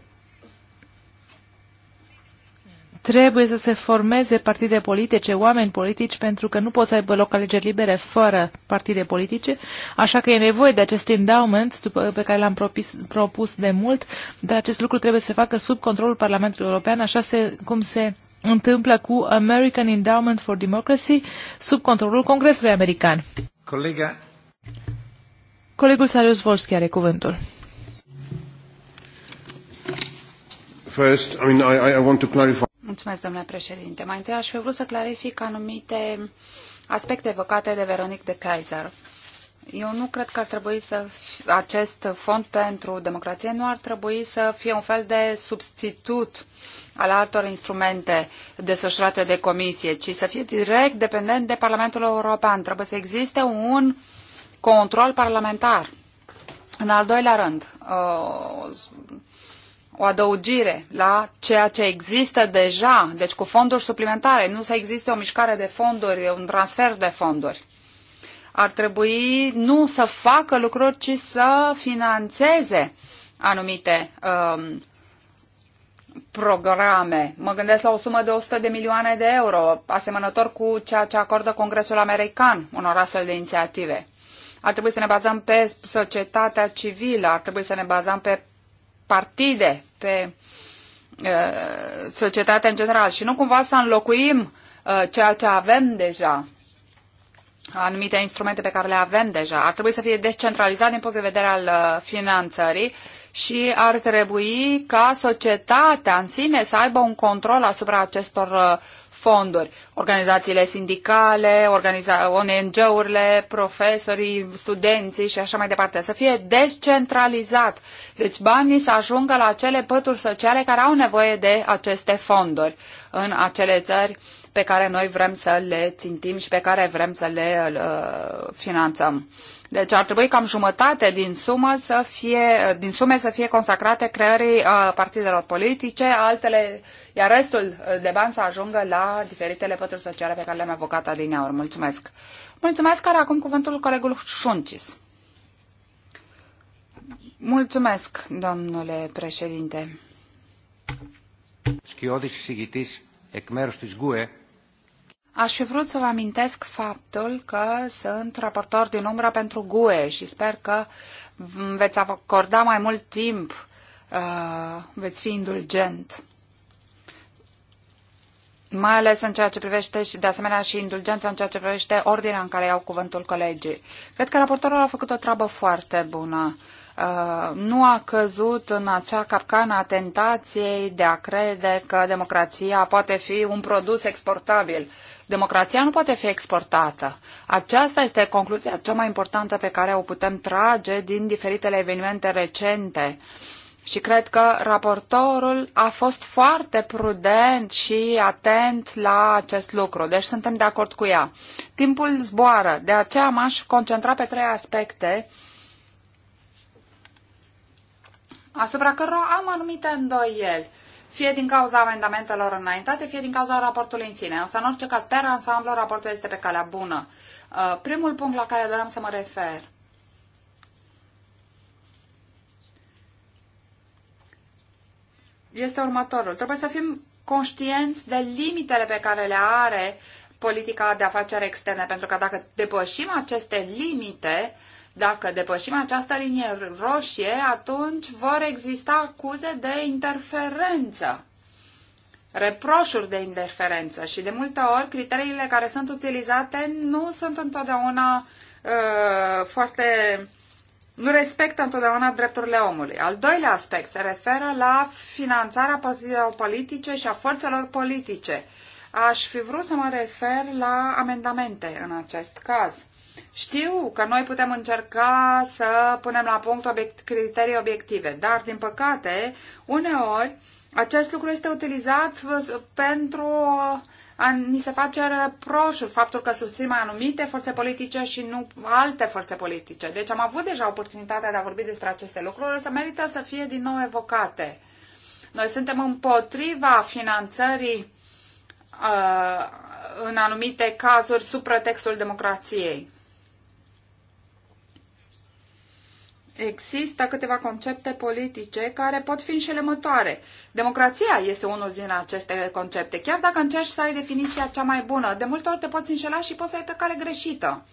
Trebuie să se formeze partide politice, oameni politici, pentru că nu pot să aibă loc alegeri libere fără partide politice, așa că e nevoie de acest endowment după, pe care l-am propus, propus de mult, dar acest lucru trebuie să se facă sub controlul Parlamentului European, așa se, cum se întâmplă cu American Endowment for Democracy sub controlul Congresului American. Colega. Colegul Sarius Volski are cuvântul. First, I mean, I, I want to clarify. Mulțumesc, domnule președinte. Mai întâi aș fi vrut să clarific anumite aspecte evocate de Veronic de Kaiser. Eu nu cred că ar trebui să acest fond pentru democrație nu ar trebui să fie un fel de substitut al altor instrumente desfășurate de comisie, ci să fie direct dependent de Parlamentul European. Trebuie să existe un control parlamentar. În al doilea rând, uh, o adăugire la ceea ce există deja, deci cu fonduri suplimentare, nu să existe o mișcare de fonduri, un transfer de fonduri. Ar trebui nu să facă lucruri, ci să financeze anumite um, programe. Mă gândesc la o sumă de 100 de milioane de euro, asemănător cu ceea ce acordă Congresul American unor astfel de inițiative. Ar trebui să ne bazăm pe societatea civilă, ar trebui să ne bazăm pe partide, pe uh, societatea în general și nu cumva să înlocuim uh, ceea ce avem deja, anumite instrumente pe care le avem deja. Ar trebui să fie descentralizat din punct de vedere al uh, finanțării și ar trebui ca societatea în sine să aibă un control asupra acestor uh, fonduri. Organizațiile sindicale, organiza- ONG-urile, profesorii, studenții și așa mai departe. Să fie descentralizat. Deci banii să ajungă la acele pături sociale care au nevoie de aceste fonduri în acele țări uh, pe care noi vrem să le țintim și pe care vrem să le uh, finanțăm. Deci ar trebui cam jumătate din, sumă să fie, din sume să fie consacrate creării uh, partidelor politice, altele, iar restul uh, de bani să ajungă la diferitele pături sociale pe care le-am evocat adineauri. Mulțumesc! Mulțumesc, care acum cuvântul colegul Șuncis. Mulțumesc, domnule președinte. Schiotis, Sigitis, εκ μέρους της ΓΚΟΕ Aș fi vrut să vă amintesc faptul că sunt raportor din umbră pentru GUE și sper că veți acorda mai mult timp, uh, veți fi indulgent. Mai ales în ceea ce privește și, de asemenea, și indulgența în ceea ce privește ordinea în care iau cuvântul colegii. Cred că raportorul a făcut o treabă foarte bună Uh, nu a căzut în acea capcană a tentației de a crede că democrația poate fi un produs exportabil. Democrația nu poate fi exportată. Aceasta este concluzia cea mai importantă pe care o putem trage din diferitele evenimente recente. Și cred că raportorul a fost foarte prudent și atent la acest lucru, deci suntem de acord cu ea. Timpul zboară, de aceea m-aș concentra pe trei aspecte uh, asupra cărora am anumite îndoieli, fie din cauza amendamentelor înaintate, fie din cauza raportului în sine. Însă, în orice caz, pe ansamblu, raportul este pe calea bună. Uh, primul punct la care doream să mă refer este următorul. Trebuie să fim conștienți de limitele pe care le are politica de afaceri externe, pentru că dacă depășim aceste limite, dacă depășim această linie roșie, atunci vor exista acuze de interferență, reproșuri de interferență și de multe ori criteriile care sunt utilizate nu sunt întotdeauna uh, foarte nu respectă întotdeauna drepturile omului. Al doilea aspect se referă la finanțarea partidelor politice și a forțelor politice. Aș fi vrut să mă refer la amendamente în acest caz. Știu că noi putem încerca să punem la punct obiect, criterii obiective, dar, din păcate, uneori acest lucru este utilizat pentru a ni se face reproșul faptul că susținem anumite forțe politice și nu alte forțe politice. Deci am avut deja oportunitatea de a vorbi despre aceste lucruri, să merită să fie din nou evocate. Noi suntem împotriva finanțării uh, în anumite cazuri sub pretextul democrației. există câteva concepte politice care pot fi înșelămătoare. Democrația este unul din aceste concepte. Chiar dacă încerci să ai definiția cea mai bună, de multe ori te poți înșela și poți să ai pe cale greșită.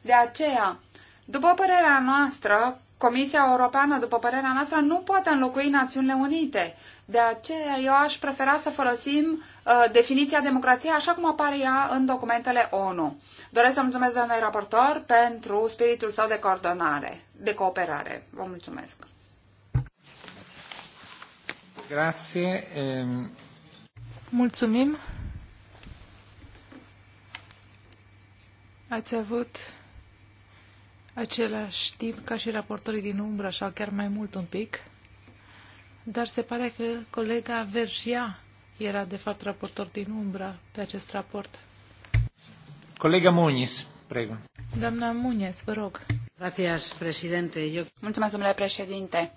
De aceea, după părerea noastră, Comisia Europeană, după părerea noastră, nu poate înlocui Națiunile Unite. De aceea eu aș prefera să folosim uh, definiția democrației așa cum apare ea în documentele ONU. Doresc să mulțumesc doamnei raportor pentru spiritul său de coordonare, de cooperare. Vă mulțumesc. Grazie. Ehm. Mulțumim. Ați avut același timp ca și raportorii din umbră, așa chiar mai mult un pic dar se pare că colega Vergia era de fapt raportor din umbră pe acest raport. Colega Muniz, pregă. Doamna Muniz, vă rog. Mulțumesc, domnule președinte.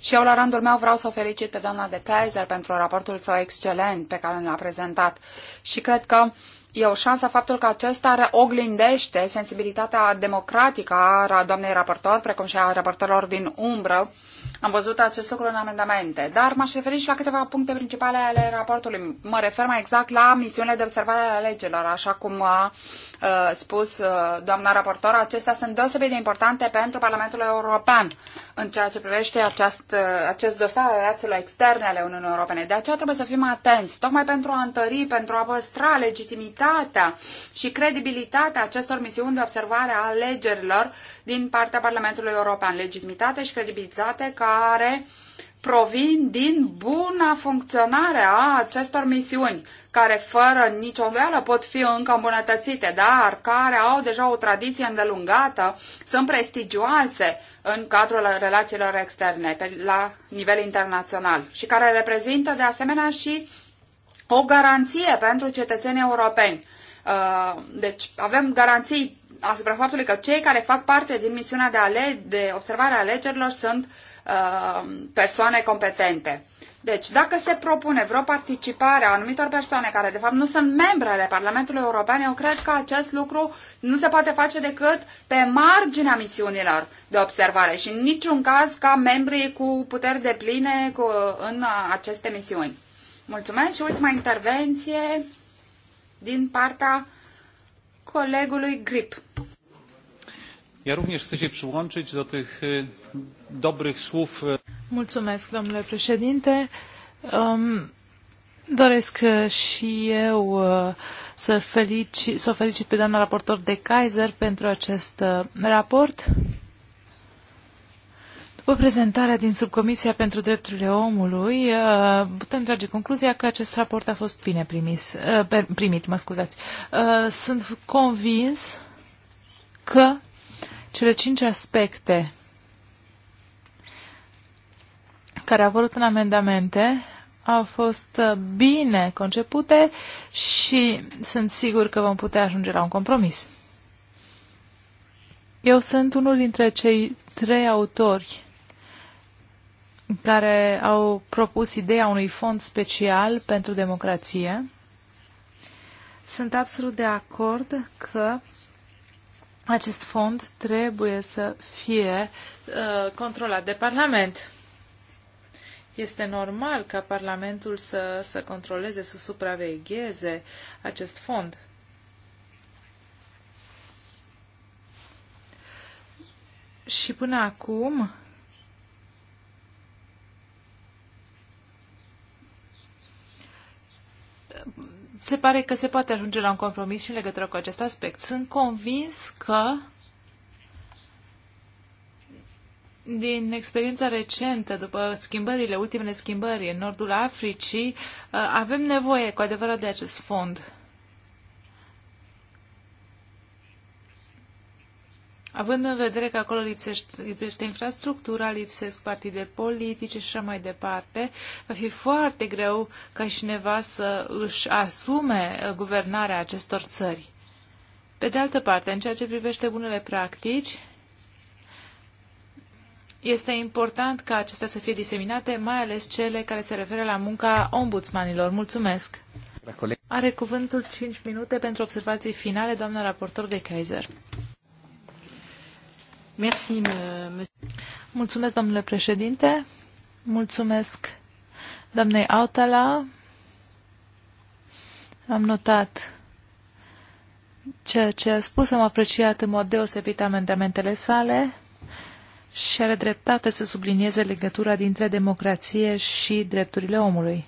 Și eu, la rândul meu, vreau să o felicit pe doamna de Kaiser pentru raportul său excelent pe care l-a prezentat. Și cred că e o șansă faptul că acesta oglindește sensibilitatea democratică a doamnei raportor, precum și a raportorilor din umbră. Am văzut acest lucru în amendamente, dar m-aș referi și la câteva puncte principale ale raportului. Mă refer mai exact la misiunile de observare ale legilor, așa cum a uh, spus uh, doamna raportor, acestea sunt deosebit de importante importante pentru Parlamentul European în ceea ce privește acest acest dosar al relațiilor externe ale Uniunii Europene. De aceea trebuie să fim atenți, tocmai pentru a întări, pentru a păstra legitimitatea și credibilitatea acestor misiuni de observare a alegerilor din partea Parlamentului European. Legitimitate și credibilitate care provin din buna funcționare a acestor misiuni, care fără nicio îndoială pot fi încă îmbunătățite, dar care au deja o tradiție îndelungată, sunt prestigioase în cadrul relațiilor externe pe, la nivel internațional și care reprezintă de asemenea și o garanție pentru cetățenii europeni. Uh, deci avem garanții asupra faptului că cei care fac parte din misiunea de, ale- de observare a alegerilor sunt uh, Uh, persoane competente. Deci, dacă se propune vreo participare a anumitor persoane care, de fapt, nu sunt membre ale Parlamentului European, eu cred că acest lucru nu se poate face decât pe marginea misiunilor de observare și în niciun caz ca membrii cu puteri de pline cu, în aceste misiuni. Mulțumesc și ultima intervenție din partea colegului Grip. Ja również chcę się przyłączyć do tych dobrych słów. Mulțumesc, domnule președinte. Um, doresc și eu uh, să, felicit să o felicit pe doamna raportor de Kaiser pentru acest uh, raport. După prezentarea din Subcomisia pentru Drepturile Omului, uh, putem trage concluzia că acest raport a fost bine primis, primit. Mă scuzați. Sunt convins că cele cinci aspecte care au apărut în amendamente au fost uh, bine concepute și sunt sigur că vom putea ajunge la un compromis. Eu sunt unul dintre cei trei autori care au propus ideea unui fond special pentru democrație. Sunt absolut de acord că acest fond trebuie să fie uh, controlat de Parlament. Este normal ca Parlamentul să, să controleze, să supravegheze acest fond. Și până acum, se pare că se poate ajunge la un compromis și în legătură cu acest aspect. Sunt convins că Din experiența recentă, după schimbările, ultimele schimbări în nordul Africii, uh, avem nevoie cu adevărat de acest fond. Având în vedere că acolo lipsește, lipsește infrastructura, lipsesc partide politice și așa mai departe, va fi foarte greu ca cineva să își asume uh, guvernarea acestor țări. Pe de altă parte, în ceea ce privește bunele practici, este important ca acestea să fie diseminate, mai ales cele care se referă la munca ombudsmanilor. Mulțumesc! Are cuvântul 5 minute pentru observații finale, doamna raportor de Kaiser. Mulțumesc, domnule președinte. Mulțumesc, doamnei Autala. Am notat ceea ce a spus, am apreciat în mod deosebit amendamentele sale și are dreptate să sublinieze legătura dintre democrație și drepturile omului.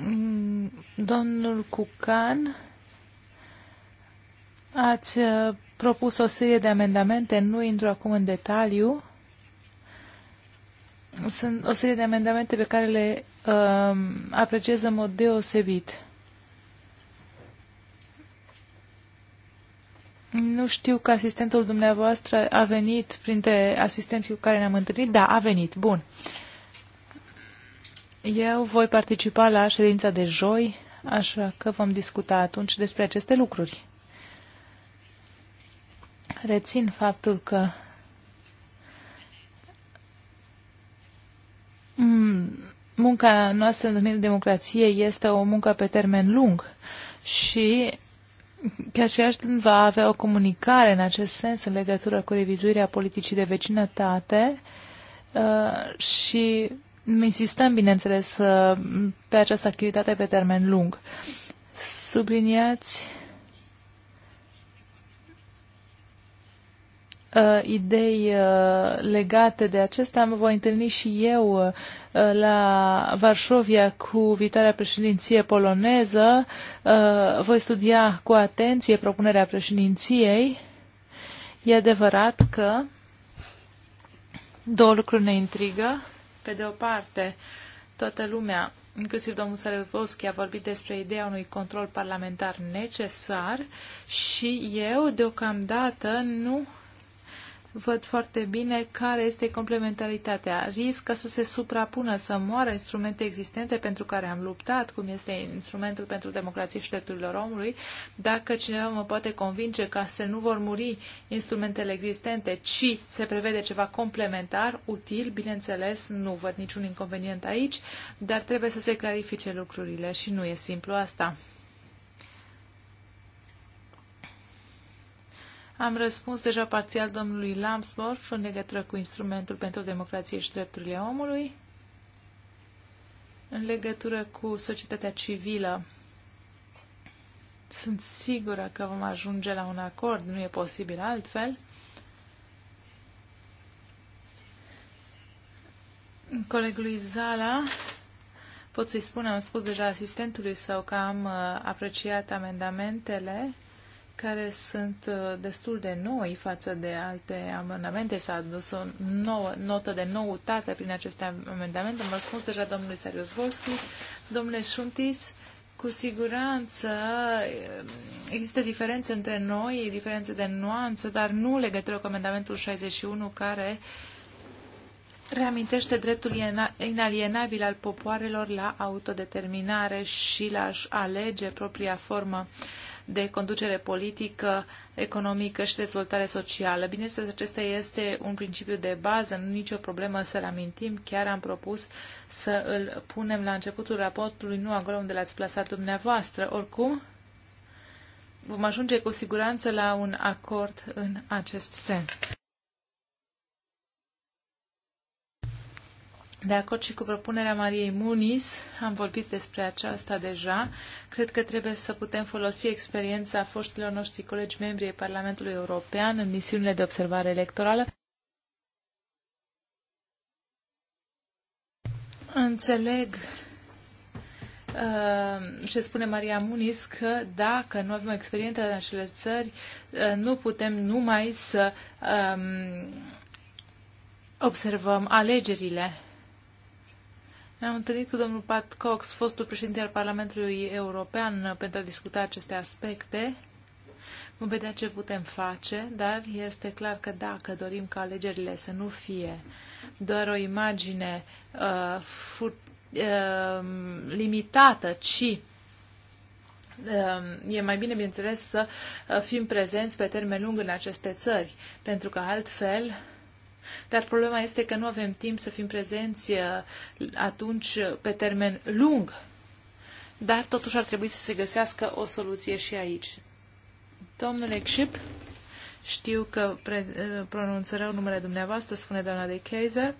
Mm, domnul Cucan, ați uh, propus o serie de amendamente, nu intru acum în detaliu. Sunt o serie de amendamente pe care le uh, apreciez în mod deosebit. Nu știu că asistentul dumneavoastră a venit printre asistenții cu care ne-am întâlnit. Da, a venit. Bun. Eu voi participa la ședința de joi, așa că vom discuta atunci despre aceste lucruri. Rețin faptul că munca noastră în domeniul democrației este o muncă pe termen lung și chiar și Ashton va avea o comunicare în acest sens în legătură cu revizuirea politicii de vecinătate uh, și insistăm, bineînțeles, uh, pe această activitate pe termen lung. Subliniați uh, idei uh, legate de acesta. Mă voi întâlni și eu uh, la Varșovia cu viitoarea președinție poloneză. Uh, voi studia cu atenție propunerea președinției. E adevărat că două lucruri ne intrigă. Pe de o parte, toată lumea, inclusiv domnul Sarevoschi, a vorbit despre ideea unui control parlamentar necesar și eu, deocamdată, nu văd foarte bine care este complementaritatea. Riscă să se suprapună, să moară instrumente existente pentru care am luptat, cum este instrumentul pentru democrație și drepturilor omului, dacă cineva mă poate convinge că să nu vor muri instrumentele existente, ci se prevede ceva complementar, util, bineînțeles, nu văd niciun inconvenient aici, dar trebuie să se clarifice lucrurile și nu e simplu asta. Am răspuns deja parțial domnului Lambsdorff în legătură cu instrumentul pentru democrație și drepturile omului, în legătură cu societatea civilă. Sunt sigură că vom ajunge la un acord, nu e posibil altfel. Colegului Zala, pot să-i spun, am spus deja asistentului său că am uh, apreciat amendamentele care sunt uh, destul de noi față de alte amendamente. S-a adus o nouă, notă de noutate prin aceste amendamente. Am răspuns deja domnului Sarius Volski, domnule Șuntis, cu siguranță uh, există diferențe între noi, diferențe de nuanță, dar nu legătură cu amendamentul 61 care reamintește dreptul inalienabil al popoarelor la autodeterminare și la a alege propria formă uh, de conducere politică, economică și dezvoltare socială. Bineînțeles, acesta este un principiu de bază, nu nicio problemă să-l amintim. Chiar am propus să îl punem la începutul raportului, nu acolo unde l-ați plasat dumneavoastră. Oricum, vom ajunge cu siguranță la un acord în acest sens. de acord și cu propunerea Mariei Muniz, am vorbit despre aceasta deja, cred că trebuie să putem folosi experiența foștilor noștri colegi membri ai Parlamentului European în misiunile de observare electorală. Înțeleg uh, ce spune Maria Muniz că dacă nu avem experiență în acele țări, uh, nu putem numai să um, observăm alegerile ne-am întâlnit cu domnul Pat Cox, fostul președinte al Parlamentului European, uh, pentru a discuta aceste aspecte. Vom vedea ce putem face, dar este clar că dacă dorim ca alegerile să nu fie doar o imagine uh, fur, uh, limitată, ci uh, e mai bine, bineînțeles, să uh, fim prezenți pe termen lung în aceste țări, pentru că altfel dar problema este că nu avem timp să fim prezenți uh, atunci pe termen lung. Dar totuși ar trebui să se găsească o soluție și aici. Domnule Xip, știu că uh, pronunță rău numele dumneavoastră, spune doamna de Kaiser.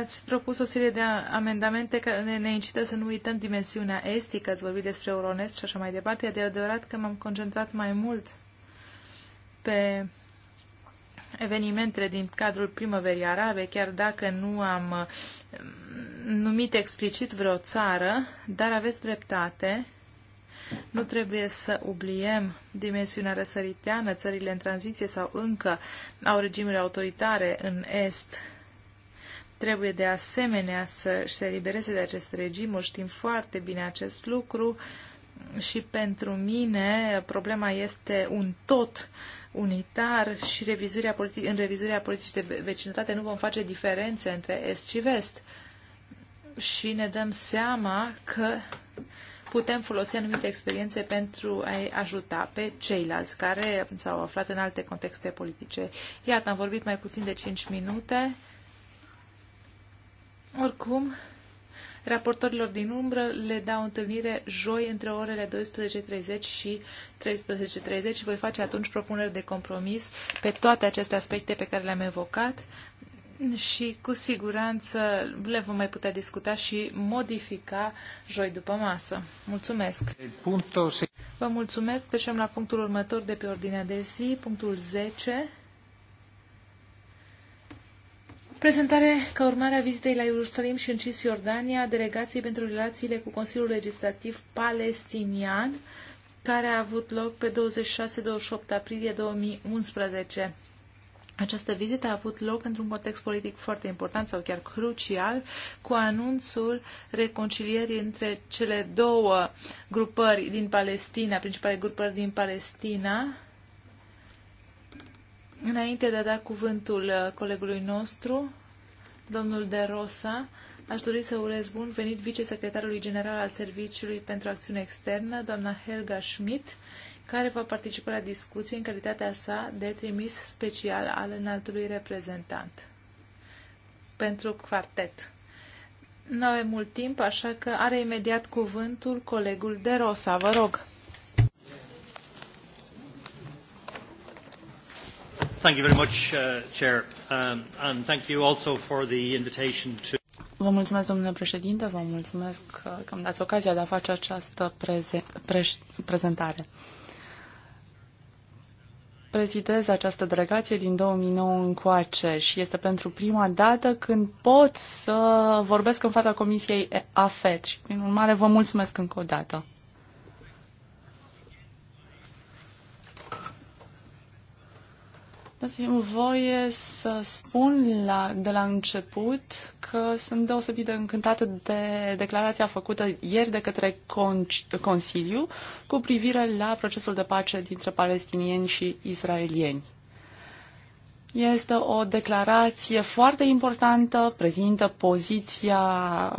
Ați propus o serie de amendamente care ne, ne incită să nu uităm dimensiunea estică, ați vorbit despre Euronest și așa mai departe. E de adevărat că m-am concentrat mai mult pe evenimentele din cadrul primăverii arabe, chiar dacă nu am uh, numit explicit vreo țară, dar aveți dreptate. Nu trebuie să obliem dimensiunea răsăriteană, țările în tranziție sau încă au regimuri autoritare în Est. Trebuie de asemenea să se elibereze de aceste regimuri, știm foarte bine acest lucru. Uh, și pentru mine problema este un tot unitar și revizuirea politi- în revizuirea politicii de vecinătate nu vom face diferențe între Est și Vest. Și ne dăm seama că putem folosi anumite experiențe pentru a ajuta pe ceilalți care s-au aflat în alte contexte politice. Iată, am vorbit mai puțin de 5 minute. Oricum, Raportorilor din umbră le dau întâlnire joi între orele 12.30 și 13.30 și voi face atunci propuneri de compromis pe toate aceste aspecte pe care le-am evocat și cu siguranță le vom mai putea discuta și modifica joi după masă. Mulțumesc! Vă mulțumesc! Trecem la punctul următor de pe ordinea de zi, punctul 10 Prezentare ca urmare a vizitei la Ierusalim și în Cisjordania delegației pentru relațiile cu Consiliul Legislativ Palestinian, care a avut loc pe 26-28 aprilie 2011. Această vizită a avut loc într-un context politic foarte important sau chiar crucial, cu anunțul reconcilierii între cele două grupări din Palestina, principale grupări din Palestina, Înainte de a da cuvântul uh, colegului nostru, domnul De Rosa, aș dori să urez bun venit vicesecretarului general al Serviciului pentru Acțiune Externă, doamna Helga Schmidt, care va participa la discuție în calitatea sa de trimis special al înaltului reprezentant pentru quartet. Nu avem mult timp, așa că are imediat cuvântul colegul De Rosa. Vă rog. Thank you very much, uh, Chair, um, and thank you also for the invitation to Vă mulțumesc, domnule președinte, vă mulțumesc că îmi dați ocazia de a face această preze- prezentare. Prezidez această delegație din 2009 încoace și este pentru prima dată când pot să vorbesc în fața Comisiei AFET și, prin urmare, vă mulțumesc încă o dată. Dați-mi voie să spun la, de la început că sunt deosebit de încântată de declarația făcută ieri de către con- Consiliu cu privire la procesul de pace dintre palestinieni și israelieni. Este o declarație foarte importantă, prezintă poziția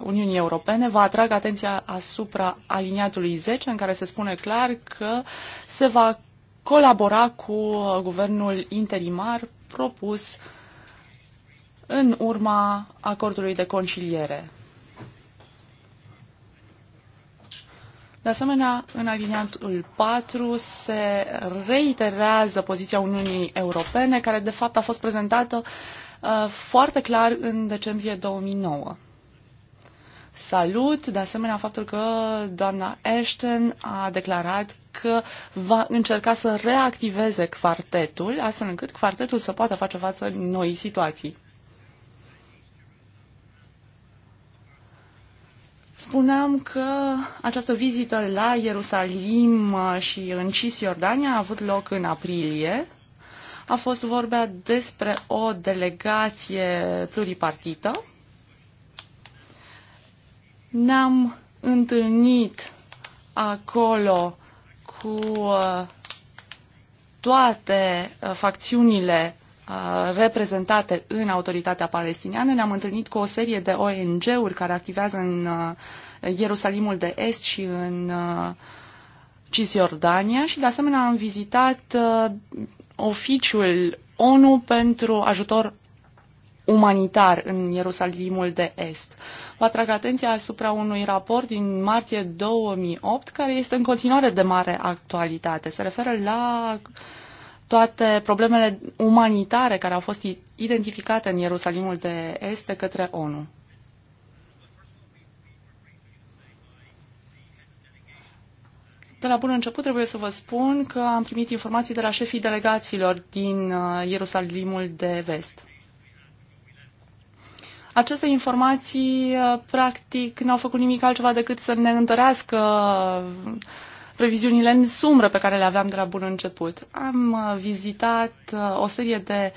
Uniunii Europene. Vă atrag atenția asupra aliniatului 10, în care se spune clar că se va colabora cu uh, guvernul interimar propus în urma acordului de conciliere. De asemenea, în aliniatul 4 se reiterează poziția Uniunii Europene, care de fapt a fost prezentată uh, foarte clar în decembrie 2009. Salut, de asemenea, faptul că doamna Ashton a declarat că va încerca să reactiveze quartetul, astfel încât quartetul să poată face față noi situații. Spuneam că această vizită la Ierusalim și în Cisjordania a avut loc în aprilie. A fost vorbea despre o delegație pluripartită ne-am întâlnit acolo cu uh, toate uh, facțiunile uh, reprezentate în autoritatea palestiniană. Ne-am întâlnit cu o serie de ONG-uri care activează în Ierusalimul de Est și în Cisjordania și de asemenea am vizitat oficiul ONU pentru ajutor umanitar în Ierusalimul de Est. Vă atrag atenția asupra unui raport din martie 2008 care este în continuare de mare actualitate. Se referă la toate problemele umanitare care au fost identificate în Ierusalimul de Est de către ONU. De la bun început trebuie să vă spun că am primit informații de la șefii delegațiilor din uh, Ierusalimul de Vest. Aceste informații, uh, practic, n-au făcut nimic altceva decât să ne întărească previziunile uh, în sumbră pe care le aveam de la bun început. Am uh, vizitat o serie de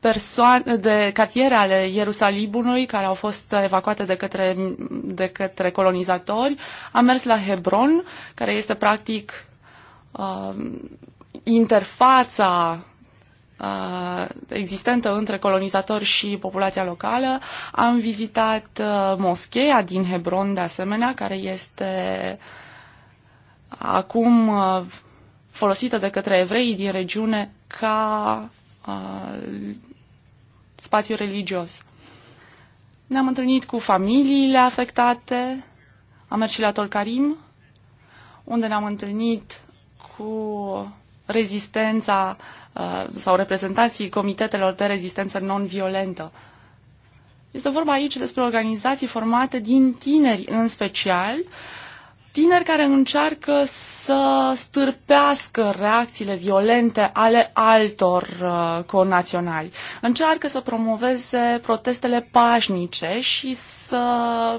persoane, de cartiere ale Ierusalimului care au fost evacuate de către, de către colonizatori. Am mers la Hebron, care este practic uh, interfața Uh, existentă între colonizatori și populația locală. Am vizitat uh, moscheea din Hebron, de asemenea, care este acum uh, folosită de către evrei din regiune ca spațiu religios. Ne-am întâlnit cu familiile afectate, am mers și la Tolkarim, unde ne-am întâlnit cu rezistența uh, Uh, sau reprezentanții comitetelor de rezistență non-violentă. Este vorba aici despre organizații formate din tineri în special, tineri care încearcă să stârpească reacțiile violente ale altor uh, conaționali. Încearcă să promoveze protestele pașnice și să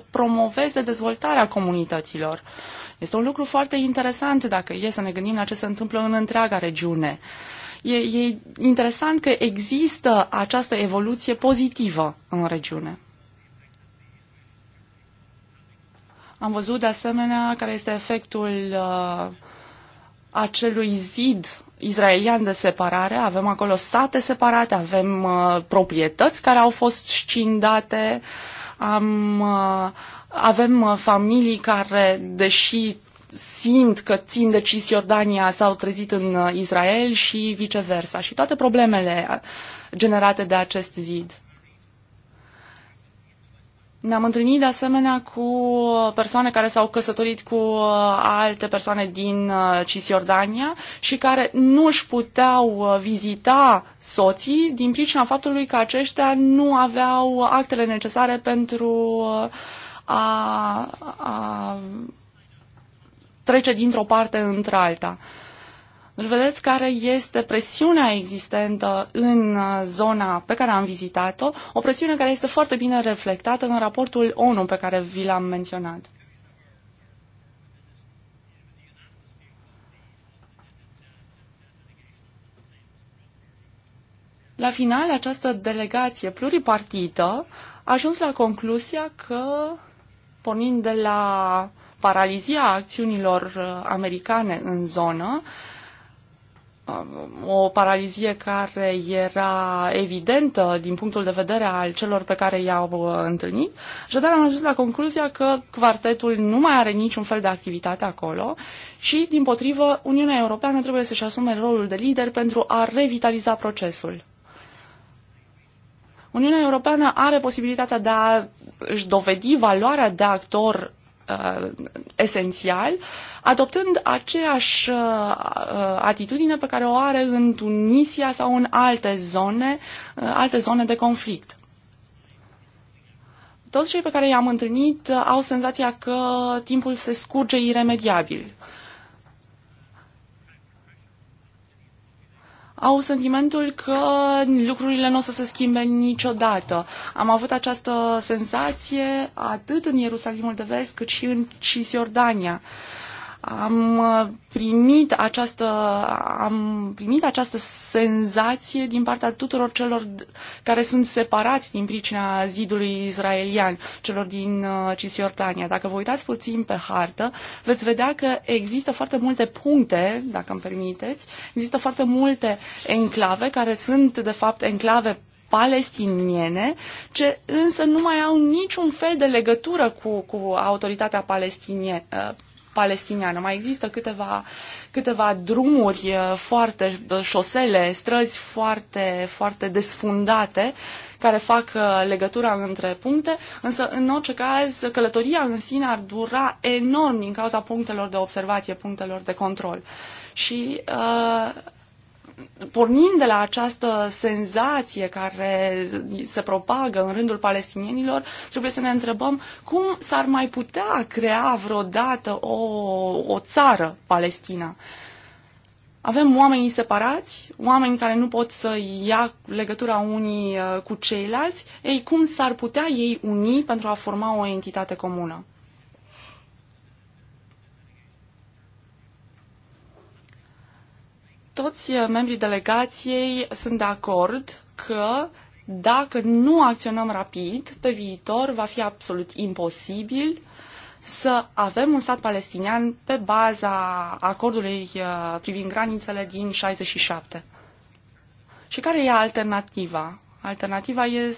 promoveze dezvoltarea comunităților. Este un lucru foarte interesant dacă e să ne gândim la ce se întâmplă în întreaga regiune. Uh, E, e interesant că există această evoluție pozitivă în regiune. Am văzut de asemenea care este efectul uh, acelui zid izraelian de separare. Avem acolo state separate, avem uh, proprietăți care au fost scindate, am, uh, avem uh, familii care, deși simt că țin de Cisjordania s-au trezit în uh, Israel și viceversa și toate problemele uh, generate de acest zid. Ne-am întâlnit de asemenea cu persoane care s-au căsătorit cu uh, alte persoane din Cisjordania și care nu își puteau vizita soții din pricina faptului că aceștia nu aveau actele necesare pentru a, a trece dintr-o parte într-alta. Îl vedeți care este presiunea existentă în uh, zona pe care am vizitat-o, o presiune care este foarte bine reflectată în raportul ONU pe care vi l-am menționat. La final, această delegație pluripartită a ajuns la concluzia că, pornind de la paralizia acțiunilor uh, americane în zonă, uh, o paralizie care era evidentă din punctul de vedere al celor pe care i-au uh, întâlnit. Așadar am ajuns la concluzia că quartetul nu mai are niciun fel de activitate acolo și, din potrivă, Uniunea Europeană trebuie să-și asume rolul de lider pentru a revitaliza procesul. Uniunea Europeană are posibilitatea de a își dovedi valoarea de actor Uh, esențial, adoptând aceeași uh, uh, atitudine pe care o are în Tunisia sau în alte zone, alte zone de conflict toți cei pe care i-am întâlnit au senzația că timpul se scurge iremediabil. au sentimentul că lucrurile nu o să se schimbe niciodată. Am avut această senzație atât în Ierusalimul de Vest cât și în Cisjordania. Uh, am uh, primit această, am primit această senzație din partea tuturor celor care sunt separați din pricina zidului israelian, celor din uh, Cisjordania. Dacă vă uitați puțin pe hartă, veți vedea că există foarte multe puncte, dacă îmi permiteți, există foarte multe enclave care sunt, de fapt, enclave palestiniene, ce însă nu mai au niciun fel de legătură cu, cu autoritatea palestinie, palestiniană. Mai există câteva, câteva drumuri uh, foarte, uh, șosele, străzi foarte, foarte desfundate care fac uh, legătura între puncte, însă în orice caz călătoria în sine ar dura enorm din cauza punctelor de observație, punctelor de control. Și uh, pornind de la această senzație care se propagă în rândul palestinienilor, trebuie să ne întrebăm cum s-ar mai putea crea vreodată o, o țară, Palestina. Avem oamenii separați, oameni care nu pot să ia legătura unii uh, cu ceilalți. Ei, cum s-ar putea ei uni pentru a forma o entitate comună? toți uh, membrii delegației sunt de acord că dacă nu acționăm rapid, pe viitor va fi absolut imposibil să avem un stat palestinian pe baza acordului uh, privind granițele din 67. Și care e alternativa? Alternativa e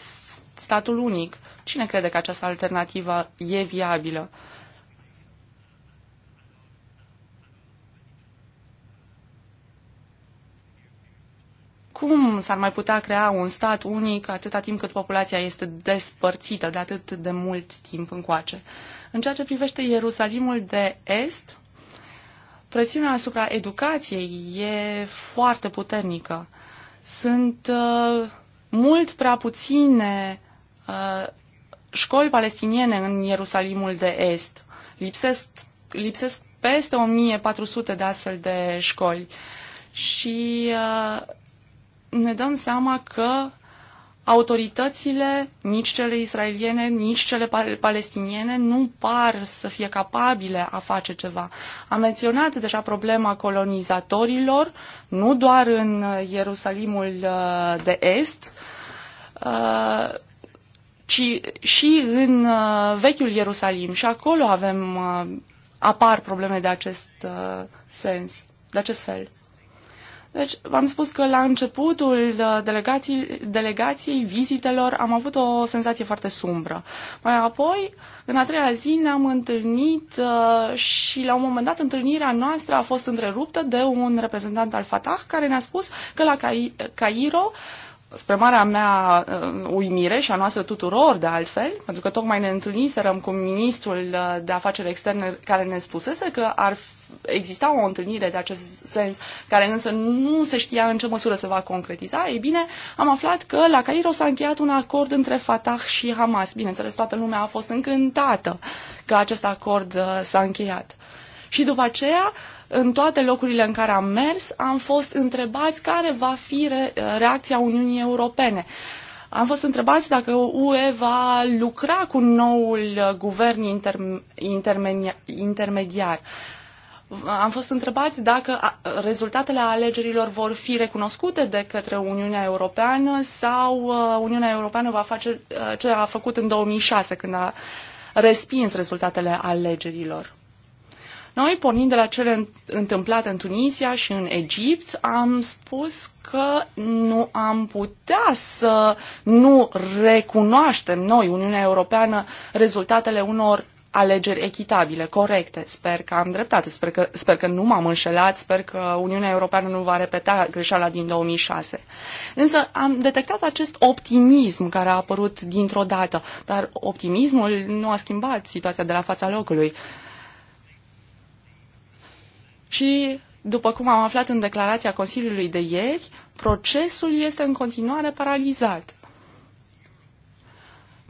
statul unic. Cine crede că această alternativă e viabilă? Uh, Cum s-ar mai putea crea un stat unic atâta timp cât populația este despărțită de atât de mult timp încoace? În ceea ce privește Ierusalimul de Est, presiunea asupra educației e foarte puternică. Sunt uh, mult prea puține uh, școli palestiniene în Ierusalimul de Est. Lipsesc, lipsesc peste 1400 de astfel de școli. Și uh, ne dăm seama că autoritățile, nici cele israeliene, nici cele palestiniene, nu par să fie capabile a face ceva. Am menționat deja problema colonizatorilor, nu doar în Ierusalimul uh, de Est, uh, ci și în uh, vechiul Ierusalim. Și acolo avem, apar probleme de acest sens, de acest fel. Deci, v-am spus că la începutul uh, delegației, delegației vizitelor am avut o senzație foarte sumbră. Mai apoi, în a treia zi ne-am întâlnit uh, și la un moment dat întâlnirea noastră a fost întreruptă de un reprezentant al Fatah care ne-a spus că la Cairo spre marea mea uh, uimire și a noastră tuturor de altfel, pentru că tocmai ne întâlniserăm cu ministrul de afaceri externe care ne spusese că ar exista o întâlnire de acest sens, care însă nu se știa în ce măsură se va concretiza, ei bine, am aflat că la Cairo s-a încheiat un acord între Fatah și Hamas. Bineînțeles, toată lumea a fost încântată că acest acord uh, s-a încheiat. Și după aceea, în toate locurile în care am mers, am fost întrebați care va fi re- uh, reacția Uniunii Europene. Am fost întrebați dacă UE va lucra cu noul uh, guvern interme- intermediar am fost întrebați dacă rezultatele alegerilor vor fi recunoscute de către Uniunea Europeană sau uh, Uniunea Europeană va face uh, ce a făcut în 2006 când a respins rezultatele alegerilor. Noi, pornind de la cele întâmplate în Tunisia și în Egipt, am spus că nu am putea să nu recunoaștem noi, Uniunea Europeană, rezultatele unor alegeri echitabile, corecte. Sper că am dreptate, sper că, sper că nu m-am înșelat, sper că Uniunea Europeană nu va repeta greșeala din 2006. Însă am detectat acest optimism care a apărut dintr-o dată, dar optimismul nu a schimbat situația de la fața locului. Și, după cum am aflat în declarația Consiliului de ieri, procesul este în continuare paralizat.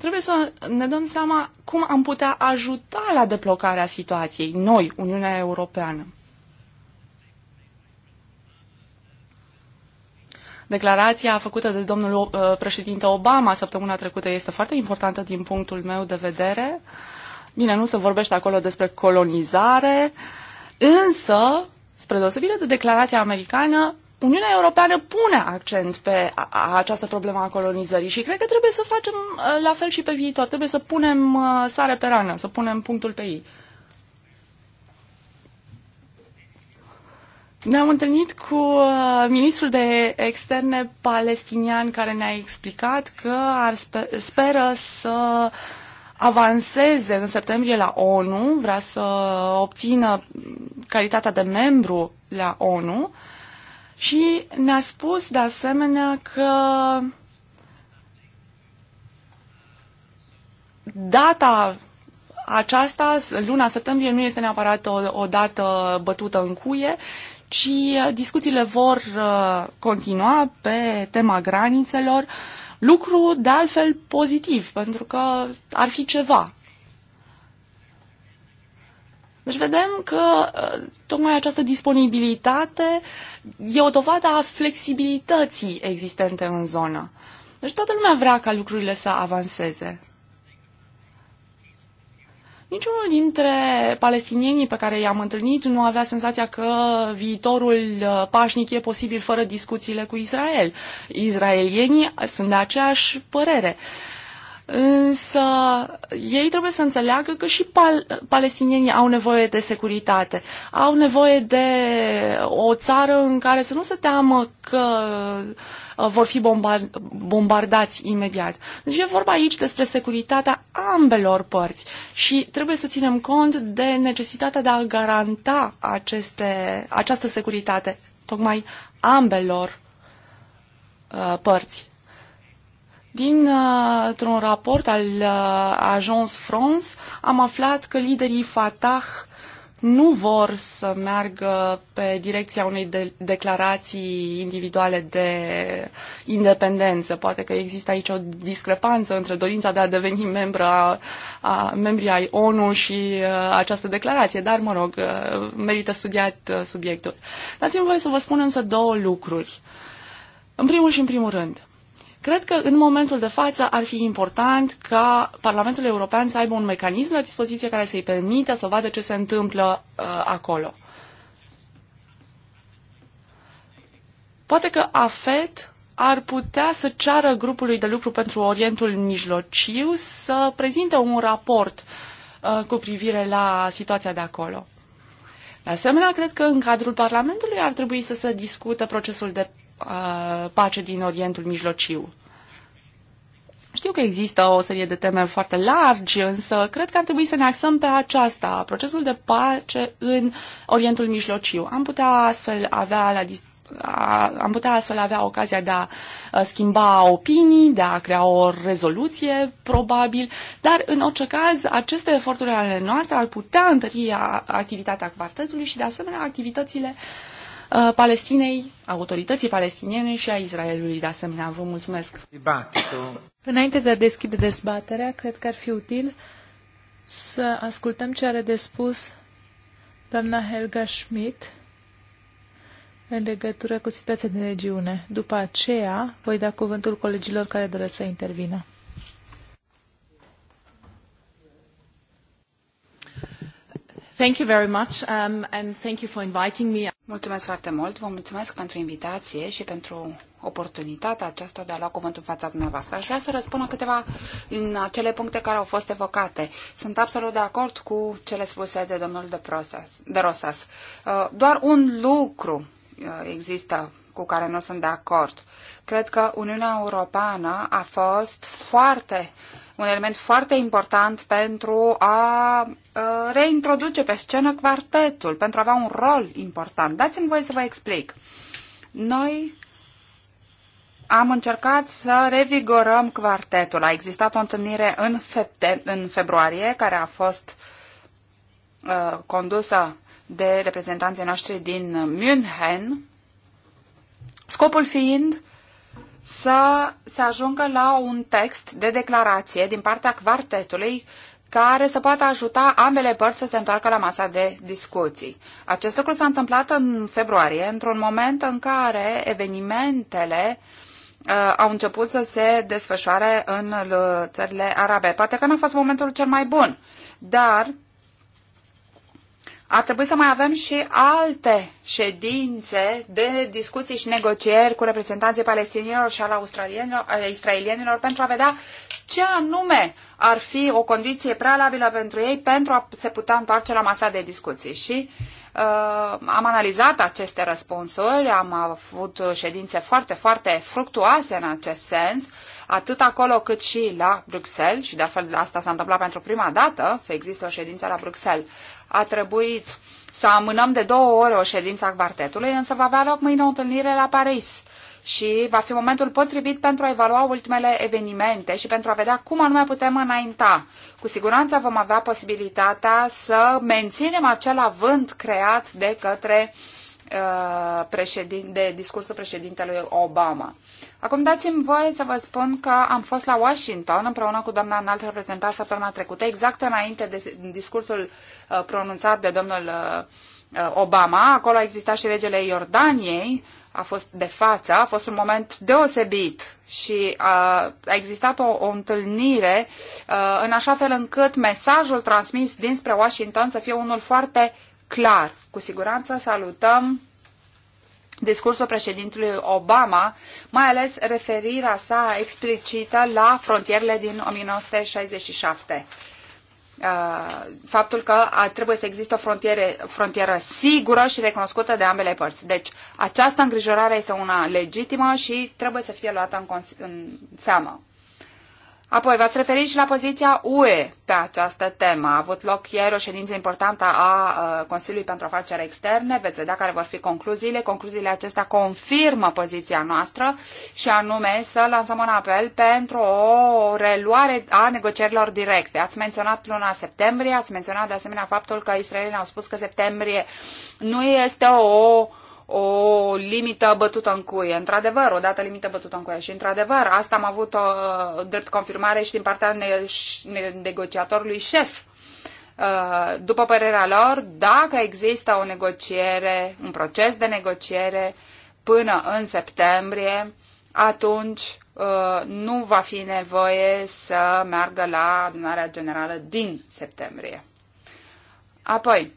Trebuie să ne dăm seama cum am putea ajuta la deblocarea situației, noi, Uniunea Europeană. Declarația făcută de domnul uh, președinte Obama săptămâna trecută este foarte importantă din punctul meu de vedere. Bine, nu se vorbește acolo despre colonizare, însă, spre deosebire de declarația americană, Uniunea Europeană pune accent pe această problemă a colonizării și cred că trebuie să facem uh, la fel și pe viitor. Trebuie să punem uh, sare pe rană, să punem punctul pe ei. Ne-am întâlnit cu uh, ministrul de externe palestinian care ne-a explicat că ar speră să avanseze în septembrie la ONU, vrea să obțină calitatea de membru la ONU și ne-a spus de asemenea că data aceasta, luna septembrie, nu este neapărat o, o dată bătută în cuie, ci discuțiile vor uh, continua pe tema granițelor, lucru de altfel pozitiv, pentru că ar fi ceva deci vedem că uh, tocmai această disponibilitate e o dovadă a flexibilității existente în zonă. Deci toată lumea vrea ca lucrurile să avanseze. Niciunul dintre palestinienii pe care i-am întâlnit nu avea senzația că viitorul uh, pașnic e posibil fără discuțiile cu Israel. Israelienii sunt de aceeași părere. Uh, Însă ei trebuie să înțeleagă că și pal- palestinienii au nevoie de securitate, au nevoie de o țară în care să nu se teamă că uh, vor fi bombar- bombardați imediat. Deci e vorba aici despre securitatea ambelor părți și trebuie să ținem cont de necesitatea de a garanta aceste, această securitate tocmai ambelor uh, părți. Dintr-un raport al uh, Agence France am aflat că liderii Fatah nu vor să meargă pe direcția unei de- declarații individuale de independență. Poate că există aici o discrepanță între dorința de a deveni membra, a, a, membrii ai ONU și a, uh, această declarație, dar, mă rog, uh, merită studiat a, subiectul. Dați-mi voie să vă spun însă două lucruri. În primul și în primul rând, Cred că în momentul de față ar fi important ca Parlamentul European să aibă un mecanism la dispoziție care să-i permită să vadă ce se întâmplă uh, acolo. Poate că AFET ar putea să ceară grupului de lucru pentru Orientul Mijlociu să prezinte un raport uh, cu privire la situația de acolo. De asemenea, cred că în cadrul Parlamentului ar trebui să se discute procesul de Uh, pace din Orientul Mijlociu. Știu că există o serie de teme foarte largi, însă cred că ar trebui să ne axăm pe aceasta, procesul de pace în Orientul Mijlociu. Am putea astfel avea la dis- a, am putea astfel avea ocazia de a, a uh, schimba opinii, de a crea o rezoluție, probabil, dar în orice caz, aceste eforturi ale noastre ar putea întări a, activitatea quartetului și, de asemenea, activitățile uh, Uh, Palestinei, autorității palestiniene și a Israelului de asemenea. Vă mulțumesc! Înainte de a deschide dezbaterea, cred că ar fi util să ascultăm ce are de spus doamna Helga Schmidt în legătură cu situația din regiune. După aceea, voi da cuvântul colegilor care doresc să intervină. Thank you very much um, and thank you for inviting me. Mulțumesc foarte mult, vă mulțumesc pentru invitație și pentru oportunitatea aceasta de a lua cuvântul în fața dumneavoastră. Aș vrea să răspund la câteva din acele puncte care au fost evocate. Sunt absolut de acord cu cele spuse de domnul de, Proces, de Rosas. Uh, doar un lucru uh, există cu care nu sunt de acord. Cred că Uniunea Europeană a fost foarte uh, un element foarte important pentru a uh, reintroduce pe scenă quartetul, pentru a avea un rol important. Dați-mi voie să vă explic. Noi am încercat să revigorăm quartetul. A existat o întâlnire în, fepte, în februarie care a fost uh, condusă de reprezentanții noștri din München, scopul fiind să se ajungă la un text de declarație din partea quartetului care să poată ajuta ambele părți să se întoarcă la masa de discuții. Acest lucru s-a întâmplat în februarie, într-un moment în care evenimentele uh, au început să se desfășoare în uh, țările arabe. Poate că n-a fost momentul cel mai bun, dar ar trebui să mai avem și alte ședințe de discuții și negocieri cu reprezentanții palestinienilor și al australienilor, al israelienilor pentru a vedea ce anume ar fi o condiție prealabilă pentru ei pentru a se putea întoarce la masa de discuții. Și uh, am analizat aceste răspunsuri, am avut ședințe foarte, foarte fructuoase în acest sens, atât acolo cât și la Bruxelles și de altfel asta s-a întâmplat pentru prima dată, să există o ședință la Bruxelles a trebuit să amânăm de două ore o ședință a quartetului, însă va avea loc mâine o întâlnire la Paris și va fi momentul potrivit pentru a evalua ultimele evenimente și pentru a vedea cum anume putem înainta. Cu siguranță vom avea posibilitatea să menținem acel avânt creat de către uh, Uh, de discursul președintelui Obama. Acum dați-mi voie să vă spun că am fost la Washington împreună cu doamna înalt reprezentant săptămâna trecută, exact înainte de discursul uh, pronunțat de domnul uh, Obama. Acolo a existat și regele Iordaniei, a fost de față, a fost un moment deosebit și a, a existat o, o întâlnire a, în așa fel încât mesajul transmis dinspre Washington să fie unul foarte clar. Cu siguranță salutăm discursul președintelui Obama, mai ales referirea sa explicită la frontierele din 1967 uh, faptul că trebuie să existe o frontiere, frontieră sigură și recunoscută de ambele părți. Deci, această îngrijorare este una legitimă și trebuie să fie luată în, în seamă. Apoi, v-ați referit și la poziția UE pe această temă. A avut loc ieri o ședință importantă a Consiliului pentru Afaceri Externe. Veți vedea care vor fi concluziile. Concluziile acestea confirmă poziția noastră și anume să lansăm un apel pentru o reluare a negocierilor directe. Ați menționat luna septembrie, ați menționat de asemenea faptul că israelienii au spus că septembrie nu este o uh, o limită bătută în cuie. Într-adevăr, o dată limită bătută în cuie. Și într-adevăr, asta am avut o uh, drept confirmare și din partea negociatorului șef. Uh, după părerea lor, dacă există o negociere, un proces de negociere până în septembrie, atunci uh, nu va fi nevoie să meargă la adunarea generală din septembrie. Apoi,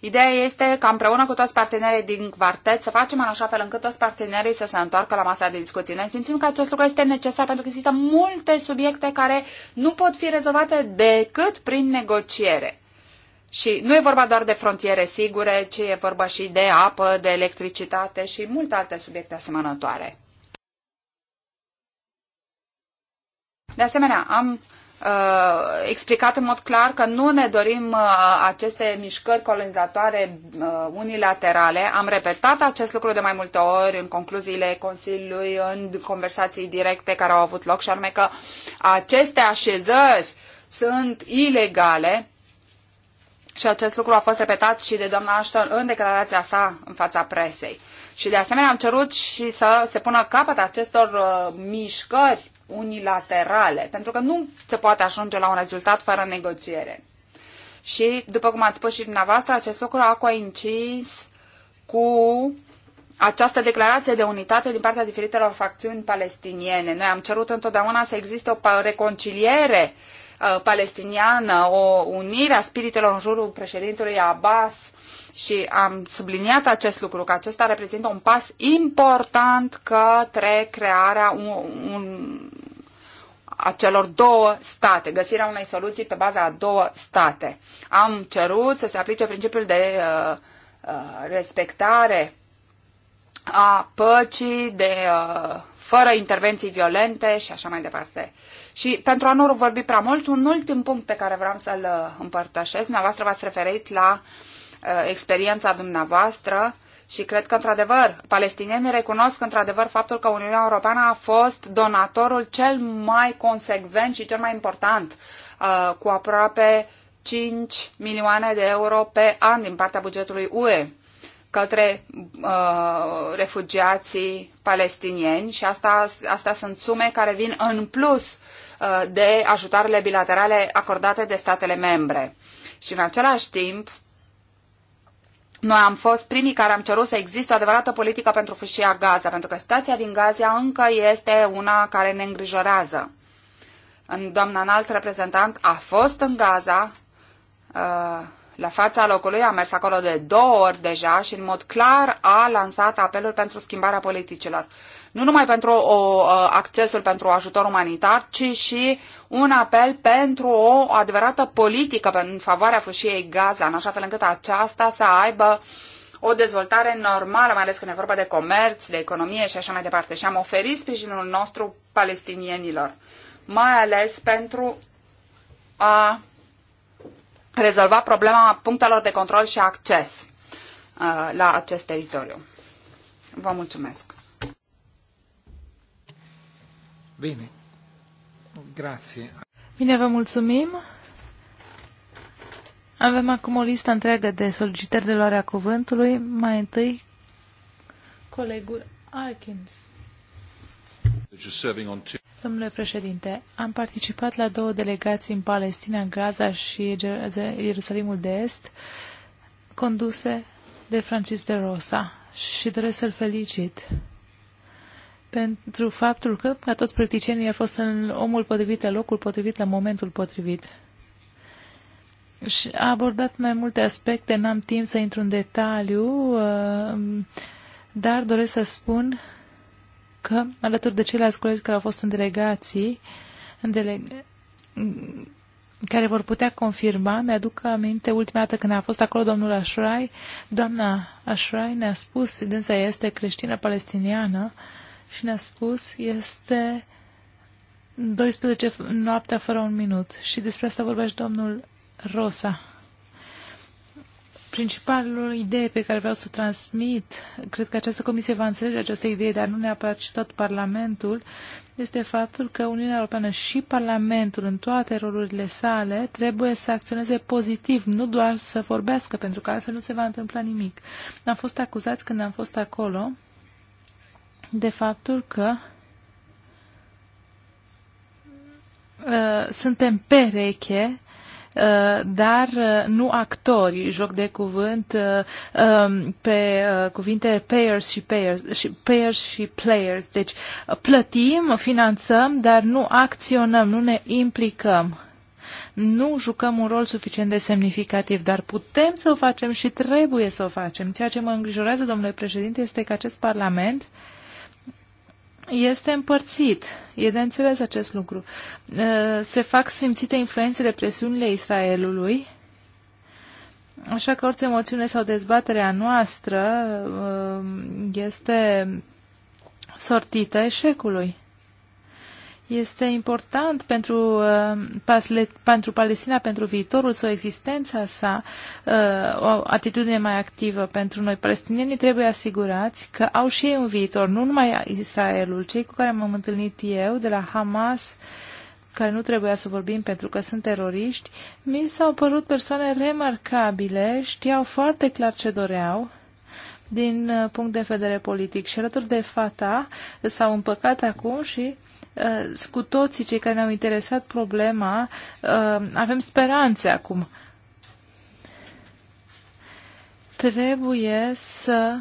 Ideea este ca împreună cu toți partenerii din quartet să facem în așa fel încât toți partenerii să se întoarcă la masa de discuții. Noi simțim că acest lucru este necesar pentru că există multe subiecte care nu pot fi rezolvate decât prin negociere. Și nu e vorba doar de frontiere sigure, ci e vorba și de apă, de electricitate și multe alte subiecte asemănătoare. De asemenea, am Uh, explicat în mod clar că nu ne dorim uh, aceste mișcări colonizatoare uh, unilaterale. Am repetat acest lucru de mai multe ori în concluziile Consiliului, în conversații directe care au avut loc și anume că aceste așezări sunt ilegale și acest lucru a fost repetat și de doamna Ashton în declarația sa în fața presei. Și de asemenea am cerut și să se pună capăt acestor uh, mișcări unilaterale, pentru că nu se poate ajunge la un rezultat fără negociere. Și, după cum ați spus și dumneavoastră, acest lucru a coincis cu această declarație de unitate din partea diferitelor facțiuni palestiniene. Noi am cerut întotdeauna să existe o reconciliere uh, palestiniană, o unire a spiritelor în jurul președintelui Abbas, și am subliniat acest lucru, că acesta reprezintă un pas important către crearea un, un, a celor două state, găsirea unei soluții pe baza a două state. Am cerut să se aplice principiul de uh, uh, respectare a păcii, de uh, fără intervenții violente și așa mai departe. Și pentru a nu vorbi prea mult, un ultim punct pe care vreau să-l uh, împărtășesc, dumneavoastră v-ați referit la uh, Uh, experiența dumneavoastră și cred că, într-adevăr, palestinienii recunosc, într-adevăr, faptul că Uniunea Europeană a fost donatorul cel mai consecvent și cel mai important, uh, cu aproape 5 milioane de euro pe an din partea bugetului UE către uh, refugiații palestinieni și asta, astea sunt sume care vin în plus uh, de ajutoarele bilaterale acordate de statele membre. Și în același timp, noi am fost primii care am cerut să existe o adevărată politică pentru fâșia Gaza, pentru că situația din Gaza încă este una care ne îngrijorează. Doamna înalt reprezentant a fost în Gaza, uh, la fața locului, a mers acolo de două ori deja și în mod clar a lansat apeluri pentru schimbarea politicilor nu numai pentru o, accesul pentru ajutor umanitar, ci și un apel pentru o adevărată politică în favoarea fâșiei Gaza, în așa fel încât aceasta să aibă o dezvoltare normală, mai ales când e vorba de comerț, de economie și așa mai departe. Și am oferit sprijinul nostru palestinienilor, mai ales pentru a rezolva problema punctelor de control și acces uh, la acest teritoriu. Vă mulțumesc! Bine. Grazie. Bine, vă mulțumim. Avem acum o listă întreagă de solicitări de luarea cuvântului. Mai întâi, colegul Arkins. Domnule președinte, am participat la două delegații în Palestina, Gaza și Ierusalimul de Est, conduse de Francis de Rosa și doresc să-l felicit pentru faptul că, ca toți practicienii, a fost în omul potrivit, la locul potrivit, la momentul potrivit. Și a abordat mai multe aspecte, n-am timp să intru în detaliu, uh, dar doresc să spun că, alături de ceilalți colegi care au fost în delegații, în dele- care vor putea confirma, mi-aduc aminte ultima dată când a fost acolo domnul Ashray, doamna Ashray ne-a spus, dânsa este creștină palestiniană, uh, și ne-a spus este 12 noaptea fără un minut. Și despre asta vorbește domnul Rosa. Principalul idee pe care vreau să o transmit, cred că această comisie va înțelege această idee, dar nu neapărat și tot Parlamentul, este faptul că Uniunea Europeană și Parlamentul, în toate rolurile sale, trebuie să acționeze pozitiv, nu doar să vorbească, pentru că altfel nu se va întâmpla nimic. Am fost acuzați când am fost acolo de faptul că uh, suntem pereche uh, dar uh, nu actori, joc de cuvânt uh, um, pe cuvinte payers și payers și payers și players. Deci plătim, finanțăm, dar nu acționăm, nu ne implicăm. Nu jucăm un rol suficient de semnificativ, dar putem să o facem și trebuie să o facem. Ceea ce mă îngrijorează, domnule președinte, este că acest Parlament este împărțit. E de înțeles acest lucru. Uh, se fac simțite influențele presiunile Israelului, așa că orice emoțiune sau dezbatere a noastră uh, este sortită eșecului. Este important pentru, uh, pentru Palestina, pentru viitorul sau existența sa, uh, o atitudine mai activă pentru noi. Palestinienii trebuie asigurați că au și ei un viitor, nu numai Israelul, cei cu care m-am întâlnit eu, de la Hamas, care nu trebuia să vorbim pentru că sunt teroriști, mi s-au părut persoane remarcabile, știau foarte clar ce doreau, din uh, punct de vedere politic. Și alături de fata s-au împăcat acum și uh, Eh, cu toții cei care ne-au interesat problema, eh, avem speranțe acum. Trebuie să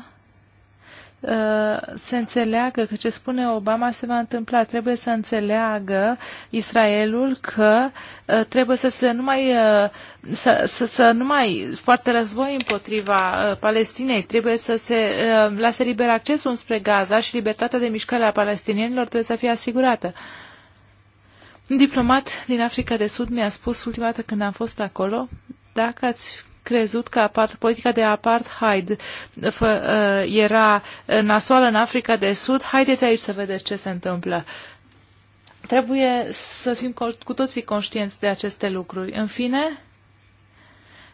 Uh, se înțeleagă că ce spune Obama se va întâmpla. Trebuie să înțeleagă Israelul că uh, trebuie să se nu mai uh, să, să, să nu mai poartă război împotriva Palestinei, trebuie să se lase liber accesul spre Gaza și libertatea de mișcare a palestinienilor trebuie să fie asigurată. Un diplomat din Africa de Sud mi-a spus ultima dată când am fost acolo, dacă ați crezut că apart, politica de apartheid fă, uh, era nasoală în Africa de Sud. Haideți aici să vedeți ce se întâmplă. Trebuie să fim cu toții conștienți de aceste lucruri. În fine,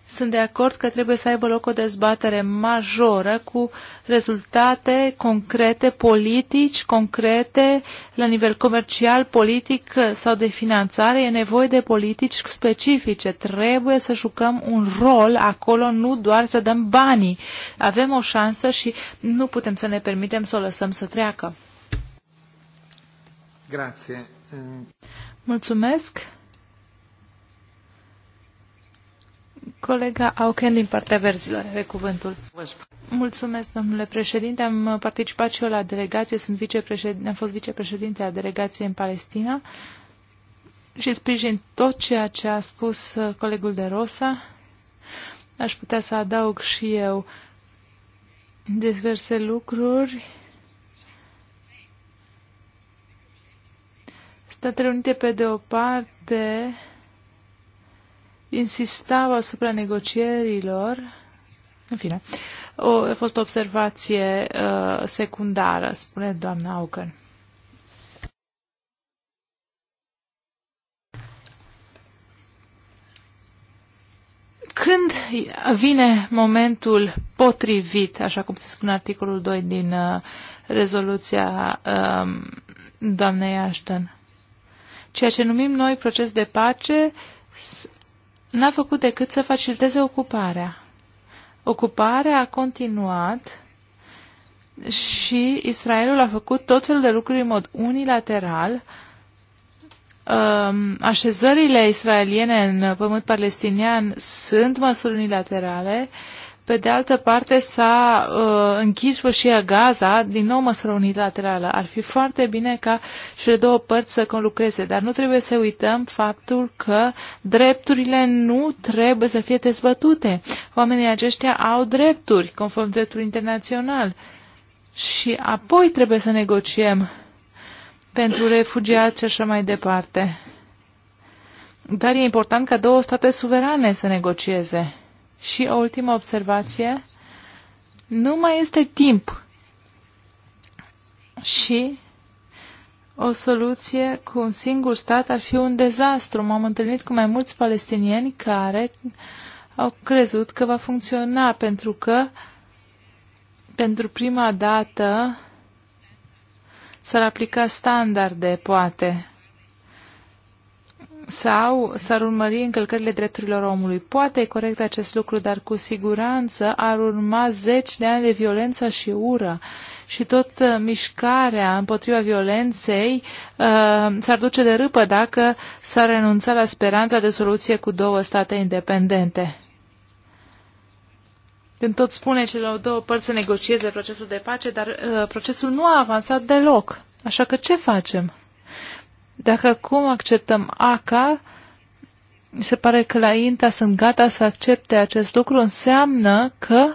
sunt de acord că trebuie să aibă loc o dezbatere majoră cu rezultate concrete, politici concrete, la nivel comercial, politic sau de finanțare. E nevoie de politici specifice. Trebuie să jucăm un rol acolo, nu doar să dăm banii. Avem o șansă și nu putem să ne permitem să o lăsăm să treacă. Grazie. Mulțumesc. Colega Auken din partea verzilor are cuvântul. Mulțumesc, domnule președinte. Am participat și eu la delegație, sunt vicepreședinte, am fost vicepreședinte a delegației în Palestina și sprijin tot ceea ce a spus uh, colegul de Rosa. Aș putea să adaug și eu diverse lucruri. Statele Unite, pe de o parte, insistau asupra negocierilor. În fine, o, a fost o observație uh, secundară, spune doamna Auken. Când vine momentul potrivit, așa cum se spune articolul 2 din uh, rezoluția uh, doamnei Ashton? Ceea ce numim noi proces de pace n-a făcut decât să faciliteze ocuparea. Ocuparea a continuat și Israelul a făcut tot felul de lucruri în mod unilateral. Um, așezările israeliene în pământ palestinian sunt măsuri unilaterale. Pe de altă parte, s-a uh, închis fâșia Gaza, din nou măsură unilaterală. Ar fi foarte bine ca cele două părți să conlucreze, dar nu trebuie să uităm faptul că drepturile nu trebuie să fie dezbătute. Oamenii aceștia au drepturi, conform dreptului internațional. Și apoi trebuie să negociem pentru refugiați și așa mai departe. Dar e important ca două state suverane să negocieze. Și o ultimă observație, nu mai este timp. Și o soluție cu un singur stat ar fi un dezastru. M-am întâlnit cu mai mulți palestinieni care au crezut că va funcționa pentru că pentru prima dată s-ar aplica standarde, poate, sau s-ar urmări încălcările drepturilor omului. Poate e corect acest lucru, dar cu siguranță ar urma zeci de ani de violență și ură și tot uh, mișcarea împotriva violenței uh, s-ar duce de râpă dacă s-ar renunța la speranța de soluție cu două state independente. Când tot spune celor două părți să negocieze procesul de pace, dar uh, procesul nu a avansat deloc. Așa că ce facem? Dacă acum acceptăm ACA, mi se pare că la INTA sunt gata să accepte acest lucru, înseamnă că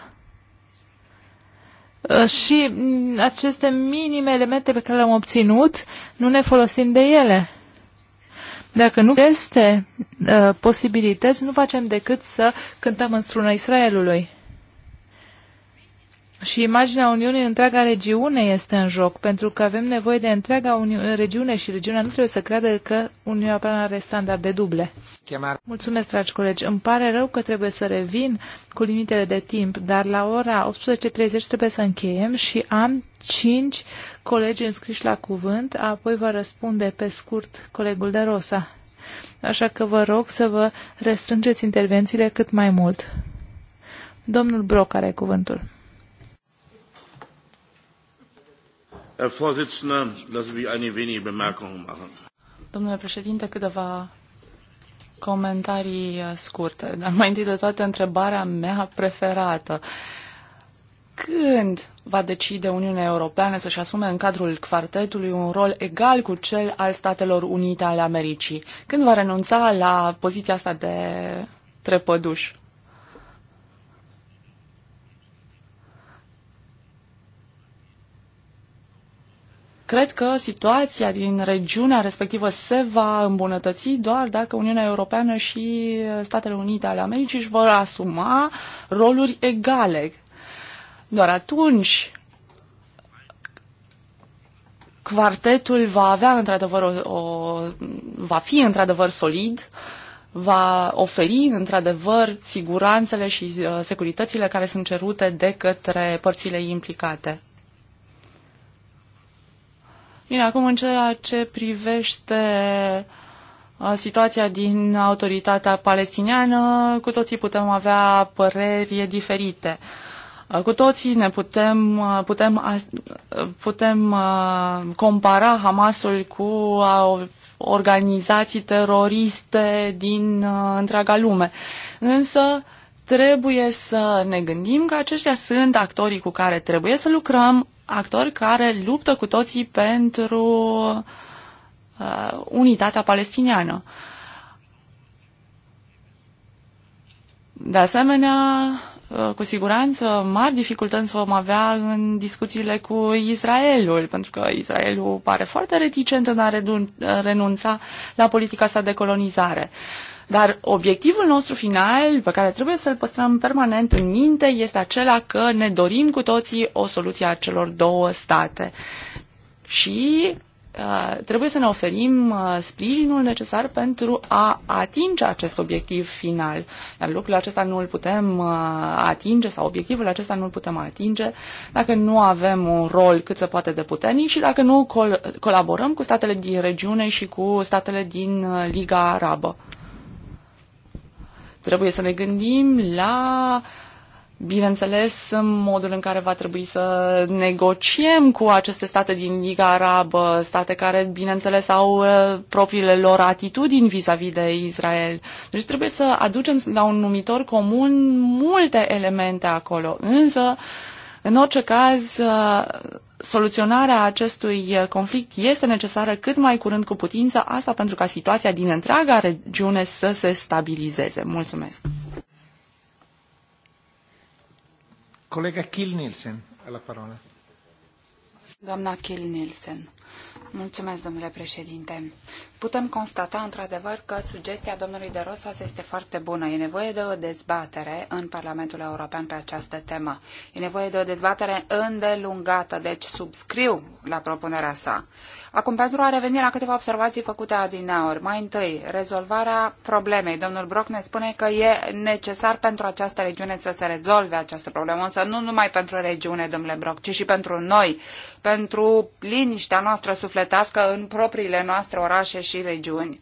uh, și aceste minime elemente pe care le-am obținut, nu ne folosim de ele. Dacă nu este uh, posibilități, nu facem decât să cântăm în struna Israelului și imaginea Uniunii, întreaga regiune este în joc, pentru că avem nevoie de întreaga Uni regiune și regiunea nu trebuie să creadă că Uniunea Europeană are standarde duble. Chiamar. Mulțumesc, dragi colegi. Îmi pare rău că trebuie să revin cu limitele de timp, dar la ora 18.30 trebuie să încheiem și am cinci colegi înscriși la cuvânt, apoi va răspunde pe scurt colegul de Rosa. Așa că vă rog să vă restrângeți intervențiile cât mai mult. Domnul Broc are cuvântul. Herr Vorsitzender, lassen Sie mich einige wenige Bemerkungen machen. Domnule președinte, câteva comentarii uh, scurte, dar mai întâi de toate întrebarea mea preferată. Când va decide Uniunea Europeană să-și asume în cadrul quartetului un rol egal cu cel al Statelor Unite ale Americii? Când va renunța la poziția asta de trepăduș? Cred că situația din regiunea respectivă se va îmbunătăți doar dacă Uniunea Europeană și Statele Unite ale Americii își vor asuma roluri egale. Doar atunci quartetul va avea într-adevăr o, o, va fi într-adevăr solid, va oferi într-adevăr siguranțele și uh, securitățile care sunt cerute de către părțile implicate. Bine, acum în ceea ce privește uh, situația din autoritatea palestiniană, cu toții putem avea păreri diferite. Uh, cu toții ne putem, uh, putem, putem compara Hamasul cu organizații teroriste din întreaga lume. Însă trebuie să ne gândim că aceștia sunt actorii cu care trebuie să lucrăm actori care luptă cu toții pentru uh, unitatea palestiniană. De asemenea, uh, cu siguranță mari dificultăți vom avea în discuțiile cu Israelul, pentru că Israelul pare foarte reticent în a renunța la politica sa de colonizare. Uh, dar obiectivul nostru final, pe care trebuie să-l păstrăm permanent în minte, este acela că ne dorim cu toții o soluție a celor două state. Și uh, trebuie să ne oferim uh, sprijinul necesar pentru a atinge acest obiectiv final. Iar lucrul acesta nu îl putem uh, atinge sau obiectivul acesta nu îl putem atinge dacă nu avem un rol cât se poate de puternic și dacă nu col- colaborăm cu statele din regiune și cu statele din Liga Arabă. Trebuie să ne gândim la bineînțeles, modul în care va trebui să negociem cu aceste state din Liga Arabă, state care, bineînțeles, au uh, propriile lor atitudini vis-a-vis -vis de Israel. Deci trebuie să aducem la un numitor comun multe elemente acolo. Însă, uh, în orice caz, soluționarea acestui conflict este necesară cât mai curând cu putință, asta pentru ca situația din întreaga regiune să se stabilizeze. Mulțumesc! Colega Kill Nielsen, la parola. Doamna Kill Nielsen. Mulțumesc, domnule președinte putem constata într-adevăr că sugestia domnului de Rosas este foarte bună. E nevoie de o dezbatere în Parlamentul European pe această temă. E nevoie de o dezbatere îndelungată, deci subscriu la propunerea sa. Acum, pentru a reveni la câteva observații făcute adineori, mai întâi, rezolvarea problemei. Domnul Brock ne spune că e necesar pentru această regiune să se rezolve această problemă, însă nu numai pentru regiune, domnule Brock, ci și pentru noi, pentru liniștea noastră sufletească în propriile noastre orașe și regiuni.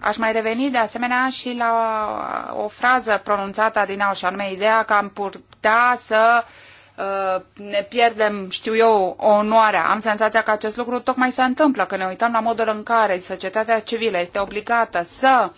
Aș mai reveni de asemenea și la o frază pronunțată din adineau și anume ideea că am putea să uh, ne pierdem, știu eu, onoarea. Am senzația că acest lucru tocmai se întâmplă, că ne uităm la modul în care societatea civilă este obligată să uh,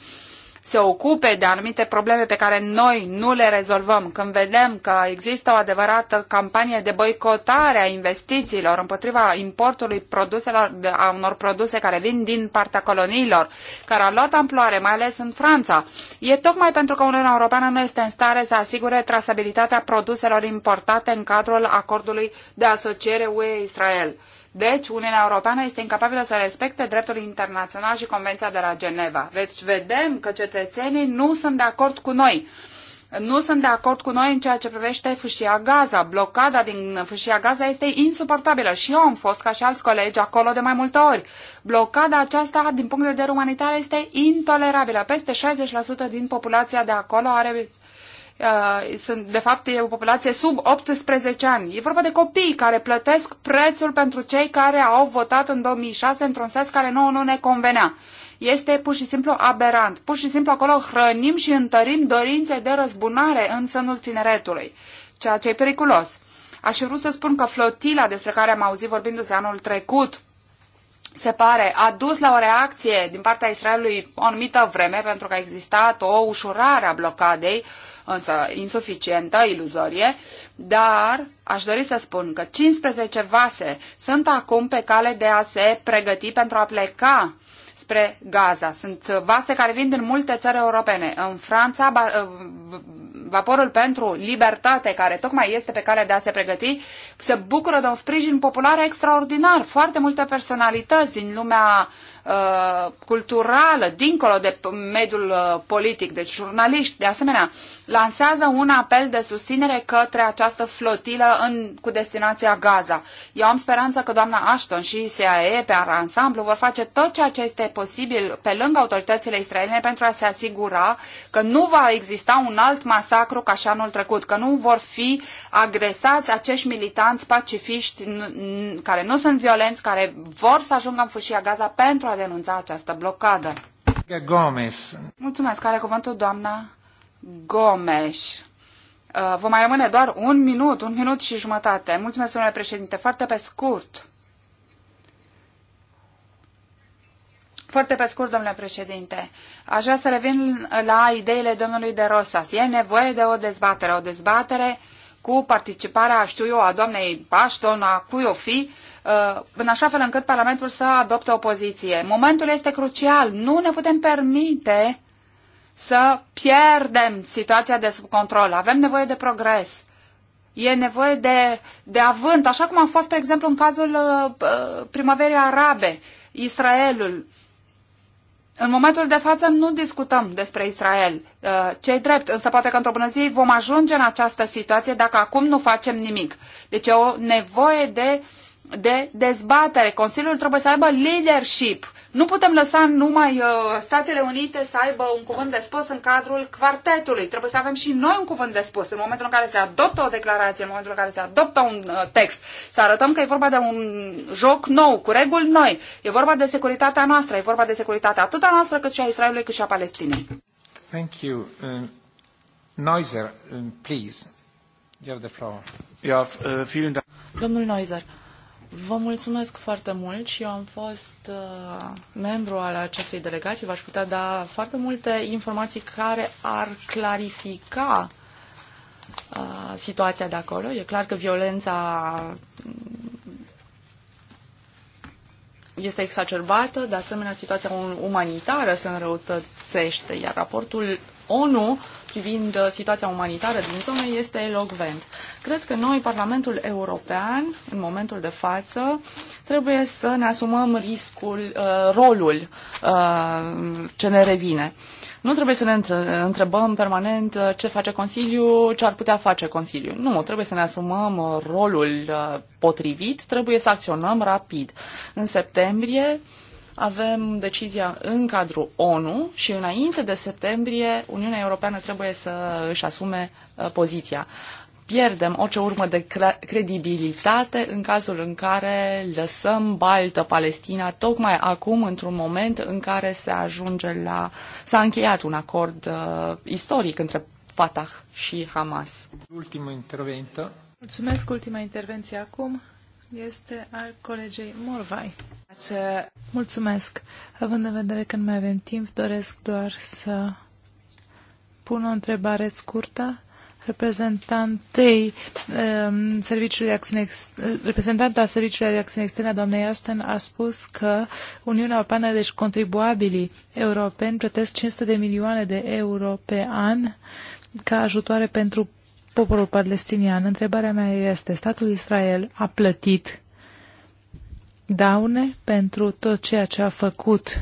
se ocupe de anumite probleme pe care noi nu le rezolvăm, când vedem că există o adevărată campanie de boicotare a investițiilor împotriva importului produselor, a unor produse care vin din partea coloniilor, care a luat amploare, mai ales în Franța, e tocmai pentru că Uniunea Europeană nu este în stare să asigure trasabilitatea produselor importate în cadrul acordului de asociere UE-Israel. Deci, Uniunea Europeană este incapabilă să respecte dreptul internațional și Convenția de la Geneva. Deci, vedem că cetățenii nu sunt de acord cu noi. Nu sunt de acord cu noi în ceea ce privește fâșia Gaza. Blocada din fâșia Gaza este insuportabilă și eu am fost, ca și alți colegi, acolo de mai multe ori. Blocada aceasta, din punct de vedere umanitar, este intolerabilă. Peste 60% din populația de acolo are Uh, sunt, de fapt, e o populație sub 18 ani. E vorba de copii care plătesc prețul pentru cei care au votat în 2006 într-un sens care nouă nu ne convenea. Este pur și simplu aberant. Pur și simplu acolo hrănim și întărim dorințe de răzbunare în sânul tineretului, ceea ce e periculos. Aș vrea să spun că flotila despre care am auzit vorbindu-se anul trecut, se pare, a dus la o reacție din partea Israelului o anumită vreme, pentru că a existat o ușurare a blocadei, însă insuficientă, iluzorie, dar aș dori să spun că 15 vase sunt acum pe cale de a se pregăti pentru a pleca spre Gaza. Sunt vase care vin din multe țări europene. În Franța, vaporul pentru libertate, care tocmai este pe calea de a se pregăti, se bucură de un sprijin popular extraordinar. Foarte multe personalități din lumea uh, Uh, culturală, dincolo de mediul uh, politic, deci jurnaliști, de asemenea, lansează un apel de susținere către această flotilă în, cu destinația Gaza. Eu am speranță că doamna Ashton și SAE pe ansamblu vor face tot ceea ce este posibil pe lângă autoritățile israeliene pentru a se asigura că nu va exista un alt masacru ca și anul trecut, că nu vor fi agresați acești militanți pacifiști care nu sunt violenți, care vor să ajungă în fâșia Gaza pentru a denunța această blocadă. Gomes. Mulțumesc. Are cuvântul doamna Gomes. Uh, vă mai rămâne doar un minut, un minut și jumătate. Mulțumesc, domnule președinte. Foarte pe scurt. Foarte pe scurt, domnule președinte, aș vrea să revin la ideile domnului de Rosas. E nevoie de o dezbatere, o dezbatere cu participarea, știu eu, a doamnei Pașton, a cui o fi, Uh, în așa fel încât Parlamentul să adopte o poziție. Momentul este crucial. Nu ne putem permite să pierdem situația de sub control. Avem nevoie de progres. E nevoie de, de avânt, așa cum a fost, de exemplu, în cazul uh, uh primăverii arabe, Israelul. În momentul de față nu discutăm despre Israel. Uh, ce drept, însă poate că într-o bună zi vom ajunge în această situație dacă acum nu facem nimic. Deci e o nevoie de uh, de dezbatere. Consiliul trebuie să aibă leadership. Nu putem lăsa numai uh, Statele Unite să aibă un cuvânt de spus în cadrul quartetului. Trebuie să avem și noi un cuvânt de spus în momentul în care se adoptă o declarație, în momentul în care se adoptă un uh, text. Să arătăm că e vorba de un joc nou, cu reguli noi. E vorba de securitatea noastră, e vorba de securitatea atât a noastră cât și a Israelului cât și a Palestinei. Thank you. Uh, Neuser, uh, please. You have the floor. Yeah, uh, Domnul uh, Vă mulțumesc foarte mult și eu am fost uh, membru al acestei delegații. V-aș putea da foarte multe informații care ar clarifica uh, situația de acolo. E clar că violența mm, este exacerbată, de asemenea situația umanitară se înrăutățește, iar raportul ONU privind uh, situația umanitară din zonă este elocvent. Cred că noi, Parlamentul European, în momentul de față, trebuie să ne asumăm riscul, uh, rolul uh, ce ne revine. Nu trebuie să ne întrebăm permanent ce face Consiliul, ce ar putea face Consiliul. Nu, trebuie să ne asumăm rolul potrivit, trebuie să acționăm rapid. În septembrie, avem decizia în cadrul ONU și înainte de septembrie Uniunea Europeană trebuie să își asume uh, poziția. Pierdem orice urmă de credibilitate în cazul în care lăsăm baltă Palestina tocmai acum, într-un moment în care se ajunge la... s-a încheiat un acord uh, istoric între Fatah și Hamas. Ultimul intervent. Mulțumesc, ultima intervenție acum este al colegei Morvai. Mulțumesc. Având în vedere că nu mai avem timp, doresc doar să pun o întrebare scurtă reprezentantei um, Serviciului de Acțiune Ex eh, reprezentanta Serviciului de Acțiune Externă, doamnei Aston, a spus că Uniunea Europeană, deci contribuabilii europeni, plătesc 500 de milioane de euro pe an ca ajutoare pentru poporul palestinian. Întrebarea mea este, statul Israel a plătit daune pentru tot ceea ce a făcut,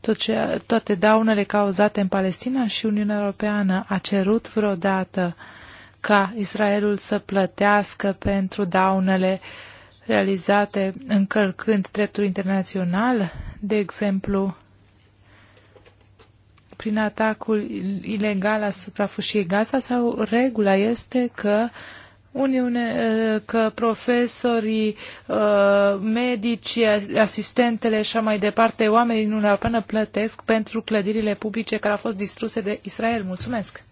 tot ce, toate daunele cauzate în Palestina și Uniunea Europeană a cerut vreodată ca Israelul să plătească pentru daunele realizate încălcând dreptul internațional, de exemplu, prin atacul ilegal asupra fâșiei Gaza sau regula este că Uniune, eh, că profesorii, eh, medici, asistentele și mai departe, oamenii nu ar până plătesc pentru clădirile publice care au fost distruse de Israel. Mulțumesc!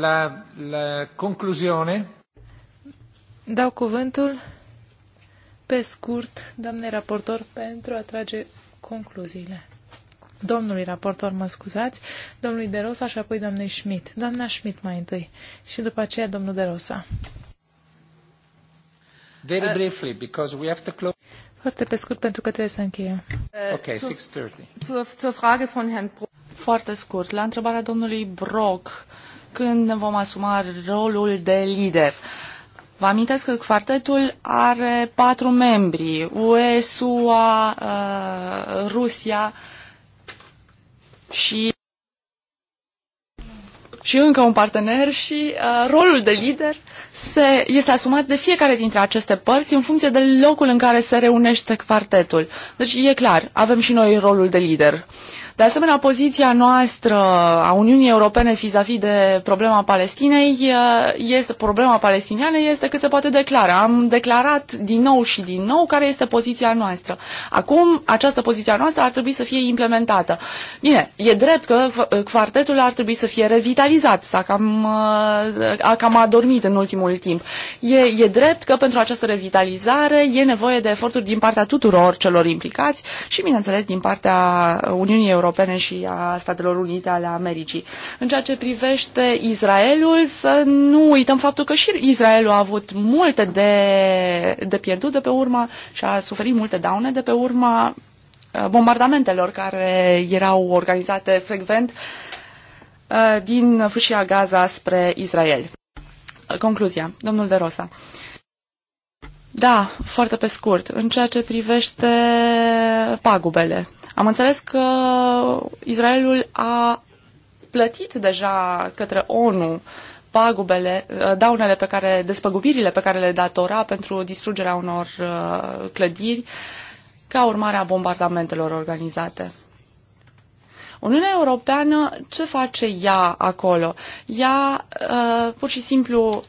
La, la concluzione. Dau cuvântul pe scurt, doamne raportor, pentru a trage concluziile. Domnului raportor, mă scuzați, domnului De Rosa și apoi doamnei Schmidt. Doamna Schmidt mai întâi și după aceea domnul De Rosa. Very briefly, because we have to close... Foarte pe scurt, pentru că trebuie să încheiem. Ok. 6.30. Eh, Foarte scurt, la întrebarea domnului Brock, când ne vom asuma rolul de lider? Uh, Vă amintesc că quartetul are patru membri, UE, SUA, uh, Rusia și și încă un partener și uh, rolul de lider se, este asumat de fiecare dintre aceste părți în funcție de locul în care se reunește quartetul. Deci e clar, avem și noi rolul de lider. Uh, de asemenea, poziția noastră a Uniunii Europene vis-a-vis de problema Palestinei eh, este problema palestiniană este cât se poate declara. Am declarat din nou și din nou care este poziția noastră. Acum, această poziție noastră ar trebui să fie implementată. Bine, e drept că eh, quartetul ar trebui să fie revitalizat, s-a cam, eh, a cam adormit în ultimul timp. E, e drept că pentru această revitalizare e nevoie de eforturi din partea tuturor celor implicați și, bineînțeles, din partea Uniunii Europene Europene și a Statelor Unite ale Americii. În ceea ce privește Israelul, să nu uităm faptul că și Israelul a avut multe de, de pierdut de pe urma și a suferit multe daune de pe urma uh, bombardamentelor care erau organizate frecvent uh, din fâșia Gaza spre Israel. Concluzia, domnul De Rosa. Da, foarte pe scurt. În ceea ce privește pagubele, am înțeles că Israelul a plătit deja către ONU pagubele, uh, daunele pe care, despăgubirile pe care le datora pentru distrugerea unor uh, clădiri ca urmare a bombardamentelor organizate. Uniunea Europeană, ce face ea acolo? Ea uh, pur și simplu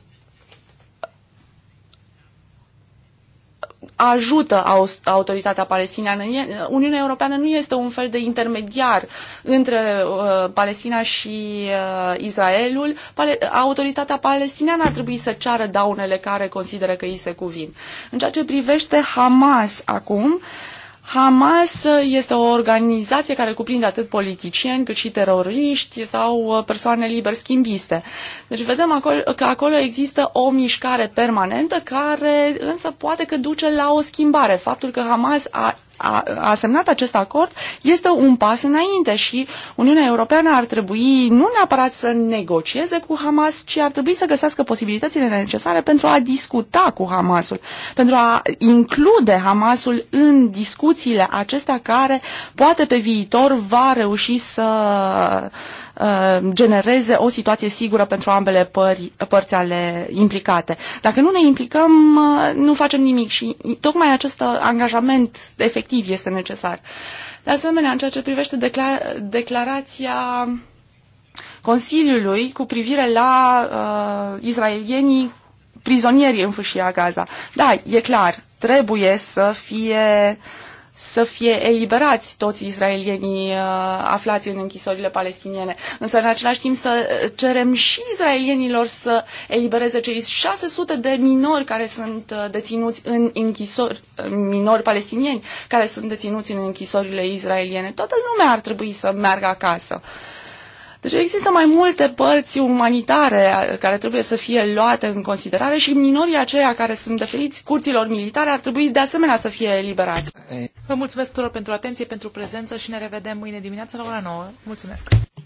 ajută autoritatea palestiniană. Uniunea Europeană nu este un fel de intermediar între uh, Palestina și uh, Israelul. Pale- autoritatea palestiniană ar trebui să ceară daunele care consideră că îi se cuvin. În ceea ce privește Hamas acum, uh, Hamas este o organizație care cuprinde atât politicieni cât și teroriști sau uh, persoane liber schimbiste. Deci vedem acolo, că acolo există o mișcare permanentă care însă poate că duce la o schimbare. Faptul că Hamas a a, a semnat acest acord este un pas înainte și Uniunea Europeană ar trebui nu neapărat să negocieze cu Hamas, ci ar trebui să găsească posibilitățile necesare pentru a discuta cu Hamasul, pentru a include Hamasul în discuțiile acestea care poate pe viitor va reuși să Uh, genereze o situație sigură pentru ambele pări, părți ale implicate. Dacă nu ne implicăm, uh, nu facem nimic și tocmai acest angajament efectiv este necesar. De asemenea, în ceea ce privește decla- declarația Consiliului cu privire la uh, israelienii prizonieri în fâșia Gaza. Da, e clar, trebuie să fie uh, să fie eliberați toți israelienii uh, aflați în închisorile palestiniene. Însă, în același timp, să uh, cerem și israelienilor să elibereze cei 600 de minori care sunt uh, deținuți în închisori, minori palestinieni care sunt deținuți în închisorile israeliene. Toată lumea ar trebui să meargă acasă. Uh, deci există mai multe părți umanitare care trebuie să fie luate în considerare și minorii aceia care sunt deferiți curților militare ar trebui de asemenea să fie eliberați. Vă mulțumesc tuturor pentru atenție, pentru prezență și ne revedem mâine dimineața la ora 9. Mulțumesc!